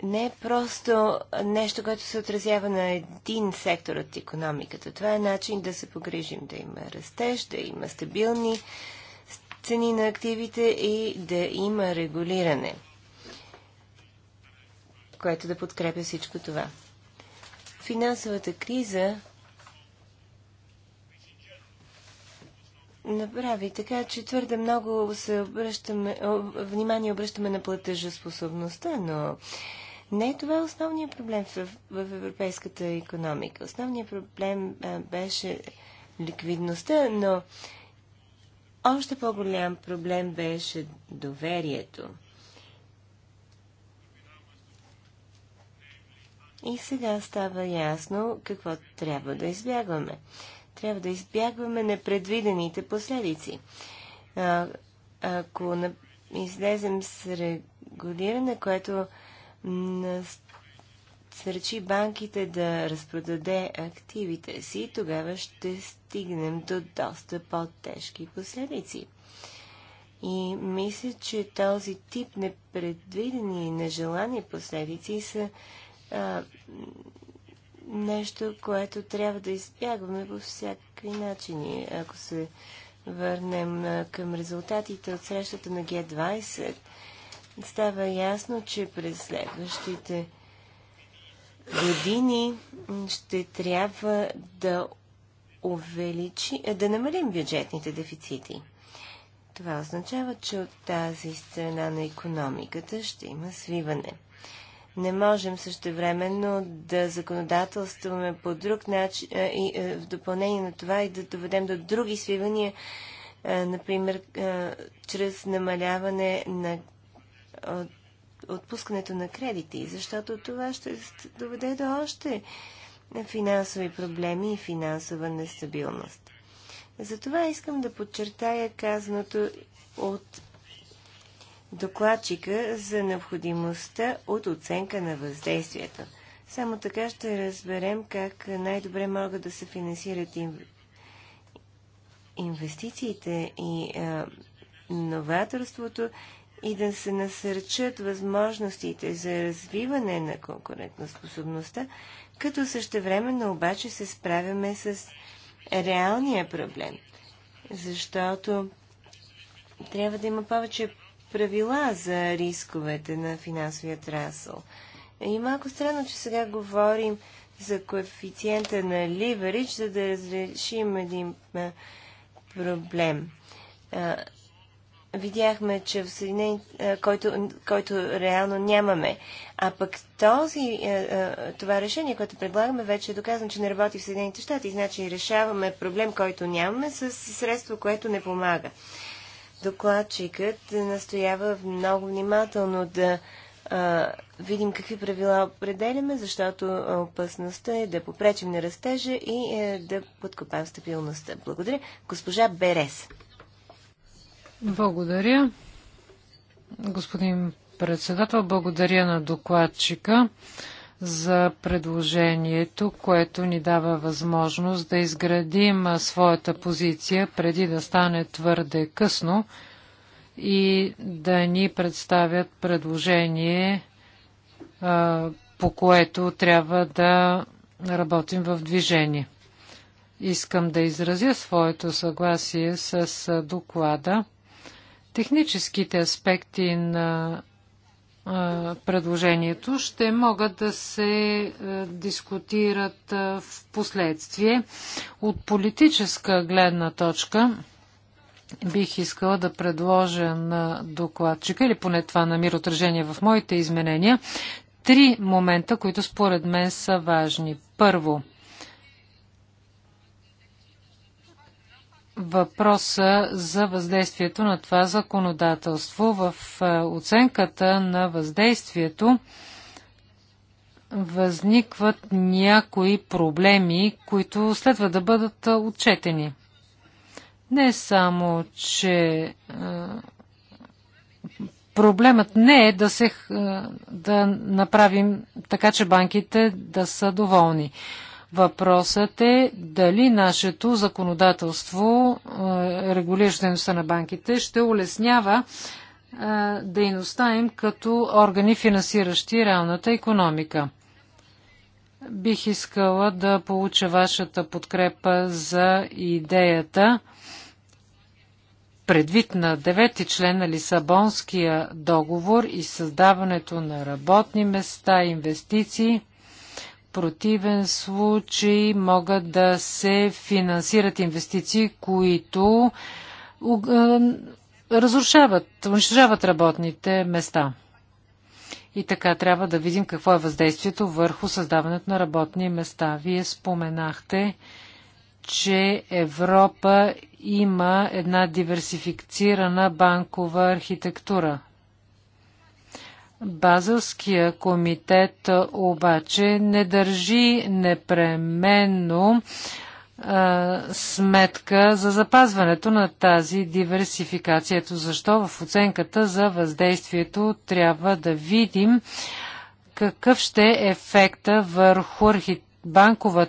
не е просто нещо, което се отразява на един сектор от економиката. Това е начин да се погрижим, да има растеж, да има стабилни цени на активите и да има регулиране, което да подкрепя всичко това. Финансовата криза направи така, че твърде много се обръщаме, внимание обръщаме на платежоспособността, но не е това основният проблем в, в европейската економика. Основният проблем а, беше ликвидността, но още по-голям проблем беше доверието. И сега става ясно какво трябва да избягваме. Трябва да избягваме непредвидените последици. А, ако на... излезем с регулиране, което насърчи банките да разпродаде активите си, тогава ще стигнем до доста по-тежки последици. И мисля, че този тип непредвидени и нежелани последици са а, нещо, което трябва да избягваме по всякакви начини. Ако се върнем към резултатите от срещата на Г-20, става ясно, че през следващите години ще трябва да увеличи, да намалим бюджетните дефицити. Това означава, че от тази страна на економиката ще има свиване. Не можем също времено да законодателстваме по друг начин и в допълнение на това и да доведем до други свивания, например, чрез намаляване на отпускането на кредити, защото това ще доведе до още финансови проблеми и финансова нестабилност. Затова искам да подчертая казаното от докладчика за необходимостта от оценка на въздействието. Само така ще разберем как най-добре могат да се финансират инв... инвестициите и а, новаторството и да се насърчат възможностите за развиване на конкурентоспособността, като същевременно обаче се справяме с реалния проблем, защото трябва да има повече правила за рисковете на финансовия трасъл. И малко странно, че сега говорим за коефициента на ливеридж, за да разрешим един проблем. видяхме, че в Съединение, който, който реално нямаме. А пък този, това решение, което предлагаме, вече е доказано, че не работи в Съединените щати. Значи решаваме проблем, който нямаме с средство, което не помага докладчикът настоява много внимателно да а, видим какви правила определяме, защото опасността е да попречим на растежа и е, да подкопаем стабилността. Благодаря. Госпожа Берес. Благодаря. Господин председател, благодаря на докладчика за предложението, което ни дава възможност да изградим своята позиция преди да стане твърде късно и да ни представят предложение, по което трябва да работим в движение. Искам да изразя своето съгласие с доклада. Техническите аспекти на предложението ще могат да се дискутират в последствие. От политическа гледна точка бих искала да предложа на докладчика, или поне това намира отражение в моите изменения, три момента, които според мен са важни. Първо, въпроса за въздействието на това законодателство. В е, оценката на въздействието възникват някои проблеми, които следва да бъдат е, отчетени. Не само, че е, проблемът не е да, се, да направим така, че банките да са доволни. Въпросът е дали нашето законодателство, е, регулиращо дейността на банките, ще улеснява е, дейността им като органи, финансиращи реалната економика. Бих искала да получа вашата подкрепа за идеята предвид на девети член на Лисабонския договор и създаването на работни места, инвестиции – противен случай могат да се финансират инвестиции, които разрушават, унищожават работните места. И така трябва да видим какво е въздействието върху създаването на работни места. Вие споменахте, че Европа има една диверсифицирана банкова архитектура. Базълския комитет обаче не държи непременно сметка за запазването на тази диверсификация. Ето защо в оценката за въздействието трябва да видим какъв ще е ефекта върху архит... банковата